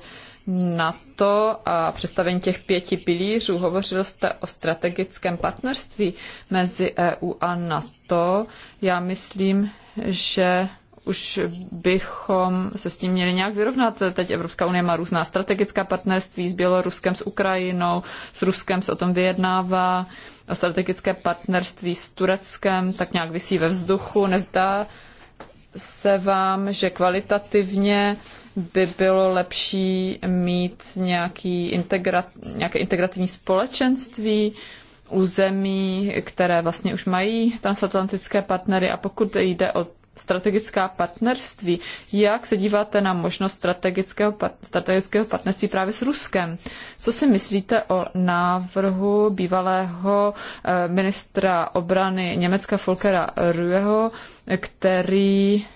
NATO a představení těch pěti pilířů. Hovořil jste o strategickém partnerství mezi EU a NATO. Já myslím, že už bychom se s tím měli nějak vyrovnat. Teď Evropská unie má různá strategická partnerství s Běloruskem, s Ukrajinou, s Ruskem se o tom vyjednává a strategické partnerství s Tureckem tak nějak vysí ve vzduchu. Nezdá se vám, že kvalitativně by bylo lepší mít nějaký integra, nějaké integrativní společenství u zemí, které vlastně už mají transatlantické partnery a pokud jde o strategická partnerství. Jak se díváte na možnost strategického, strategického partnerství právě s Ruskem? Co si myslíte o návrhu bývalého eh, ministra obrany Německa Volkera Rueho, který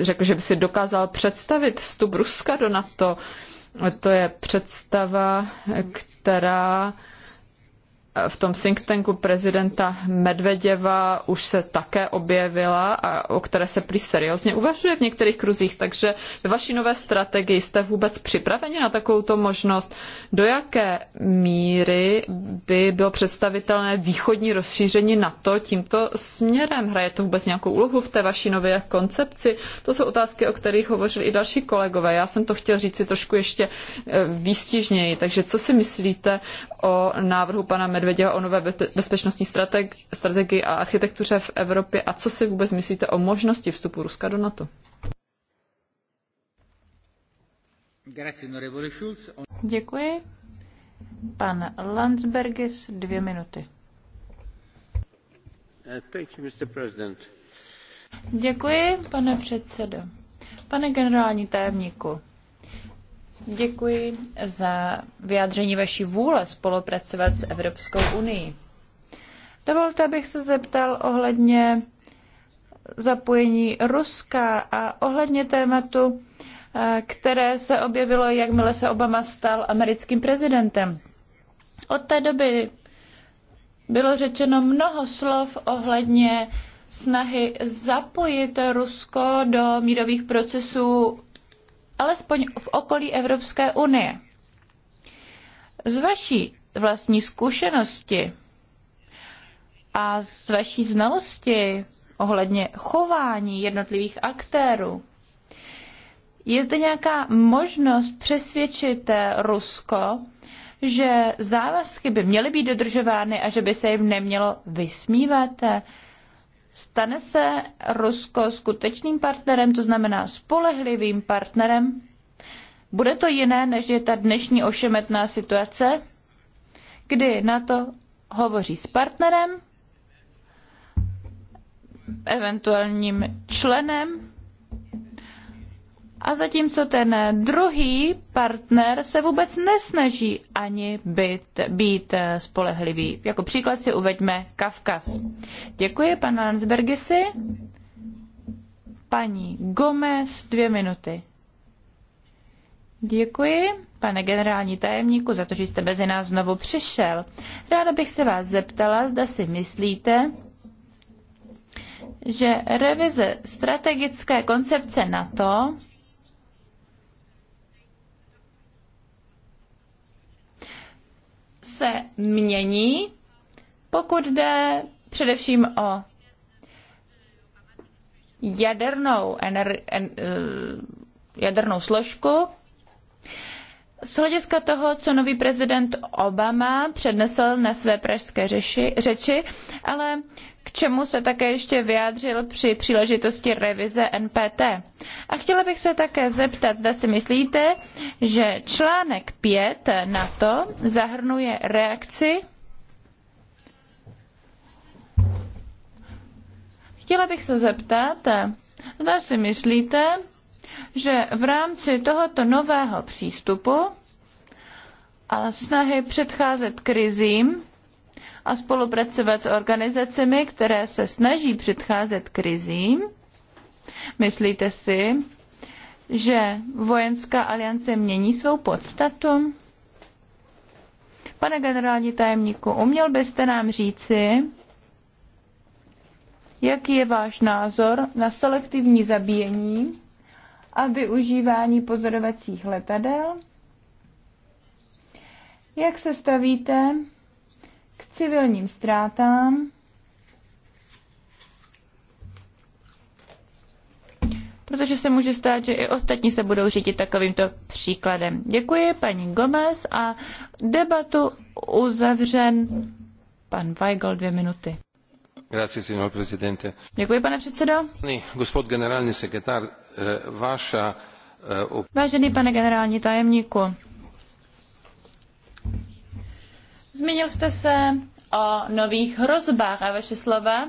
řekl, že by si dokázal představit vstup Ruska do NATO? To je představa, která v tom think tanku prezidenta Medvedeva už se také objevila, a o které se prý seriózně uvažuje v některých kruzích. Takže ve vaší nové strategii jste vůbec připraveni na takovouto možnost? Do jaké míry by bylo představitelné východní rozšíření NATO tímto směrem? Hraje to vůbec nějakou úlohu v té vaší nové koncepci? To jsou otázky, o kterých hovořili i další kolegové. Já jsem to chtěl říct si trošku ještě eh, výstižněji. Takže co si myslíte o návrhu pana Medvedeva? Medvěděva o nové bezpečnostní strategi- strategii a architektuře v Evropě a co si vůbec myslíte o možnosti vstupu Ruska do NATO? Děkuji. Pan Landsbergis, dvě minuty. Uh, Děkuji, pane předsedo. Pane generální tajemníku, Děkuji za vyjádření vaší vůle spolupracovat s Evropskou unii. Dovolte, abych se zeptal ohledně zapojení Ruska a ohledně tématu, eh, které se objevilo, jakmile se Obama stal americkým prezidentem. Od té doby bylo řečeno mnoho slov ohledně snahy zapojit Rusko do mírových procesů alespoň v okolí Evropské unie. Z vaší vlastní zkušenosti a z vaší znalosti ohledně chování jednotlivých aktérů, je zde nějaká možnost přesvědčit Rusko, že závazky by měly být dodržovány a že by se jim nemělo vysmívat? Stane se Rusko skutečným partnerem, to znamená spolehlivým partnerem? Bude to jiné, než je ta dnešní ošemetná situace, kdy na to hovoří s partnerem, eventuálním členem a zatímco ten druhý partner se vůbec nesnaží ani být, být spolehlivý. Jako příklad si uveďme Kavkaz. Děkuji, pan Lansbergisi. Paní Gomez, dvě minuty. Děkuji, pane generální tajemníku, za to, že jste mezi nás znovu přišel. Ráda bych se vás zeptala, zda si myslíte, že revize strategické koncepce NATO se mění, pokud jde především o jadernou, ener, en, eh, jadernou složku. Z hlediska toho, co nový prezident Obama přednesl na své pražské řeši, řeči, ale k čemu se také ještě vyjádřil při příležitosti revize NPT. A chtěla bych se také zeptat, zda si myslíte, že článek 5 NATO zahrnuje reakci Chtěla bych se zeptat, zda si myslíte, že v rámci tohoto nového přístupu a snahy předcházet krizím a spolupracovat s organizacemi, které se snaží předcházet krizím. Myslíte si, že vojenská aliance mění svou podstatu? Pane generální tajemníku, uměl byste nám říci, jaký je váš názor na selektivní zabíjení a využívání pozorovacích letadel? Jak se stavíte k civilním ztrátám, protože se může stát, že i ostatní se budou řídit takovýmto příkladem. Děkuji paní Gomez a debatu uzavřen pan Weigl dvě minuty. Grazie, signor Presidente. Děkuji, pane předsedo. Gospod generální sekretár, eh, vaša... Eh, Vážený pane generální tajemníku, Zmínil jste se o nových hrozbách a vaše slova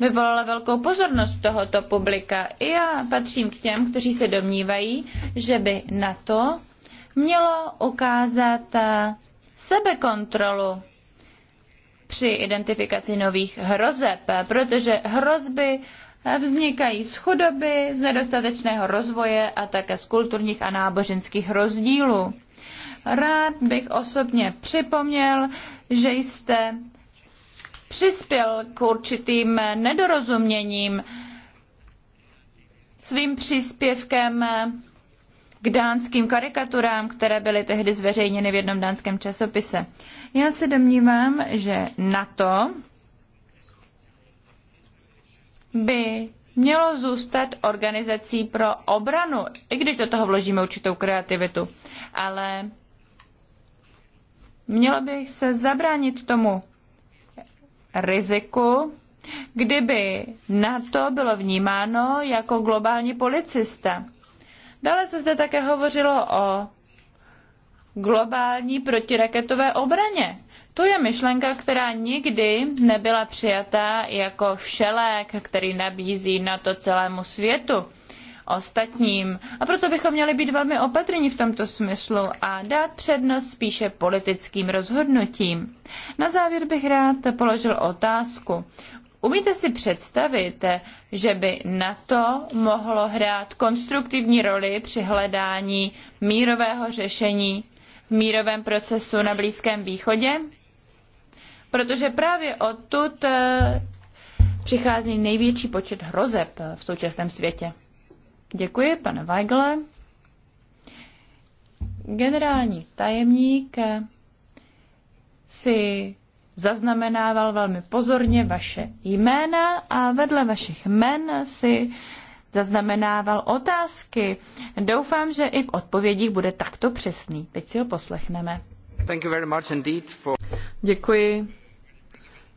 vyvolala velkou pozornost tohoto publika. I já patřím k těm, kteří se domnívají, že by na to mělo ukázat sebekontrolu při identifikaci nových hrozeb, protože hrozby vznikají z chudoby, z nedostatečného rozvoje a také z kulturních a náboženských rozdílů. Rád bych osobně připomněl, že jste přispěl k určitým nedorozuměním svým příspěvkem k dánským karikaturám, které byly tehdy zveřejněny v jednom dánském časopise. Já se domnívám, že na to by mělo zůstat organizací pro obranu, i když do toho vložíme určitou kreativitu. Ale Mělo by se zabránit tomu riziku, kdyby NATO bylo vnímáno jako globální policista. Dále se zde také hovořilo o globální protiraketové obraně. To je myšlenka, která nikdy nebyla přijatá jako šelek, který nabízí na to celému světu ostatním. A proto bychom měli být velmi opatrní v tomto smyslu a dát přednost spíše politickým rozhodnutím. Na závěr bych rád položil otázku. Umíte si představit, že by NATO mohlo hrát konstruktivní roli při hledání mírového řešení v mírovém procesu na Blízkém východě? Protože právě odtud eh, přichází největší počet hrozeb v současném světě. Děkuji, pane Weigle. Generální tajemník si zaznamenával velmi pozorně vaše jména a vedle vašich jmen si zaznamenával otázky. Doufám, že i v odpovědích bude takto přesný. Teď si ho poslechneme. Thank you very much indeed for... Děkuji.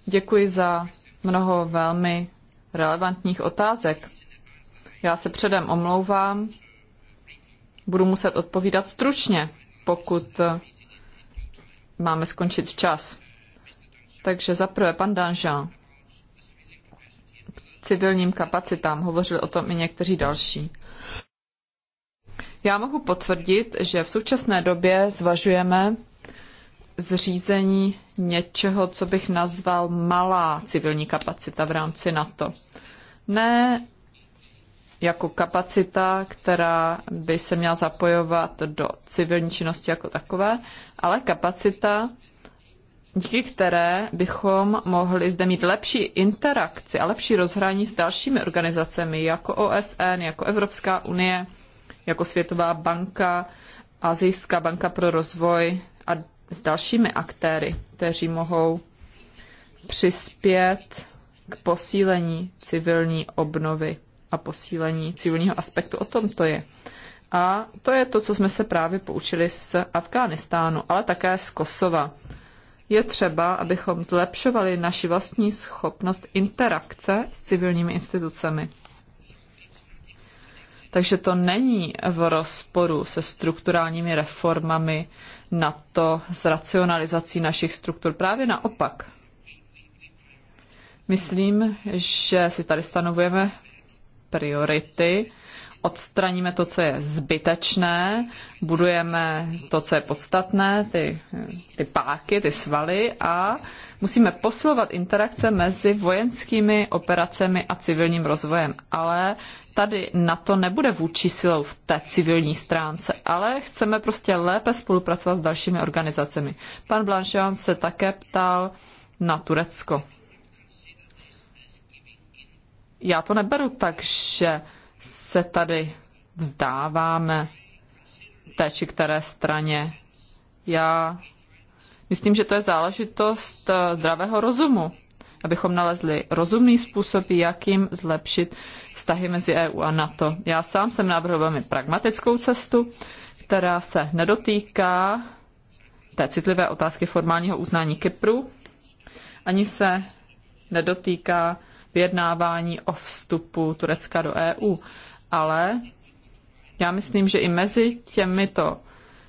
Děkuji za mnoho velmi relevantních otázek. Já se předem omlouvám. Budu muset odpovídat stručně, pokud eh, máme skončit včas. Takže zaprvé pan Danjean civilním kapacitám. Hovořili o tom i někteří další. Já mohu potvrdit, že v současné době zvažujeme zřízení něčeho, co bych nazval malá civilní kapacita v rámci NATO. Ne jako kapacita, která by se měla zapojovat do civilní činnosti jako takové, ale kapacita, díky které bychom mohli zde mít lepší interakci a lepší rozhraní s dalšími organizacemi, jako OSN, jako Evropská unie, jako Světová banka, Azijská banka pro rozvoj a s dalšími aktéry, kteří mohou přispět k posílení civilní obnovy a posílení civilního aspektu. O tom to je. A to je to, co jsme se právě poučili z Afghánistánu, ale také z Kosova. Je třeba, abychom zlepšovali naši vlastní schopnost interakce s civilními institucemi. Takže to není v rozporu se strukturálními reformami to s racionalizací našich struktur. Právě naopak. Myslím, že si tady stanovujeme priority, odstraníme to, co je zbytečné, budujeme to, co je podstatné, ty, ty páky, ty svaly a musíme posilovat interakce mezi vojenskými operacemi a civilním rozvojem. Ale tady na to nebude vůči silou v té civilní stránce, ale chceme prostě lépe spolupracovat s dalšími organizacemi. Pan Blanchard se také ptal na Turecko já to neberu tak, že se tady vzdáváme té či které straně. Já myslím, že to je záležitost eh, zdravého rozumu, abychom nalezli rozumný způsob, jakým zlepšit vztahy mezi EU a NATO. Já sám jsem navrhl velmi pragmatickou cestu, která se nedotýká té citlivé otázky formálního uznání Kypru, ani se nedotýká vyjednávání o vstupu Turecka do EU. Ale já myslím, že i mezi těmito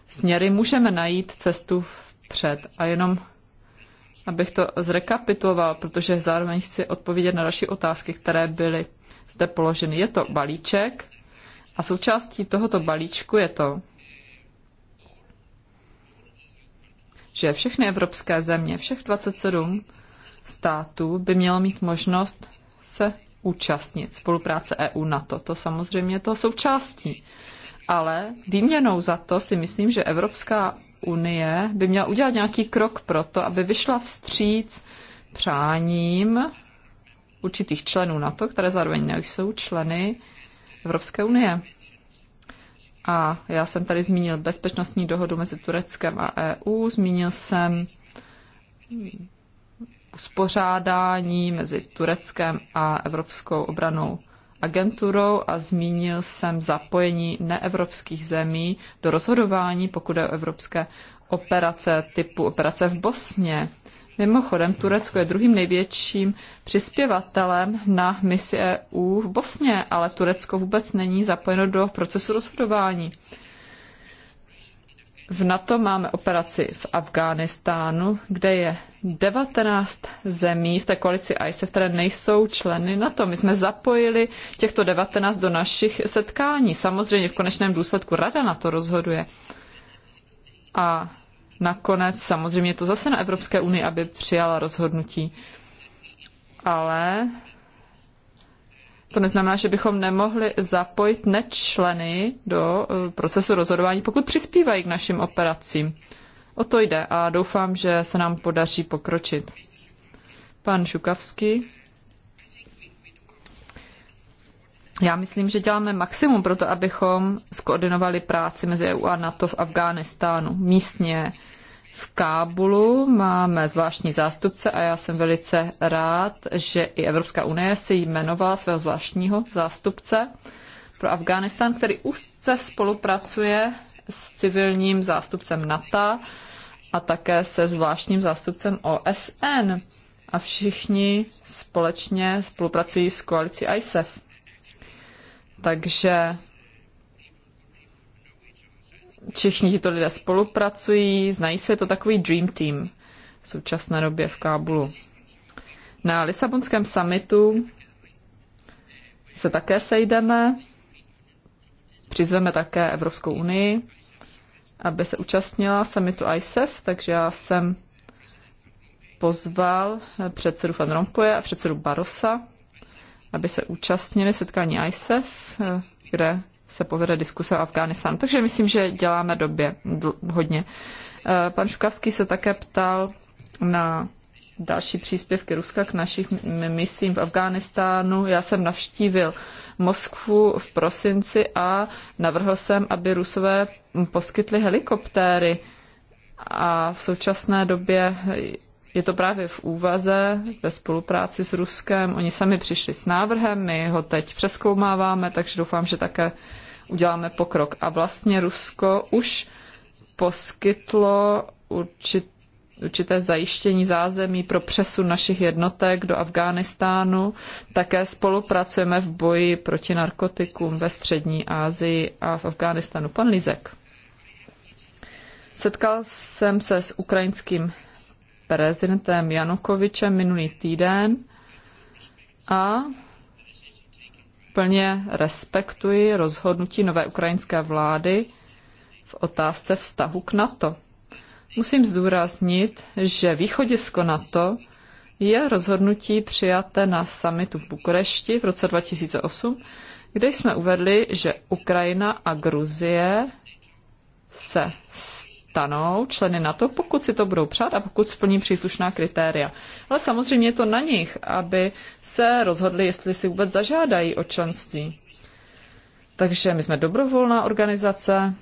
směry můžeme najít cestu vpřed. A jenom abych to zrekapituloval, protože zároveň chci odpovědět na další otázky, které byly zde položeny. Je to balíček a součástí tohoto balíčku je to, že všechny evropské země, všech 27 států by mělo mít možnost se účastnit spolupráce EU na to. To samozřejmě to součástí. Ale výměnou za to si myslím, že Evropská unie by měla udělat nějaký krok pro to, aby vyšla vstříc přáním určitých členů na to, které zároveň nejsou členy Evropské unie. A já jsem tady zmínil bezpečnostní dohodu mezi Tureckem a EU, zmínil jsem uspořádání mezi Tureckem a Evropskou obranou agenturou a zmínil jsem zapojení neevropských zemí do rozhodování, pokud je o evropské operace typu operace v Bosně. Mimochodem, Turecko je druhým největším přispěvatelem na misi EU v Bosně, ale Turecko vůbec není zapojeno do procesu rozhodování. V NATO máme operaci v Afghánistánu, kde je 19 zemí v té koalici ISAF, které nejsou členy NATO. My jsme zapojili těchto 19 do našich setkání. Samozřejmě v konečném důsledku Rada na to rozhoduje. A nakonec samozřejmě je to zase na Evropské unii, aby přijala rozhodnutí. Ale to neznamená, že bychom nemohli zapojit nečleny do e, procesu rozhodování, pokud přispívají k našim operacím. O to jde a doufám, že se nám podaří pokročit. Pan Šukavský. Já myslím, že děláme maximum pro to, abychom skoordinovali práci mezi EU a NATO v Afghánistánu místně, v Kábulu máme zvláštní zástupce a já jsem velice rád, že i Evropská unie si jmenovala svého zvláštního zástupce pro Afghánistán, který úzce spolupracuje s civilním zástupcem NATO a také se zvláštním zástupcem OSN. A všichni společně spolupracují s koalicí ISEF. Takže všichni tito lidé spolupracují, znají se, je to takový dream team v současné době v Kábulu. Na Lisabonském summitu se také sejdeme, přizveme také Evropskou unii, aby se účastnila summitu ISEF, takže já jsem pozval předsedu Van Rompuye a předsedu Barosa, aby se účastnili setkání ISEF, kde se povede diskuse o Afghánistánu. Takže myslím, že děláme době hodně. Eh, pan Šukavský se také ptal na další příspěvky Ruska k našich misím v Afghánistánu. Já jsem navštívil Moskvu v prosinci a navrhl jsem, aby Rusové poskytli helikoptéry. A v současné době je to právě v úvaze ve spolupráci s Ruskem. Oni sami přišli s návrhem, my ho teď přeskoumáváme, takže doufám, že také uděláme pokrok. A vlastně Rusko už poskytlo určit, určité zajištění zázemí pro přesun našich jednotek do Afghánistánu. Také spolupracujeme v boji proti narkotikům ve Střední Asii a v Afghánistánu. Pan Lizek. Setkal jsem se s ukrajinským prezidentem Janukovičem minulý týden a plně respektuji rozhodnutí nové ukrajinské vlády v otázce vztahu k NATO. Musím zdůraznit, že východisko NATO je rozhodnutí přijaté na summitu v Bukurešti v roce 2008, kde jsme uvedli, že Ukrajina a Gruzie se stanou členy na to, pokud si to budou přát a pokud splní příslušná kritéria. Ale samozřejmě je to na nich, aby se rozhodli, jestli si vůbec zažádají o členství. Takže my jsme dobrovolná organizace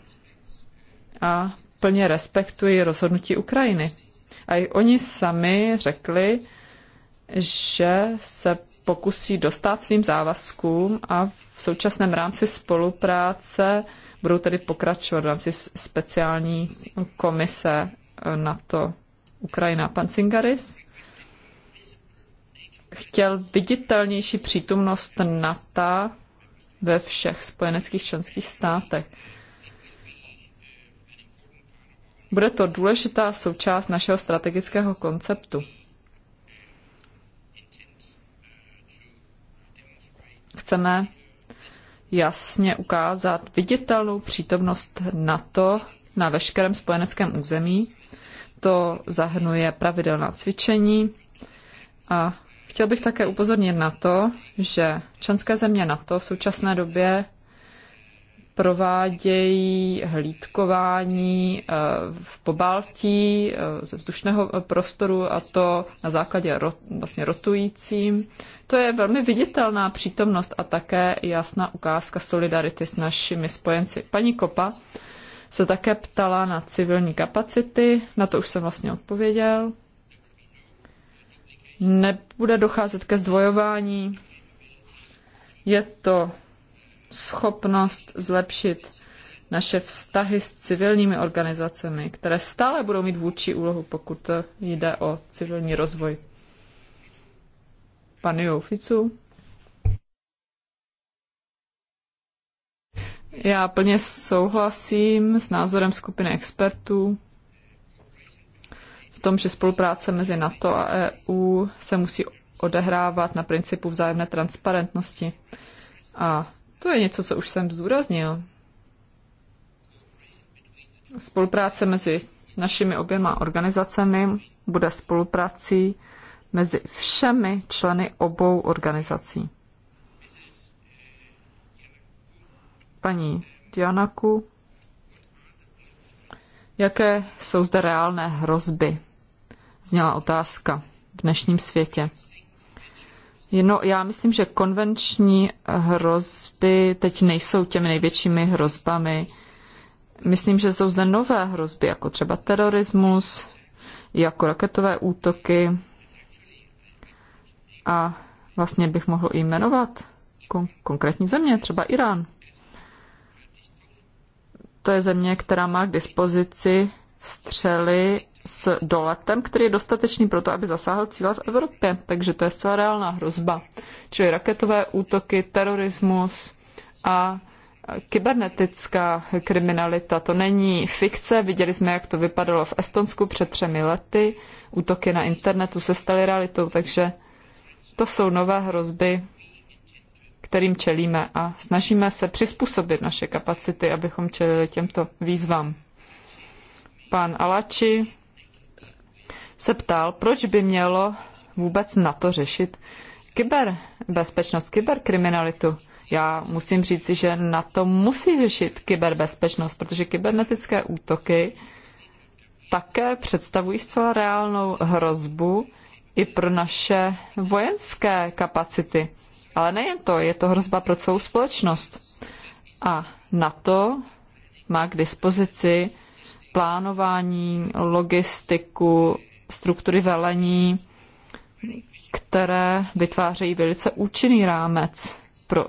a plně respektuji rozhodnutí Ukrajiny. A i oni sami řekli, že se pokusí dostat svým závazkům a v současném rámci spolupráce budou tedy pokračovat v rámci speciální komise eh, na to Ukrajina. Pan Cingaris chtěl viditelnější přítomnost NATO ve všech spojeneckých členských státech. Bude to důležitá součást našeho strategického konceptu. Chceme jasně ukázat viditelnou přítomnost NATO na veškerém spojeneckém území. To zahrnuje pravidelná cvičení a chtěl bych také upozornit na to, že členské země NATO v současné době provádějí hlídkování eh, v Pobaltí eh, ze vzdušného prostoru a to na základě rot, vlastně rotujícím. To je velmi viditelná přítomnost a také jasná ukázka solidarity s našimi spojenci. Paní Kopa se také ptala na civilní kapacity, na to už jsem vlastně odpověděl. Nebude docházet ke zdvojování. Je to schopnost zlepšit naše vztahy s civilními organizacemi, které stále budou mít vůči úlohu, pokud jde o civilní rozvoj. Pane Jouficu. Já plně souhlasím s názorem skupiny expertů v tom, že spolupráce mezi NATO a EU se musí odehrávat na principu vzájemné transparentnosti a to je něco, co už jsem zdůraznil. Spolupráce mezi našimi oběma organizacemi bude spoluprací mezi všemi členy obou organizací. Paní Dianaku, jaké jsou zde reálné hrozby? Zněla otázka v dnešním světě. No, já myslím, že konvenční hrozby teď nejsou těmi největšími hrozbami. Myslím, že jsou zde nové hrozby, jako třeba terorismus, jako raketové útoky. A vlastně bych mohl i jmenovat kon- konkrétní země, třeba Irán. To je země, která má k dispozici střely s doletem, který je dostatečný pro to, aby zasáhl cíle v Evropě. Takže to je zcela reálná hrozba. Čili raketové útoky, terorismus a kybernetická kriminalita. To není fikce, viděli jsme, jak to vypadalo v Estonsku před třemi lety. Útoky na internetu se staly realitou, takže to jsou nové hrozby, kterým čelíme a snažíme se přizpůsobit naše kapacity, abychom čelili těmto výzvám. Pan Alači se ptal, proč by mělo vůbec na to řešit kyberbezpečnost, kyberkriminalitu. Já musím říci, že na to musí řešit kyberbezpečnost, protože kybernetické útoky také představují zcela reálnou hrozbu i pro naše vojenské kapacity. Ale nejen to, je to hrozba pro celou společnost. A NATO má k dispozici plánování, logistiku, struktury velení, které vytvářejí velice účinný rámec pro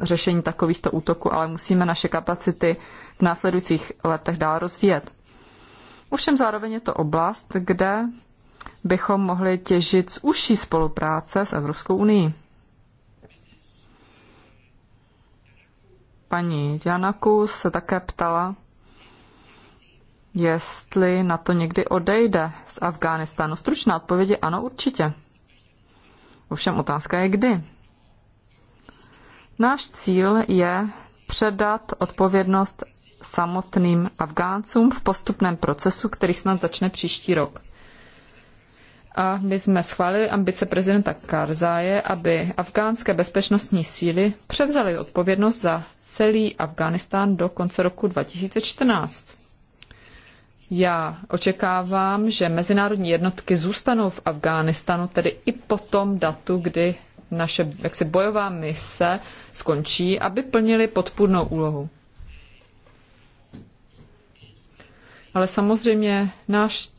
řešení takovýchto útoků, ale musíme naše kapacity v následujících letech dál rozvíjet. Ovšem zároveň je to oblast, kde bychom mohli těžit z užší spolupráce s Evropskou unii. Paní Janaku se také ptala jestli na to někdy odejde z Afghánistánu. Stručná odpověď je ano, určitě. Ovšem otázka je kdy. Náš cíl je předat odpovědnost samotným Afgáncům v postupném procesu, který snad začne příští rok. A my jsme schválili ambice prezidenta Karzáje, aby afgánské bezpečnostní síly převzaly odpovědnost za celý Afghánistán do konce roku 2014. Já očekávám, že mezinárodní jednotky zůstanou v Afghánistánu, tedy i po tom datu, kdy naše jaksi bojová mise skončí, aby plnili podpůrnou úlohu. Ale samozřejmě náš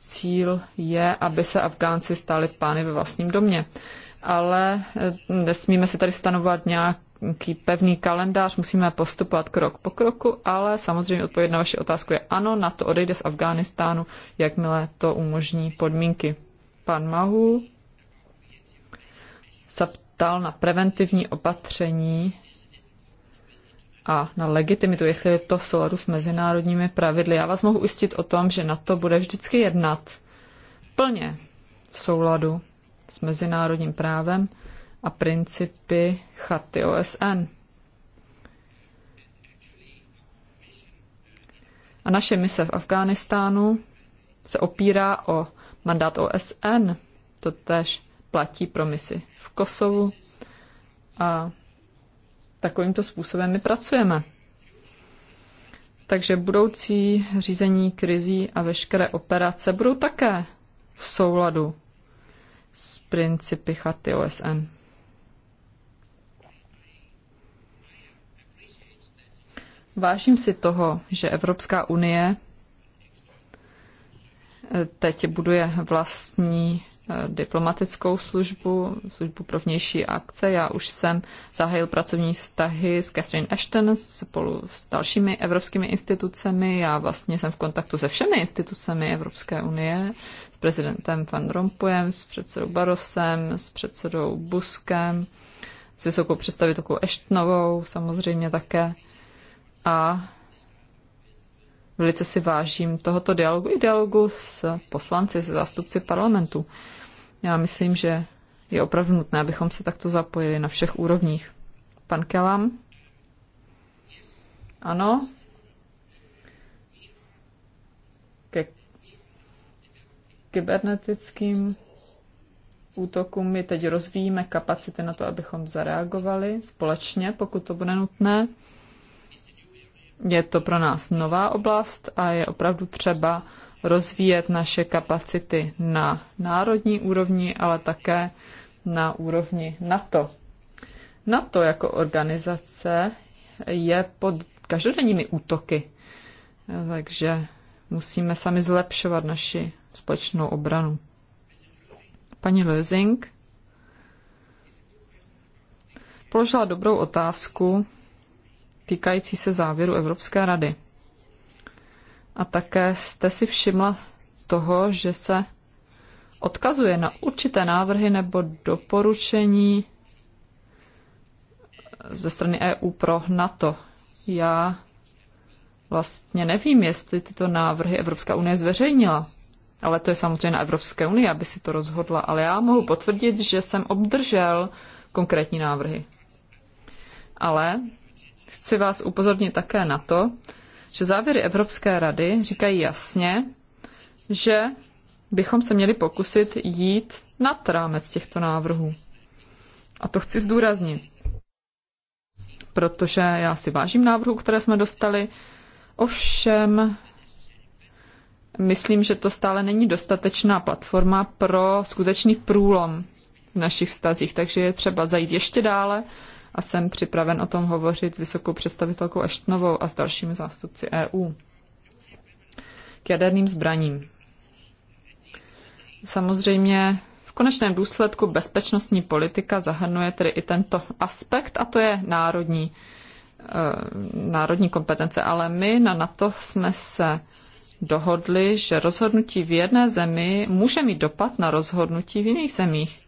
cíl je, aby se Afgánci stali pány ve vlastním domě. Ale eh, nesmíme si tady stanovat nějak nějaký pevný kalendář, musíme postupovat krok po kroku, ale samozřejmě odpověď na vaši otázku je ano, na to odejde z Afghánistánu, jakmile to umožní podmínky. Pan Mahu se ptal na preventivní opatření a na legitimitu, jestli je to v souladu s mezinárodními pravidly. Já vás mohu ujistit o tom, že na to bude vždycky jednat plně v souladu s mezinárodním právem a principy chaty OSN. A naše mise v Afghánistánu se opírá o mandát OSN. To tež platí pro misi v Kosovu. A takovýmto způsobem my pracujeme. Takže budoucí řízení krizí a veškeré operace budou také v souladu s principy chaty OSN. Vážím si toho, že Evropská unie eh, teď buduje vlastní eh, diplomatickou službu, službu pro vnější akce. Já už jsem zahájil pracovní vztahy s Catherine Ashton spolu s dalšími evropskými institucemi. Já vlastně jsem v kontaktu se všemi institucemi Evropské unie, s prezidentem Van Rompuyem, s předsedou Barosem, s předsedou Buskem, s vysokou představitelkou Eštnovou samozřejmě také a velice si vážím tohoto dialogu i dialogu s poslanci, s zástupci parlamentu. Já myslím, že je opravdu nutné, abychom se takto zapojili na všech úrovních. Pan Kelam? Ano? Ke kybernetickým útokům my teď rozvíjíme kapacity na to, abychom zareagovali společně, pokud to bude nutné. Je to pro nás nová oblast a je opravdu třeba rozvíjet naše kapacity na národní úrovni, ale také na úrovni NATO. NATO jako organizace je pod každodenními útoky, takže musíme sami zlepšovat naši společnou obranu. Paní Lösing položila dobrou otázku týkající se závěru Evropské rady. A také jste si všimla toho, že se odkazuje na určité návrhy nebo doporučení ze strany EU pro NATO. Já vlastně nevím, jestli tyto návrhy Evropská unie zveřejnila, ale to je samozřejmě na Evropské unii, aby si to rozhodla. Ale já mohu potvrdit, že jsem obdržel konkrétní návrhy. Ale Chci vás upozornit také na to, že závěry Evropské rady říkají jasně, že bychom se měli pokusit jít nad rámec těchto návrhů. A to chci zdůraznit, protože já si vážím návrhů, které jsme dostali, ovšem myslím, že to stále není dostatečná platforma pro skutečný průlom v našich vztazích, takže je třeba zajít ještě dále a jsem připraven o tom hovořit s vysokou představitelkou Eštnovou a s dalšími zástupci EU. K jaderným zbraním. Samozřejmě v konečném důsledku bezpečnostní politika zahrnuje tedy i tento aspekt a to je národní, eh, národní kompetence. Ale my na NATO jsme se dohodli, že rozhodnutí v jedné zemi může mít dopad na rozhodnutí v jiných zemích.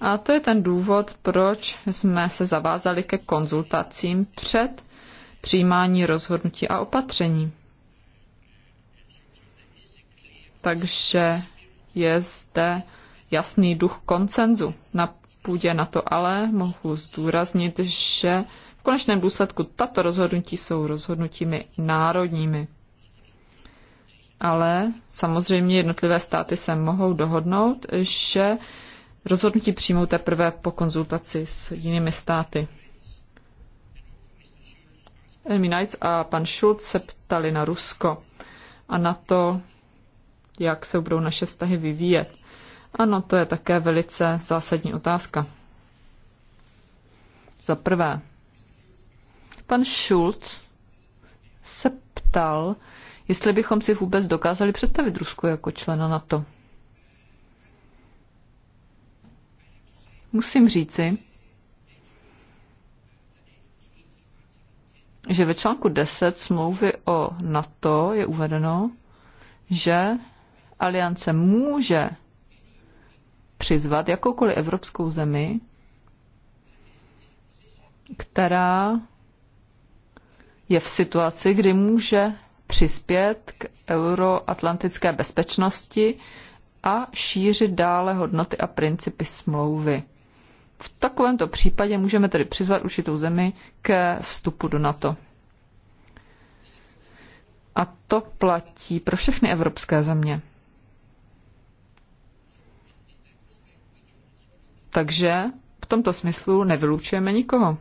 A to je ten důvod, proč jsme se zavázali ke konzultacím před přijímání rozhodnutí a opatření. Takže je zde jasný duch koncenzu na půdě na to, ale mohu zdůraznit, že v konečném důsledku tato rozhodnutí jsou rozhodnutími národními. Ale samozřejmě jednotlivé státy se mohou dohodnout, že Rozhodnutí přijmou teprve po konzultaci s jinými státy. Elmi Knights a pan Schulz se ptali na Rusko a na to, jak se budou naše vztahy vyvíjet. Ano, to je také velice zásadní otázka. Za prvé, pan Schulz se ptal, jestli bychom si vůbec dokázali představit Rusko jako člena NATO. Musím říci, že ve článku 10 smlouvy o NATO je uvedeno, že aliance může přizvat jakoukoliv evropskou zemi, která je v situaci, kdy může přispět k euroatlantické bezpečnosti a šířit dále hodnoty a principy smlouvy. V takovémto případě můžeme tedy přizvat určitou zemi ke vstupu do NATO. A to platí pro všechny evropské země. Takže v tomto smyslu nevylučujeme nikoho.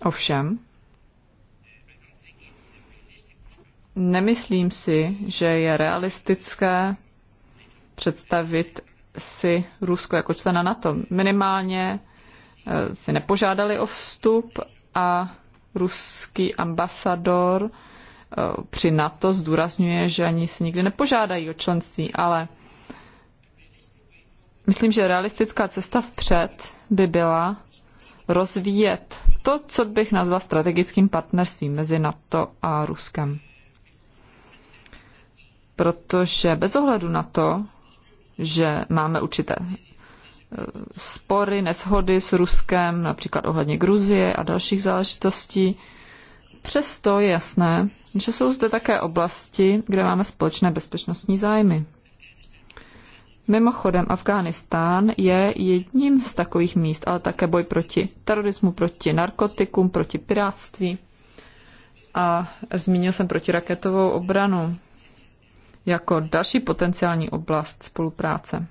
Ovšem, nemyslím si, že je realistické představit si Rusko jako člena NATO minimálně eh, si nepožádali o vstup a ruský ambasador eh, při NATO zdůrazňuje, že ani si nikdy nepožádají o členství, ale myslím, že realistická cesta vpřed by byla rozvíjet to, co bych nazval strategickým partnerstvím mezi NATO a Ruskem. Protože bez ohledu na to, že máme určité eh, spory, neshody s Ruskem, například ohledně Gruzie a dalších záležitostí. Přesto je jasné, že jsou zde také oblasti, kde máme společné bezpečnostní zájmy. Mimochodem, Afghánistán je jedním z takových míst, ale také boj proti terorismu, proti narkotikům, proti pirátství. A zmínil jsem protiraketovou obranu jako další potenciální oblast spolupráce.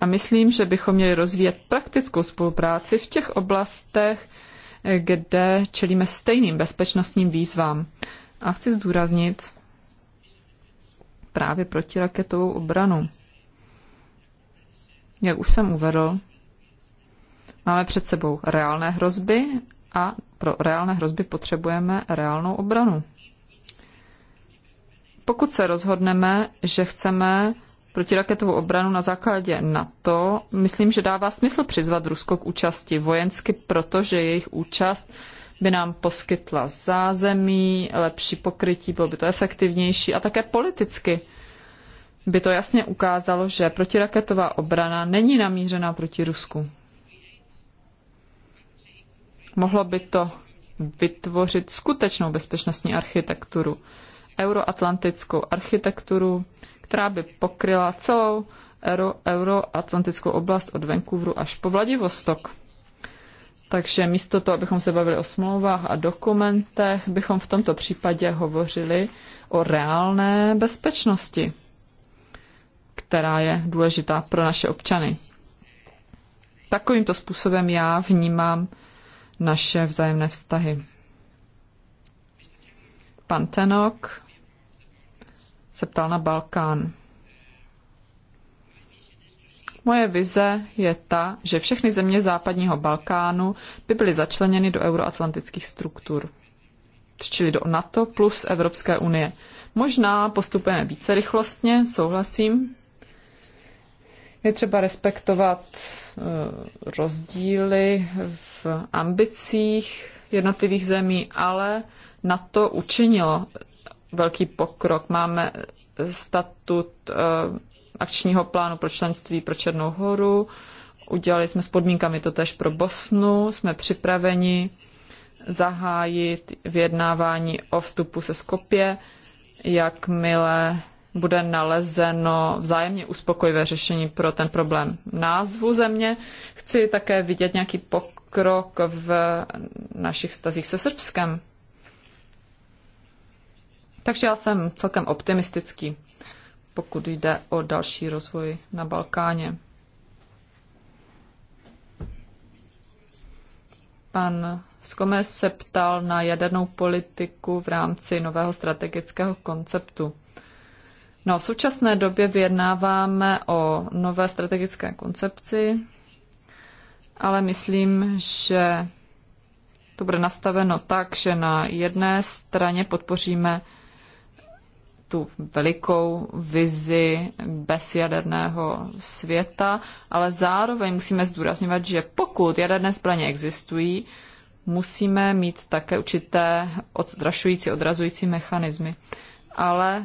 A myslím, že bychom měli rozvíjet praktickou spolupráci v těch oblastech, kde čelíme stejným bezpečnostním výzvám. A chci zdůraznit právě protiraketovou obranu. Jak už jsem uvedl, máme před sebou reálné hrozby a pro reálné hrozby potřebujeme reálnou obranu. Pokud se rozhodneme, že chceme protiraketovou obranu na základě NATO, myslím, že dává smysl přizvat Rusko k účasti vojensky, protože jejich účast by nám poskytla zázemí, lepší pokrytí, bylo by to efektivnější a také politicky by to jasně ukázalo, že protiraketová obrana není namířená proti Rusku. Mohlo by to vytvořit skutečnou bezpečnostní architekturu, euroatlantickou architekturu, která by pokryla celou euro, euroatlantickou oblast od Vancouveru až po Vladivostok. Takže místo toho, abychom se bavili o smlouvách a dokumentech, bychom v tomto případě hovořili o reálné bezpečnosti, která je důležitá pro naše občany. Takovýmto způsobem já vnímám naše vzájemné vztahy. Pan Tenok se ptal na Balkán. Moje vize je ta, že všechny země západního Balkánu by byly začleněny do euroatlantických struktur, čili do NATO plus Evropské unie. Možná postupujeme více rychlostně, souhlasím. Je třeba respektovat eh, rozdíly v ambicích jednotlivých zemí, ale na to učinilo velký pokrok. Máme statut eh, akčního plánu pro členství pro Černou horu, udělali jsme s podmínkami to tež pro Bosnu, jsme připraveni zahájit vyjednávání o vstupu se skopě, jakmile bude nalezeno vzájemně uspokojivé řešení pro ten problém názvu země. Chci také vidět nějaký pokrok v našich vztazích se Srbskem. Takže já jsem celkem optimistický, pokud jde o další rozvoj na Balkáně. Pan Skomes se ptal na jadernou politiku v rámci nového strategického konceptu. No, v současné době vyjednáváme o nové strategické koncepci, ale myslím, že to bude nastaveno tak, že na jedné straně podpoříme tu velikou vizi bezjaderného světa, ale zároveň musíme zdůrazňovat, že pokud jaderné zbraně existují, musíme mít také určité odstrašující, odrazující mechanismy. Ale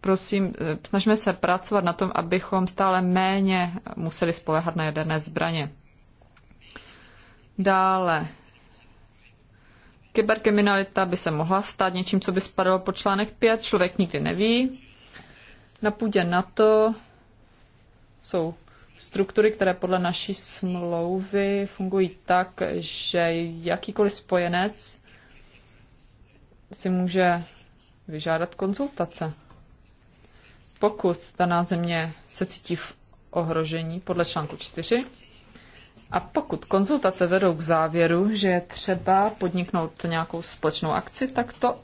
prosím, eh, snažíme se pracovat na tom, abychom stále méně museli spolehat na jaderné zbraně. Dále Kyberkriminalita by se mohla stát něčím, co by spadalo pod článek 5, člověk nikdy neví. Na půdě NATO jsou struktury, které podle naší smlouvy fungují tak, že jakýkoliv spojenec si může vyžádat konzultace. Pokud daná země se cítí v ohrožení podle článku 4, a pokud konzultace vedou k závěru, že je třeba podniknout nějakou společnou akci, tak to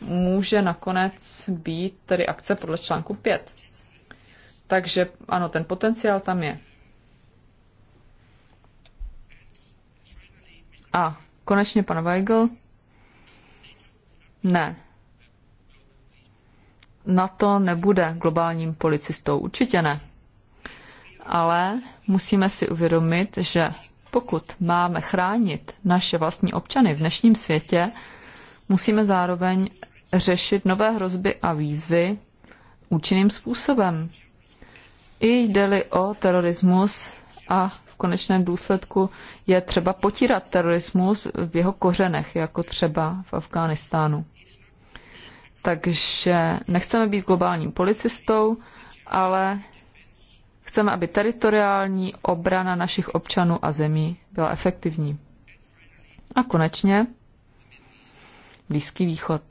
může nakonec být tedy akce podle článku 5. Takže ano, ten potenciál tam je. A konečně pan Weigl. Ne. Na to nebude globálním policistou. Určitě ne ale musíme si uvědomit, že pokud máme chránit naše vlastní občany v dnešním světě, musíme zároveň řešit nové hrozby a výzvy účinným způsobem. I jde-li o terorismus a v konečném důsledku je třeba potírat terorismus v jeho kořenech, jako třeba v Afghánistánu. Takže nechceme být globálním policistou, ale Chceme, aby teritoriální obrana našich občanů a zemí byla efektivní. A konečně Blízký východ.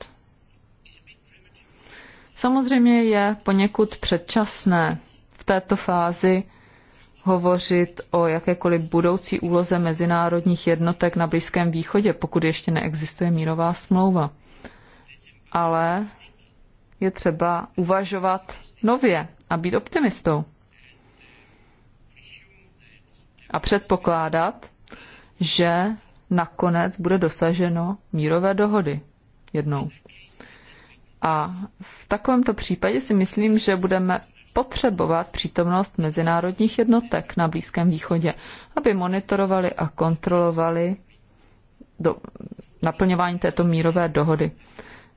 Samozřejmě je poněkud předčasné v této fázi hovořit o jakékoliv budoucí úloze mezinárodních jednotek na Blízkém východě, pokud ještě neexistuje mírová smlouva. Ale je třeba uvažovat nově a být optimistou a předpokládat, že nakonec bude dosaženo mírové dohody jednou. A v takovémto případě si myslím, že budeme potřebovat přítomnost mezinárodních jednotek na Blízkém východě, aby monitorovali a kontrolovali do, naplňování této mírové dohody.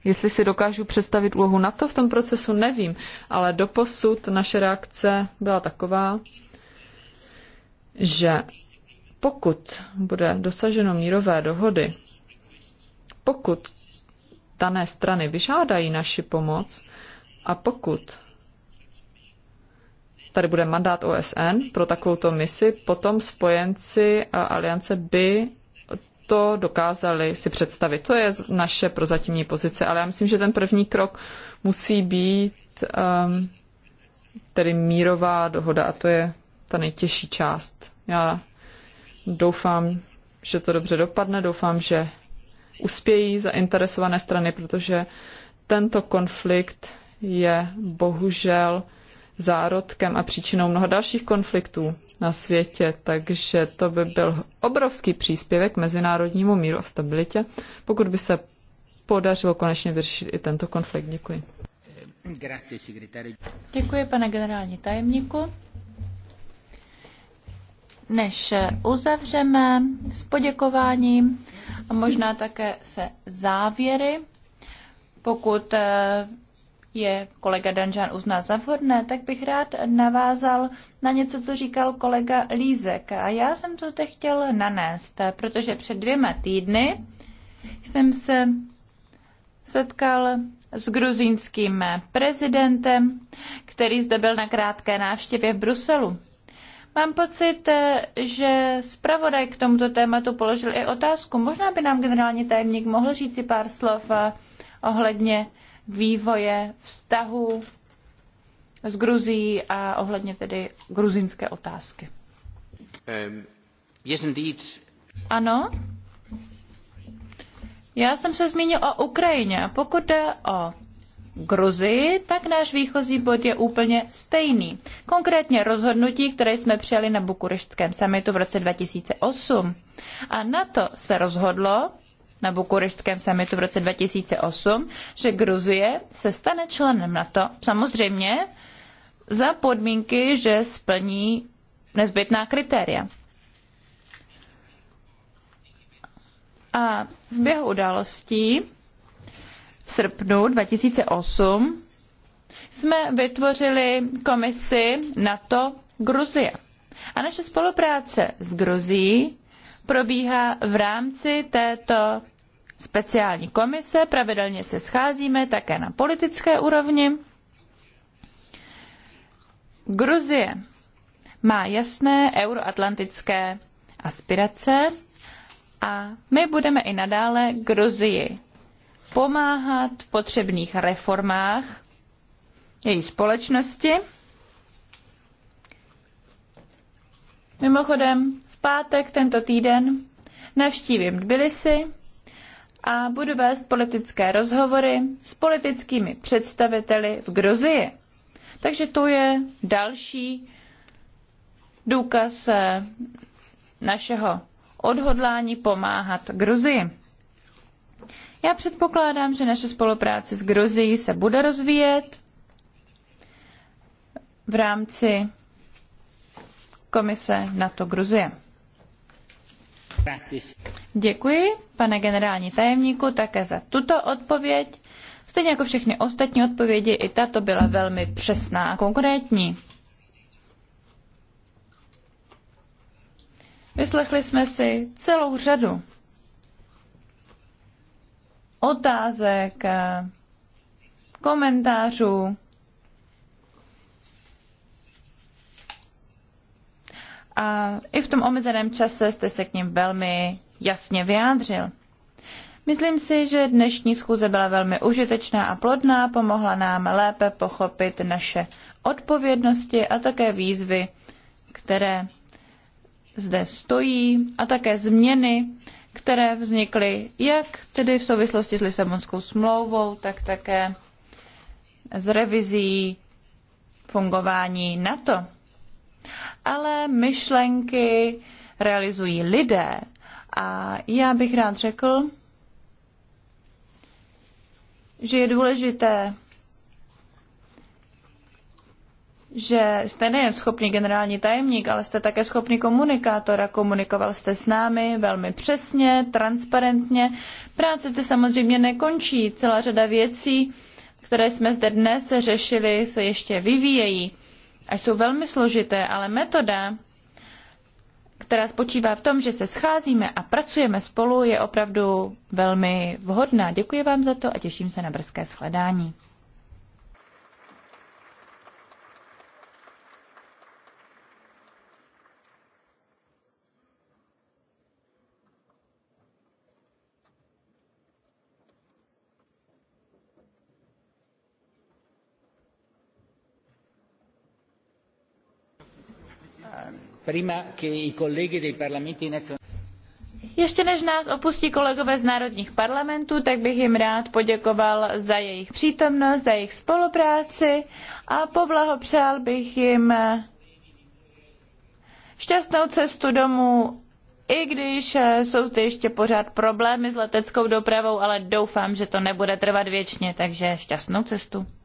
Jestli si dokážu představit úlohu na to v tom procesu, nevím, ale doposud naše reakce byla taková, že pokud bude dosaženo mírové dohody, pokud dané strany vyžádají naši pomoc a pokud tady bude mandát OSN pro takovouto misi, potom spojenci a aliance by to dokázali si představit. To je naše prozatímní pozice, ale já myslím, že ten první krok musí být um, tedy mírová dohoda a to je ta nejtěžší část. Já doufám, že to dobře dopadne, doufám, že uspějí zainteresované strany, protože tento konflikt je bohužel zárodkem a příčinou mnoha dalších konfliktů na světě, takže to by byl obrovský příspěvek k mezinárodnímu míru a stabilitě, pokud by se podařilo konečně vyřešit i tento konflikt. Děkuji. Děkuji, pane generální tajemníku než uzavřeme s poděkováním a možná také se závěry, pokud eh, je kolega Danžan uzná za vhodné, tak bych rád navázal na něco, co říkal kolega Lízek. A já jsem to teď chtěl nanést, protože před dvěma týdny jsem se setkal s gruzínským prezidentem, který zde byl na krátké návštěvě v Bruselu. Mám pocit, eh, že zpravodaj k tomuto tématu položil i otázku. Možná by nám generální tajemník mohl říci pár slov eh, ohledně vývoje vztahu s Gruzí a ohledně tedy gruzínské otázky. Um, yes indeed. Ano. Já jsem se zmínil o Ukrajině a pokud jde o Gruzii, tak náš výchozí bod je úplně stejný. Konkrétně rozhodnutí, které jsme přijali na bukureštském samitu v roce 2008. A na to se rozhodlo na bukureštském samitu v roce 2008, že Gruzie se stane členem NATO. Samozřejmě za podmínky, že splní nezbytná kritéria. A v běhu událostí v srpnu 2008 jsme vytvořili komisi NATO Gruzie. A naše spolupráce s Gruzií probíhá v rámci této speciální komise. Pravidelně se scházíme také na politické úrovni. Gruzie má jasné euroatlantické aspirace a my budeme i nadále Gruzii pomáhat v potřebných reformách její společnosti. Mimochodem, v pátek tento týden navštívím Tbilisi a budu vést politické rozhovory s politickými představiteli v Gruzii. Takže to je další důkaz eh, našeho odhodlání pomáhat Gruzii. Já předpokládám, že naše spolupráce s Gruzií se bude rozvíjet v rámci Komise NATO Gruzie. Děkuji, pane generální tajemníku, také za tuto odpověď. Stejně jako všechny ostatní odpovědi, i tato byla velmi přesná a konkrétní. Vyslechli jsme si celou řadu otázek, komentářů. A i v tom omezeném čase jste se k ním velmi jasně vyjádřil. Myslím si, že dnešní schůze byla velmi užitečná a plodná, pomohla nám lépe pochopit naše odpovědnosti a také výzvy, které zde stojí, a také změny, které vznikly jak tedy v souvislosti s Lisabonskou smlouvou, tak také s revizí fungování NATO. Ale myšlenky realizují lidé a já bych rád řekl, že je důležité že jste nejen schopný generální tajemník, ale jste také schopný komunikátor a komunikoval jste s námi velmi přesně, transparentně. Práce se samozřejmě nekončí, celá řada věcí, které jsme zde dnes řešili, se ještě vyvíjejí a jsou velmi složité, ale metoda, která spočívá v tom, že se scházíme a pracujeme spolu, je opravdu velmi vhodná. Děkuji vám za to a těším se na brzké shledání. Ještě než nás opustí kolegové z národních parlamentů, tak bych jim rád poděkoval za jejich přítomnost, za jejich spolupráci a poblahopřál bych jim eh, šťastnou cestu domů, i když eh, jsou zde ještě pořád problémy s leteckou dopravou, ale doufám, že to nebude trvat věčně, takže šťastnou cestu.